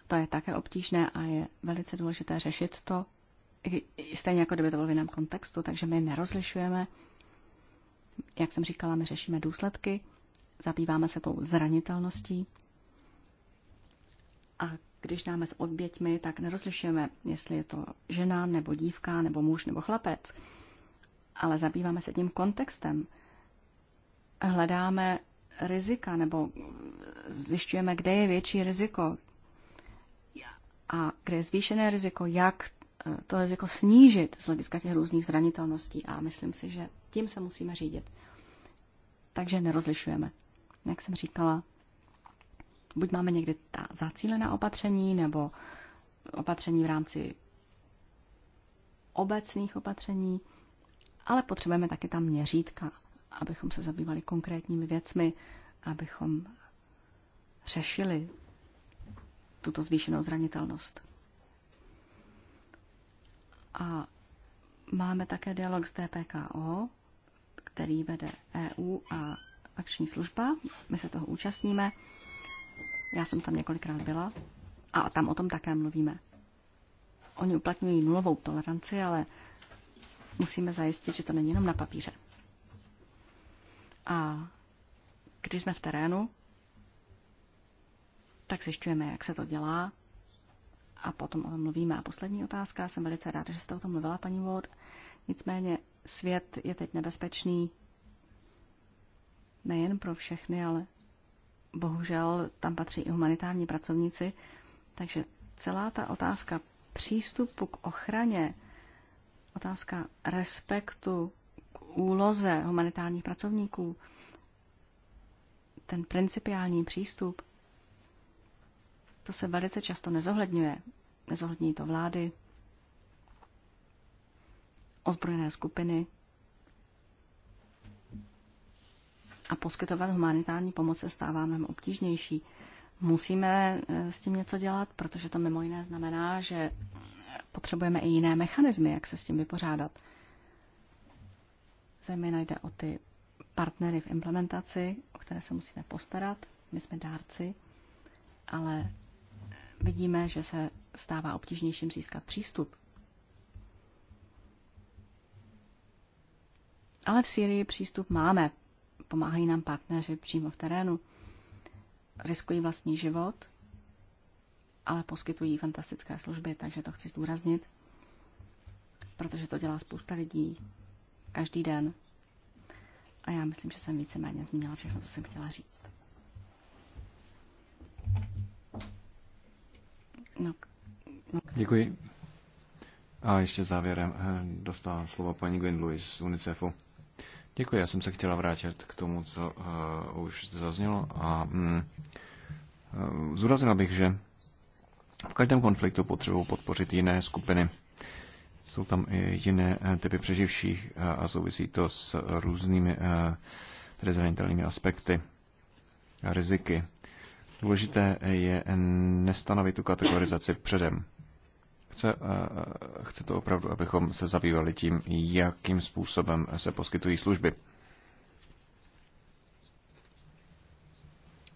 To je také obtížné a je velice důležité řešit to, stejně jako kdyby to bylo v jiném kontextu, takže my nerozlišujeme. Jak jsem říkala, my řešíme důsledky, zabýváme se tou zranitelností a když dáme s odběťmi, tak nerozlišujeme, jestli je to žena, nebo dívka, nebo muž, nebo chlapec. Ale zabýváme se tím kontextem. Hledáme rizika, nebo zjišťujeme, kde je větší riziko a kde je zvýšené riziko, jak eh, to riziko snížit z hlediska těch různých zranitelností. A myslím si, že tím se musíme řídit. Takže nerozlišujeme. Jak jsem říkala, Buď máme někdy ta zacílená opatření, nebo opatření v rámci obecných opatření, ale potřebujeme taky tam měřítka, abychom se zabývali konkrétními věcmi, abychom řešili tuto zvýšenou zranitelnost. A máme také dialog s DPKO, který vede EU a akční služba. My se toho účastníme. Já jsem tam několikrát byla a tam o tom také mluvíme. Oni uplatňují nulovou toleranci, ale musíme zajistit, že to není jenom na papíře. A když jsme v terénu, tak zjišťujeme, jak se to dělá a potom o tom mluvíme. A poslední otázka, jsem velice ráda, že jste o tom mluvila, paní Vod. Nicméně svět je teď nebezpečný nejen pro všechny, ale bohužel tam patří i humanitární pracovníci, takže celá ta otázka přístupu k ochraně, otázka respektu k úloze humanitárních pracovníků, ten principiální přístup, to se velice často nezohledňuje. Nezohledňují to vlády, ozbrojené skupiny, a poskytovat humanitární pomoc se stává mnohem obtížnější. Musíme eh, s tím něco dělat, protože to mimo jiné znamená, že potřebujeme i jiné mechanismy, jak se s tím vypořádat. Zejména jde o ty partnery v implementaci, o které se musíme postarat. My jsme dárci, ale vidíme, že se stává obtížnějším získat přístup. Ale v Syrii přístup máme, pomáhají nám partneři přímo v terénu. Riskují vlastní život, ale poskytují fantastické služby, takže to chci zdůraznit, protože to dělá spousta lidí každý den. A já myslím, že jsem víceméně zmínila všechno, co jsem chtěla říct. No, no. Děkuji. A ještě závěrem eh, dostala slovo paní Gwen Lewis z UNICEFu. Děkuji, já jsem se chtěla vrátit k tomu, co uh, už zaznělo a mm, hm, uh, eh, zúrazila bych, že v každém konfliktu potřebují podpořit jiné skupiny. Jsou tam i jiné eh, typy přeživších a souvisí to s různými uh, zranitelnými aspekty a riziky. Důležité je nestanovit tu kategorizaci předem chce, eh, chce to opravdu, abychom se zabývali tím, jakým způsobem se poskytují služby.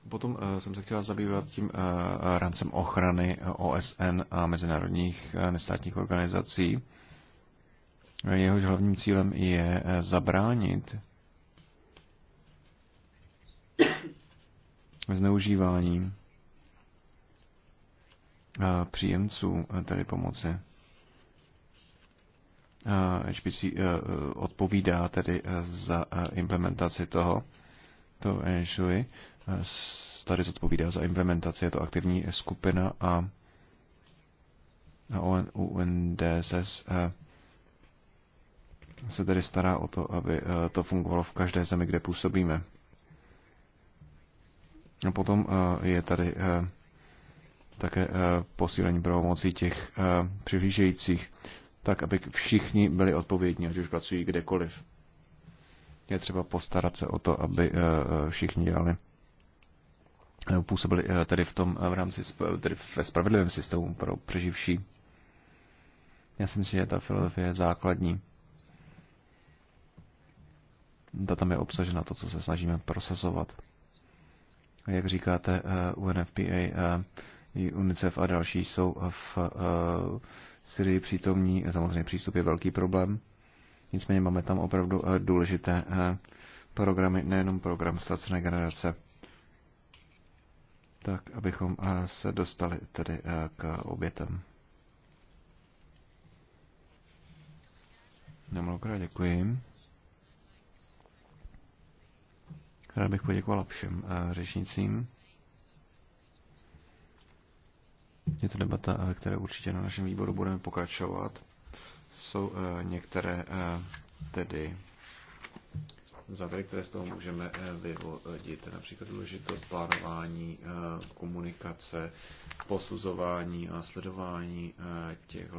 Potom eh, jsem se chtěla zabývat tím eh, rámcem ochrany OSN a mezinárodních nestátních organizací. Jehož hlavním cílem je zabránit zneužívání příjemců tedy pomoci. HPC odpovídá tedy za implementaci toho, to Enshui, tady odpovídá za implementaci, je to aktivní skupina a UNDSS se tedy stará o to, aby to fungovalo v každé zemi, kde působíme. A potom je tady také eh, posílení pravomocí těch eh, přihlížejících, tak aby všichni byli odpovědní, ať už pracují kdekoliv. Je třeba postarat se o to, aby eh, všichni dělali působili tedy v tom v rámci, tedy ve spravedlivém systému pro přeživší. Já si myslím, že ta filozofie je základní. Ta tam je obsažena to, co se snažíme prosazovat. Jak říkáte, UNFPA i UNICEF a další jsou v eh, Syrii přítomní. Samozřejmě přístup je velký problém. Nicméně máme tam opravdu eh, důležité eh, programy, nejenom program stacené generace, tak abychom se dostali tedy k obětem. Nemlokrát děkuji. Rád bych poděkoval všem řečnicím. Je to debata, eh, které určitě na našem výboru budeme pokračovat. Jsou eh, některé eh, tedy závěry, které z toho můžeme vyvodit, například důležitost plánování, komunikace, posuzování a sledování těchto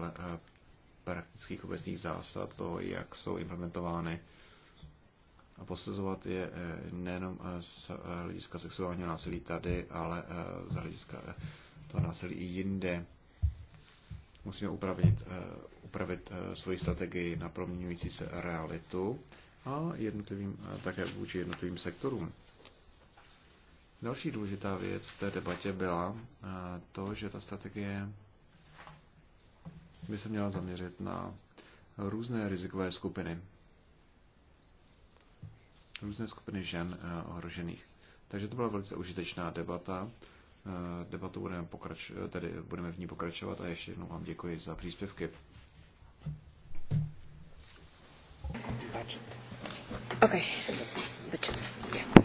praktických obecných zásad, toho, jak jsou implementovány a posuzovat je nejenom z hlediska sexuálního násilí tady, ale z hlediska to násilí i jinde. Musíme upravit, eh, upravit eh, svoji strategii na proměňující se realitu a jednotlivým, eh, také vůči jednotlivým sektorům. Další důležitá věc v té debatě byla to, že ta strategie by se měla zaměřit na různé rizikové skupiny. Různé skupiny žen ohrožených. Takže to byla velice užitečná debata Eh, debatu budeme, pokrač, eh, tedy budeme v ní pokračovat a ještě jednou vám děkuji za příspěvky. Okay. Budget. Yeah.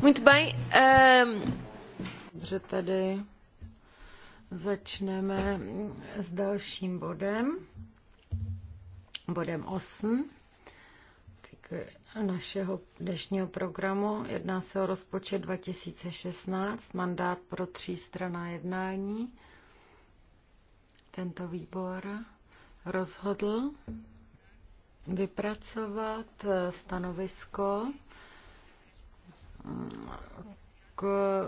Muito bem. Um... Dobře tedy začneme s dalším bodem. Bodem 8 našeho dnešního programu. Jedná se o rozpočet 2016, mandát pro třístraná jednání. Tento výbor rozhodl vypracovat stanovisko k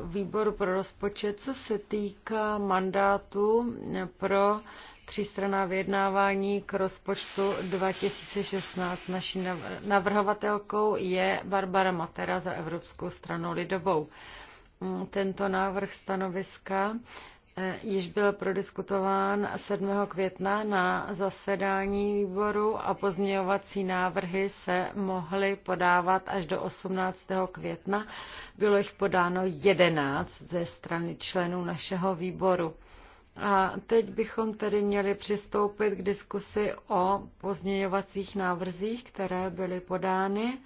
výboru pro rozpočet, co se týká mandátu pro třístraná vyjednávání k rozpočtu 2016. Naší navrhovatelkou je Barbara Matera za Evropskou stranu lidovou. Tento návrh stanoviska E, již byl prodiskutován 7. května na zasedání výboru a pozměňovací návrhy se mohly podávat až do 18. května. Bylo jich podáno 11 ze strany členů našeho výboru. A teď bychom tedy měli přistoupit k diskusi o pozměňovacích návrzích, které byly podány.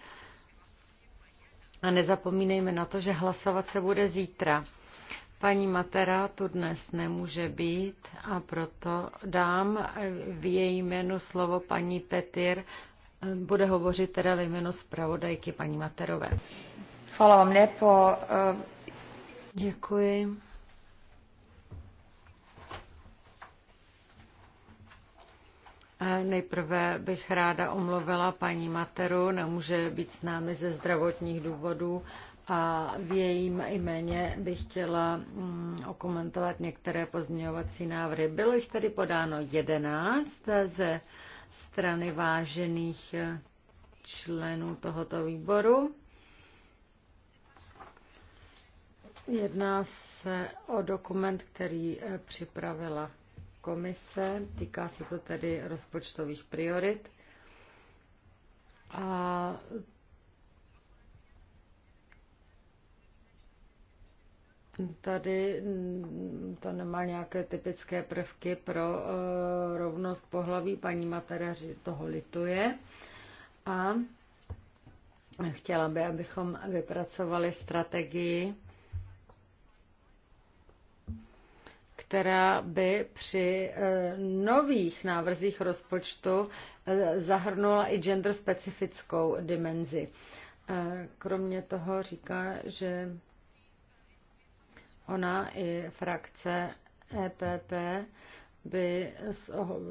A nezapomínejme na to, že hlasovat se bude zítra. Paní Matera tu dnes nemůže být a proto dám v její jménu slovo paní Petir. Bude hovořit teda ve jméno zpravodajky paní Materové. Hvala vám lepo. Děkuji. Nejprve bych ráda omluvila paní Materu, nemůže být s námi ze zdravotních důvodů a v jejím jméně bych chtěla mm, okomentovat některé pozměňovací návrhy. Bylo jich tady podáno 11 ze strany vážených eh, členů tohoto výboru. Jedná se o dokument, který eh, připravila komise. Týká se to tedy rozpočtových priorit. A Tady mm, to nemá nějaké typické prvky pro eh, rovnost pohlaví. Paní Matera toho lituje. A chtěla by, abychom vypracovali strategii, která by při eh, nových návrzích rozpočtu eh, zahrnula i gender specifickou dimenzi. Kromě toho říká, že Ona i frakce EPP by s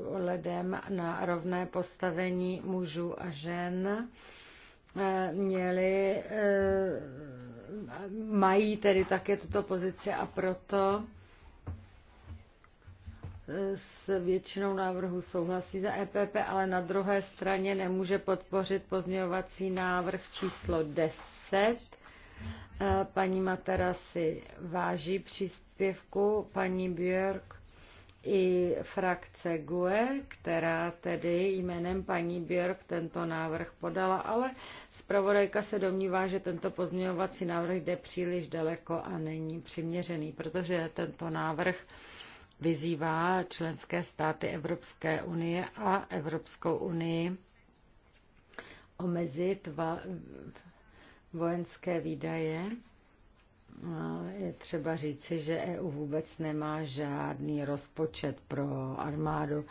ohledem na rovné postavení mužů a žen eh, měli, eh, mají tedy také tuto pozici a proto eh, s většinou návrhu souhlasí za EPP, ale na druhé straně nemůže podpořit pozměňovací návrh číslo 10, Paní Matera si váží příspěvku, paní Björk i frakce GUE, která tedy jménem paní Björk tento návrh podala, ale zpravodajka se domnívá, že tento pozměňovací návrh jde příliš daleko a není přiměřený, protože tento návrh vyzývá členské státy Evropské unie a Evropskou unii omezit va- Vojenské výdaje je třeba říci, že EU vůbec nemá žádný rozpočet pro armádu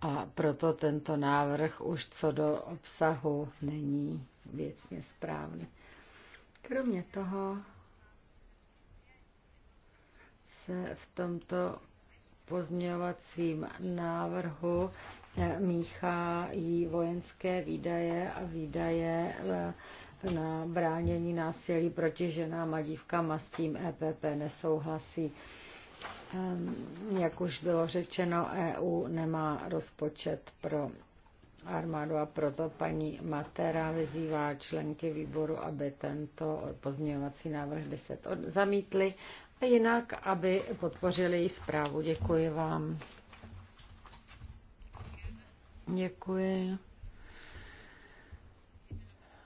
a proto tento návrh už co do obsahu není věcně správný. Kromě toho se v tomto pozměňovacím návrhu eh, míchají vojenské výdaje a výdaje v eh, na bránění násilí proti ženám a dívkám a s tím EPP nesouhlasí. Ehm, jak už bylo řečeno, EU nemá rozpočet pro armádu a proto paní Matera vyzývá členky výboru, aby tento pozměňovací návrh 10 zamítli a jinak, aby podpořili její zprávu. Děkuji vám. Děkuji.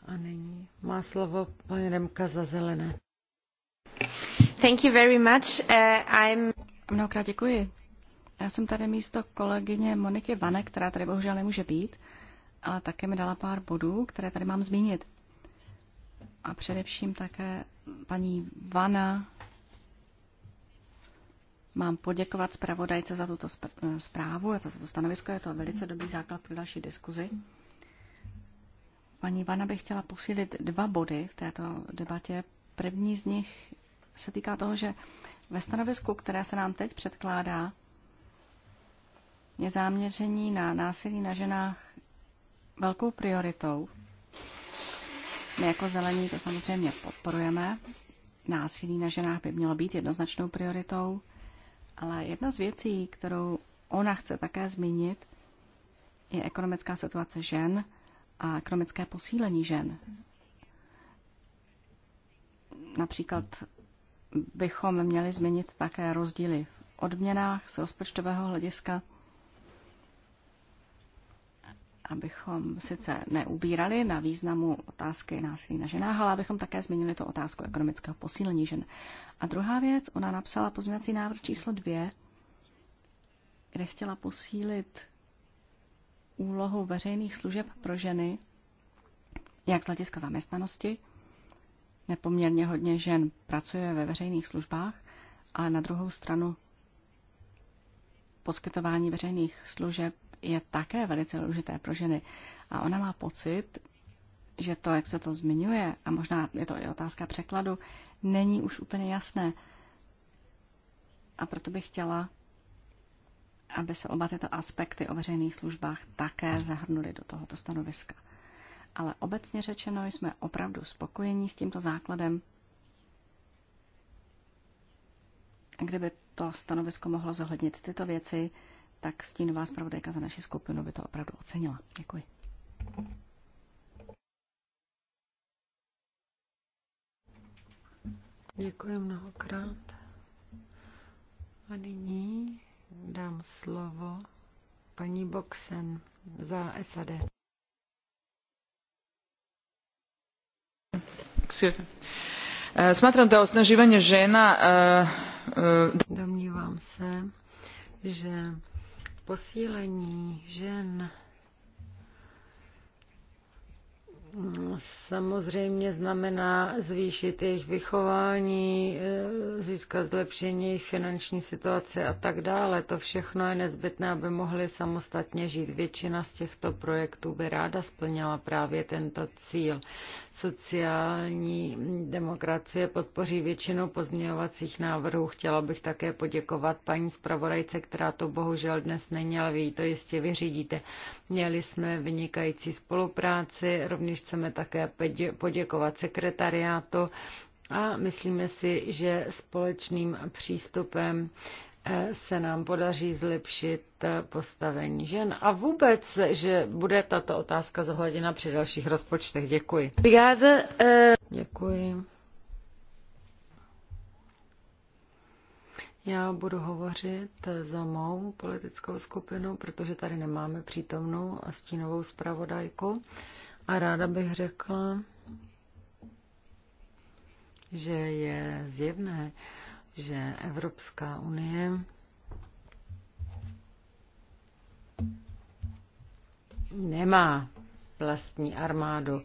A nyní má slovo paní Remka za zelené. Thank you very much. Uh, I'm... Mnohokrát děkuji. Já jsem tady místo kolegyně Moniky Vane, která tady bohužel nemůže být, ale také mi dala pár bodů, které tady mám zmínit. A především také paní Vana. Mám poděkovat zpravodajce za tuto eh, zprávu a za to stanovisko. Je to velice dobrý základ pro další diskuzi. Mm. Paní Vana bych chtěla posílit dva body v této debatě. První z nich se týká toho, že ve stanovisku, které se nám teď předkládá, je záměření na násilí na ženách velkou prioritou. My jako zelení to samozřejmě podporujeme. Násilí na ženách by mělo být jednoznačnou prioritou, ale jedna z věcí, kterou ona chce také zmínit, je ekonomická situace žen – a ekonomické posílení žen. Například bychom měli změnit také rozdíly v odměnách z rozpočtového hlediska, abychom sice neubírali na významu otázky násilí na ženách, ale abychom také změnili to otázku ekonomického posílení žen. A druhá věc, ona napsala pozměňovací návrh číslo dvě, kde chtěla posílit úlohou veřejných služeb pro ženy, jak z hlediska zaměstnanosti. Nepoměrně hodně žen pracuje ve veřejných službách a na druhou stranu poskytování veřejných služeb je také velice důležité pro ženy. A ona má pocit, že to, jak se to zmiňuje, a možná je to i otázka překladu, není už úplně jasné. A proto bych chtěla, aby se oba tyto aspekty o veřejných službách také zahrnuly do tohoto stanoviska. Ale obecně řečeno jsme opravdu spokojení s tímto základem. Kdyby to stanovisko mohlo zohlednit tyto věci, tak stínová zpravodajka za naši skupinu by to opravdu ocenila. Děkuji. Děkuji mnohokrát. A nyní dám slovo paní Boxen za SAD. Eh, smatram da osnaživanje žena... Eh, eh, Domnívám se, že posílení žen samozřejmě znamená zvýšit jejich vychování, eh, získat zlepšení jejich finanční situace a tak dále. To všechno je nezbytné, aby mohli samostatně žít. Většina z těchto projektů by ráda splněla právě tento cíl. Sociální demokracie podpoří většinu pozměňovacích návrhů. Chtěla bych také poděkovat paní zpravodajce, která to bohužel dnes není, ale vy to jistě vyřídíte. Měli jsme vynikající spolupráci, rovněž chceme také poděkovat sekretariátu a myslíme si, že společným přístupem eh, se nám podaří zlepšit eh, postavení žen a vůbec, že bude tato otázka zohleděna při dalších rozpočtech. Děkuji. Eh. Děkuji. Já budu hovořit za mou politickou skupinu, protože tady nemáme přítomnou a stínovou zpravodajku. A ráda bych řekla, že je zjevné, že Evropská unie nemá vlastní armádu,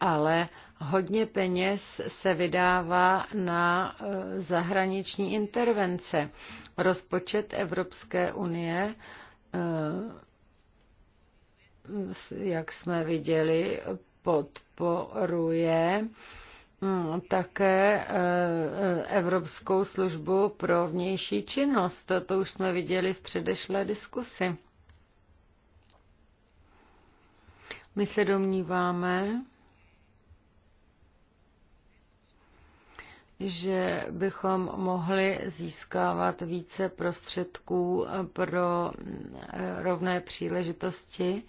ale hodně peněz se vydává na e, zahraniční intervence. Rozpočet Evropské unie e, jak jsme viděli, podporuje mm, také eh, Evropskou službu pro vnější činnost. To už jsme viděli v předešlé diskusi. My se domníváme, že bychom mohli získávat více prostředků pro eh, rovné příležitosti.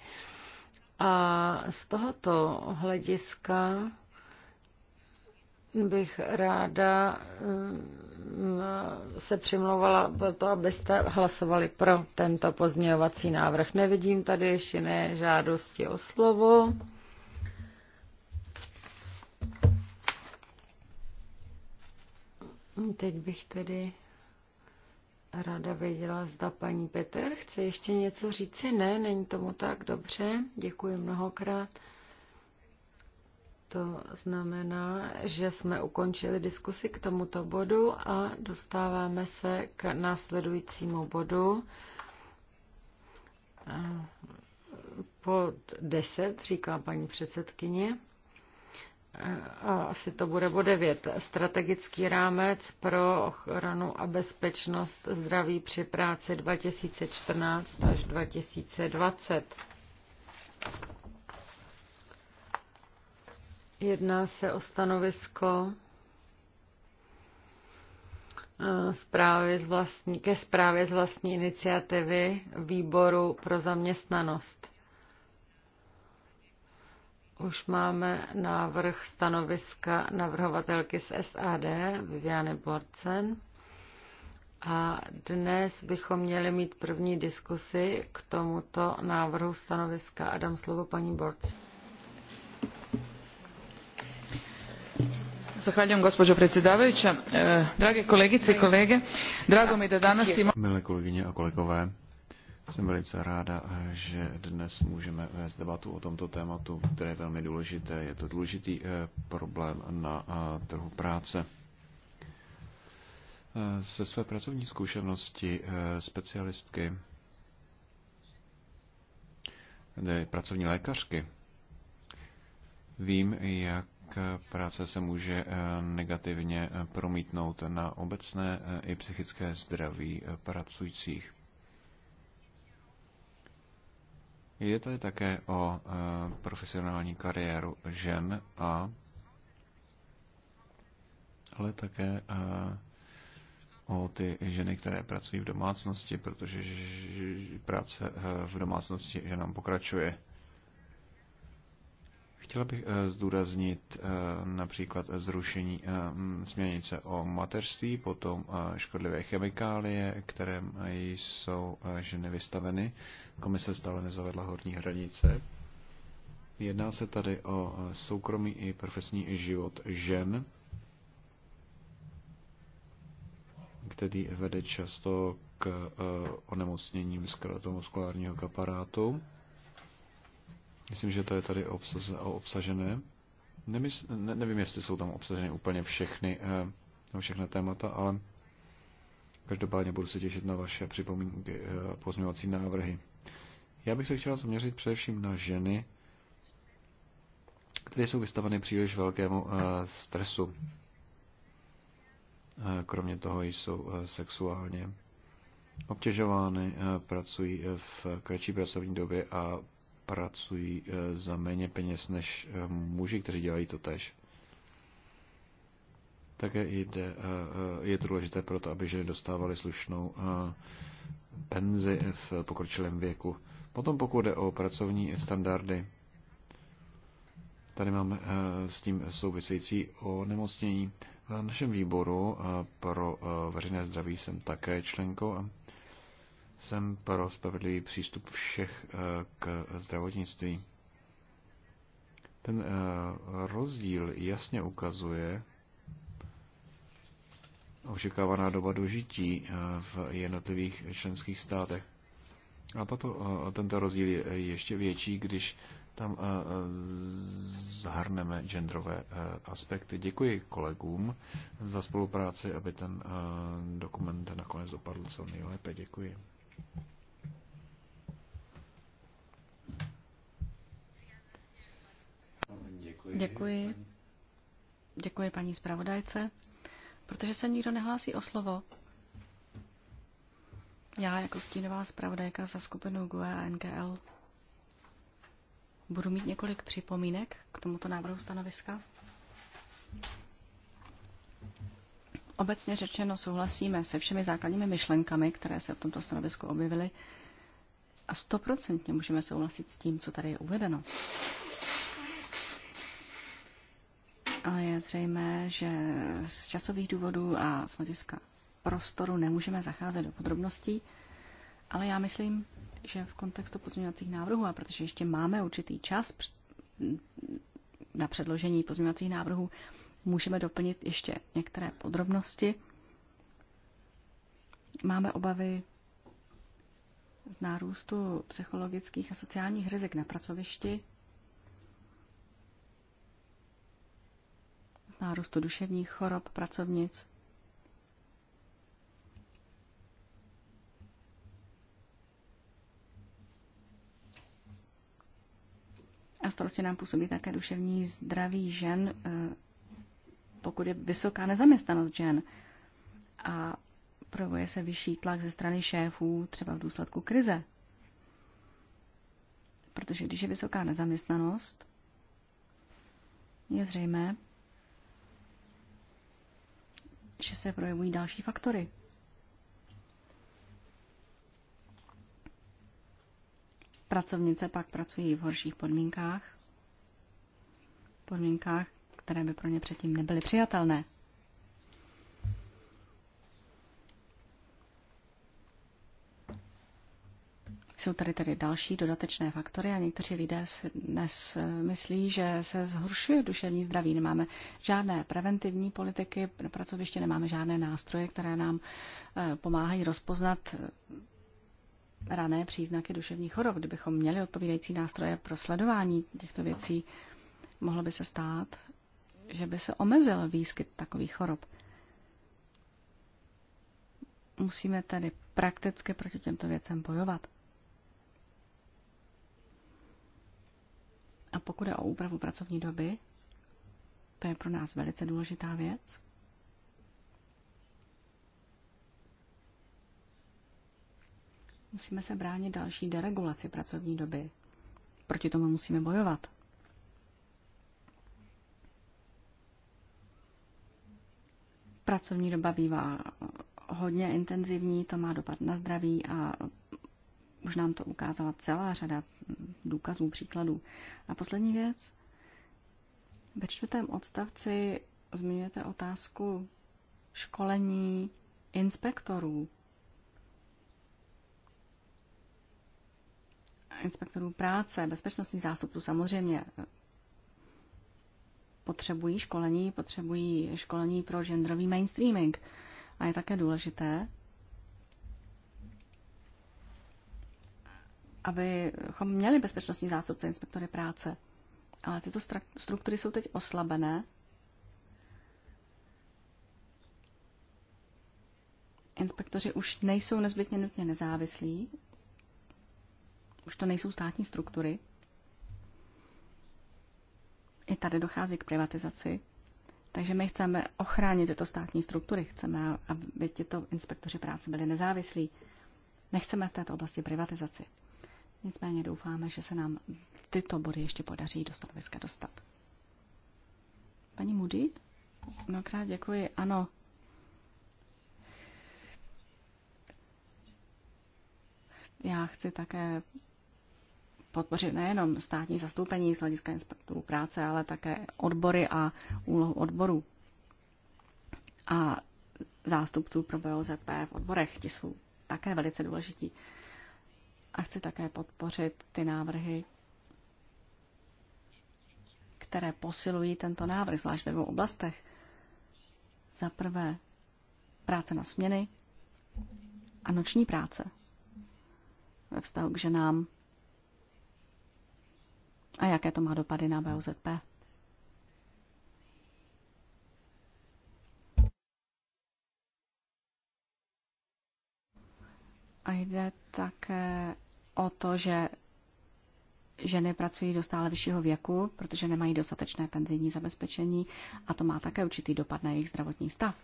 A z tohoto hlediska bych ráda eh, se přimlouvala pro to, abyste hlasovali pro tento pozměňovací návrh. Nevidím tady ještě žádosti o slovo. Teď bych tedy ráda věděla, zda paní Peter chce ještě něco říci. Ne, není tomu tak dobře. Děkuji mnohokrát. To znamená, že jsme ukončili diskusi k tomuto bodu a dostáváme se k následujícímu bodu. Pod 10, říká paní předsedkyně a asi to bude o 9. Strategický rámec pro ochranu a bezpečnost zdraví při práci 2014 až 2020. Jedná se o stanovisko eh, zprávy z vlastní, ke zprávě z vlastní iniciativy Výboru pro zaměstnanost. Už máme návrh stanoviska navrhovatelky z SAD, Viviane Borcen. A dnes bychom měli mít první diskusi k tomuto návrhu stanoviska. A dám slovo paní Borcen. Zahvaljujem, gospođo predsjedavajuća e, drage kolegice i kolege drago mi da danas imamo a jsem velice ráda, že dnes můžeme vést debatu o tomto tématu, které je velmi důležité. Je to důležitý eh, problém na eh, trhu práce. Se eh, své pracovní zkušenosti specialistky, tedy pracovní lékařky, vím, jak práce se může negativně promítnout na obecné i psychické zdraví pracujících. Je tady také o e, profesionální kariéru žen a ale také e, o ty ženy, které pracují v domácnosti, protože práce e, v domácnosti ženám pokračuje. Chtěla bych eh, zdůraznit eh, například eh, zrušení směrnice o mateřství, potom škodlivé chemikálie, které jsou ženy vystaveny. Komise stále nezavedla horní hranice. Jedná se tady o soukromý i profesní život žen, který vede často k onemocněním skeletomuskulárního kaparátu. Myslím, že to je tady obsažené. Nemysl, ne, nevím, jestli jsou tam obsaženy úplně všechny, eh, všechna témata, ale každopádně budu se těšit na vaše připomínky eh, pozměňovací návrhy. Já bych se chtěla zaměřit především na ženy, které jsou vystaveny příliš velkému eh, stresu. Eh, kromě toho jsou eh, sexuálně obtěžovány, eh, pracují eh, v kratší pracovní době a pracují eh, za méně peněz než eh, muži, kteří dělají to tež. Také jde, eh, je to důležité proto, aby ženy dostávaly slušnou penzi v pokročilém věku. Potom pokud jde o pracovní standardy, tady máme s tím související o nemocnění. V našem výboru pro veřejné zdraví jsem také členkou a jsem pro spravedlivý přístup všech eh, k zdravotnictví. Ten eh, rozdíl jasně ukazuje očekávaná doba dožití eh, v jednotlivých členských státech. A tato, tento rozdíl je ještě větší, když tam zahrneme genderové aspekty. Děkuji kolegům za spolupráci, aby ten dokument nakonec dopadl co nejlépe. Děkuji. Děkuji. Děkuji, Děkuji paní zpravodajce. Protože se nikdo nehlásí o slovo, já jako stínová zpravodajka za skupinu GUE a NGL budu mít několik připomínek k tomuto návrhu stanoviska. Obecně řečeno souhlasíme se všemi základními myšlenkami, které se v tomto stanovisku objevily a stoprocentně můžeme souhlasit s tím, co tady je uvedeno. Ale je zřejmé, že z časových důvodů a z hlediska prostoru nemůžeme zacházet do podrobností, ale já myslím, že v kontextu pozměňovacích návrhů, a protože ještě máme určitý čas na předložení pozměňovacích návrhů, můžeme doplnit ještě některé podrobnosti. Máme obavy z nárůstu psychologických a sociálních rizik na pracovišti, z nárůstu duševních chorob pracovnic, A starosti nám působí také duševní zdraví žen eh, pokud je vysoká nezaměstnanost žen a projevuje se vyšší tlak ze strany šéfů, třeba v důsledku krize. Protože když je vysoká nezaměstnanost, je zřejmé, že se projevují další faktory. Pracovnice pak pracují v horších podmínkách, podmínkách, které by pro ně předtím nebyly přijatelné. Jsou tady tedy další dodatečné faktory a někteří lidé si dnes eh, myslí, že se zhoršuje duševní zdraví. Nemáme žádné preventivní politiky na pracoviště nemáme žádné nástroje, které nám eh, pomáhají rozpoznat eh, rané příznaky duševních chorob. Kdybychom měli odpovídající nástroje pro sledování těchto věcí, mohlo by se stát, že by se omezil výskyt takových chorob. Musíme tedy prakticky proti těmto věcem bojovat. A pokud je o úpravu pracovní doby, to je pro nás velice důležitá věc. Musíme se bránit další deregulaci pracovní doby. Proti tomu musíme bojovat. pracovní doba bývá hodně intenzivní, to má dopad na zdraví a už nám to ukázala celá řada důkazů, příkladů. A poslední věc. Ve čtvrtém odstavci zmiňujete otázku školení inspektorů. Inspektorů práce, bezpečnostní zástupců samozřejmě potřebují školení, potřebují školení pro genderový mainstreaming. A je také důležité, abychom měli bezpečnostní zástupce inspektory práce. Ale tyto struktury jsou teď oslabené. Inspektoři už nejsou nezbytně nutně nezávislí, už to nejsou státní struktury, i vlastně tady dochází k privatizaci. Takže my chceme ochránit tyto státní struktury, chceme, aby tyto inspektoři práce byli nezávislí. Nechceme v této oblasti privatizaci. Nicméně doufáme, že se nám tyto body ještě podaří do stanoviska dostat. Paní Moody? Mnohokrát děkuji. Ano. Já chci také podpořit nejenom státní zastoupení z hlediska inspektorů práce, ale také odbory a úlohu odborů a zástupců pro BOZP v odborech. Ti jsou také velice důležití. A chci také podpořit ty návrhy, které posilují tento návrh, zvlášť ve dvou oblastech. Za prvé práce na směny a noční práce ve vztahu k ženám a jaké to má dopady na BOZP. A jde také o to, že ženy pracují do stále vyššího věku, protože nemají dostatečné penzijní zabezpečení a to má také určitý dopad na jejich zdravotní stav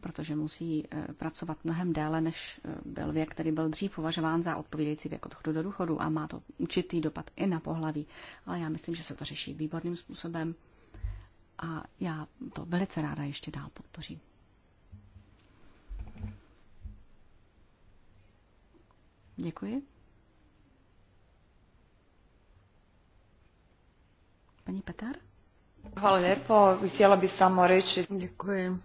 protože musí eh, pracovat mnohem déle, než eh, byl věk, který byl dřív považován za odpovídající věk odchodu do důchodu a má to určitý dopad i na pohlaví. Ale já myslím, že se to řeší výborným způsobem a já to velice ráda ještě dál podpořím. Děkuji. Paní Petar? Hvala lijepo. Htjela bi samo reći... Děkuji.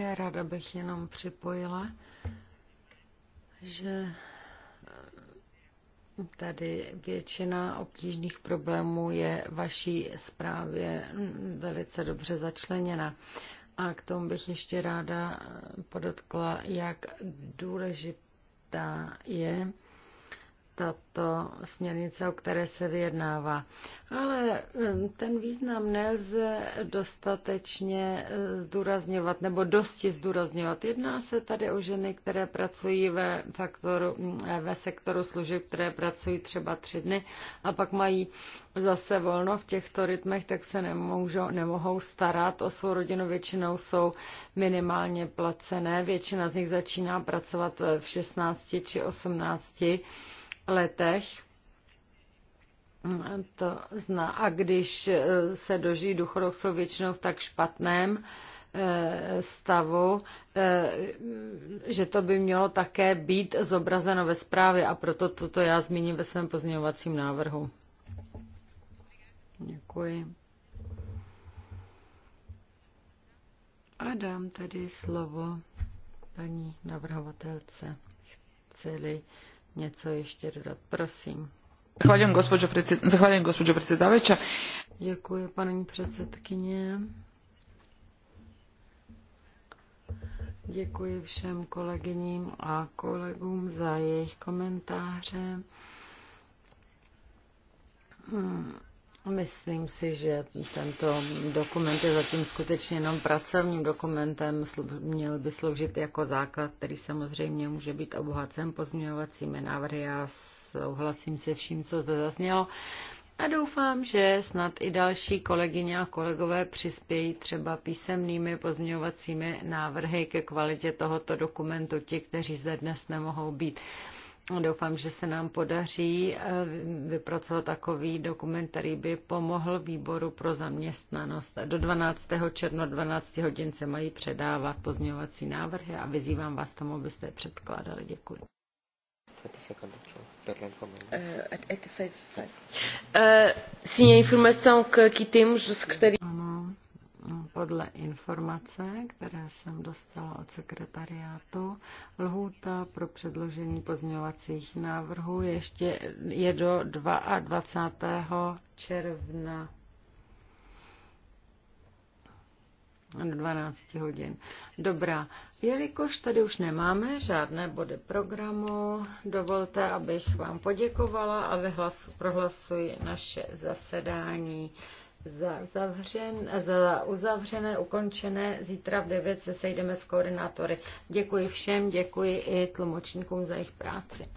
Já ráda bych jenom připojila, že eh, Tady většina obtížných problémů je vaší zprávě hm, velice dobře začleněna. A k tomu bych ještě ráda eh, podotkla, jak důležitá je tato směrnice, o které se vyjednává. Ale ten význam nelze dostatečně eh, zdůrazňovat nebo dosti zdůrazňovat. Jedná se tady o ženy, které pracují ve, faktoru, mm, eh, ve sektoru služeb, které pracují třeba tři dny a pak mají zase volno v těchto rytmech, tak se nemůžou, nemohou starat o svou rodinu. Většinou jsou minimálně placené. Většina z nich začíná pracovat v 16 či 18 letech. To zná. A když eh, se dožijí důchodů, jsou většinou v tak špatném eh, stavu, eh, že to by mělo také být zobrazeno ve zprávě a proto toto já zmíním ve svém pozměňovacím návrhu. Děkuji. A dám tady slovo paní navrhovatelce. Chceli něco ještě dodat. Prosím. Zahvaljujem, gospođo, predsed... predsjedavajuća. Děkuji, paní předsedkyně. Děkuji všem kolegyním a kolegům za jejich komentáře. Hmm. Myslím si, že tento dokument je zatím skutečně jenom pracovním dokumentem, měl by sloužit jako základ, který samozřejmě může být obohacen pozměňovacími návrhy. Já souhlasím se vším, co zde zaznělo. A doufám, že snad i další kolegyně a kolegové přispějí třeba písemnými pozměňovacími návrhy ke kvalitě tohoto dokumentu, ti, kteří zde dnes nemohou být. Doufám, že se nám podaří eh, vypracovat takový dokument, který by pomohl výboru pro zaměstnanost. Do 12. června 12 hodin se mají předávat pozměňovací návrhy a vyzývám vás tomu, abyste je předkládali. Děkuji. Sim, a informação que aqui temos do secretário. Podle informace, které jsem dostala od sekretariátu, lhůta pro předložení pozměňovacích návrhů ještě je do 22. června do 12 hodin. Dobrá, jelikož tady už nemáme žádné body programu, dovolte, abych vám poděkovala a vyhlas, prohlasuji naše zasedání za, zavřen, za uzavřené, ukončené. Zítra v 9 se sejdeme s koordinátory. Děkuji všem, děkuji i tlumočníkům za jejich práci.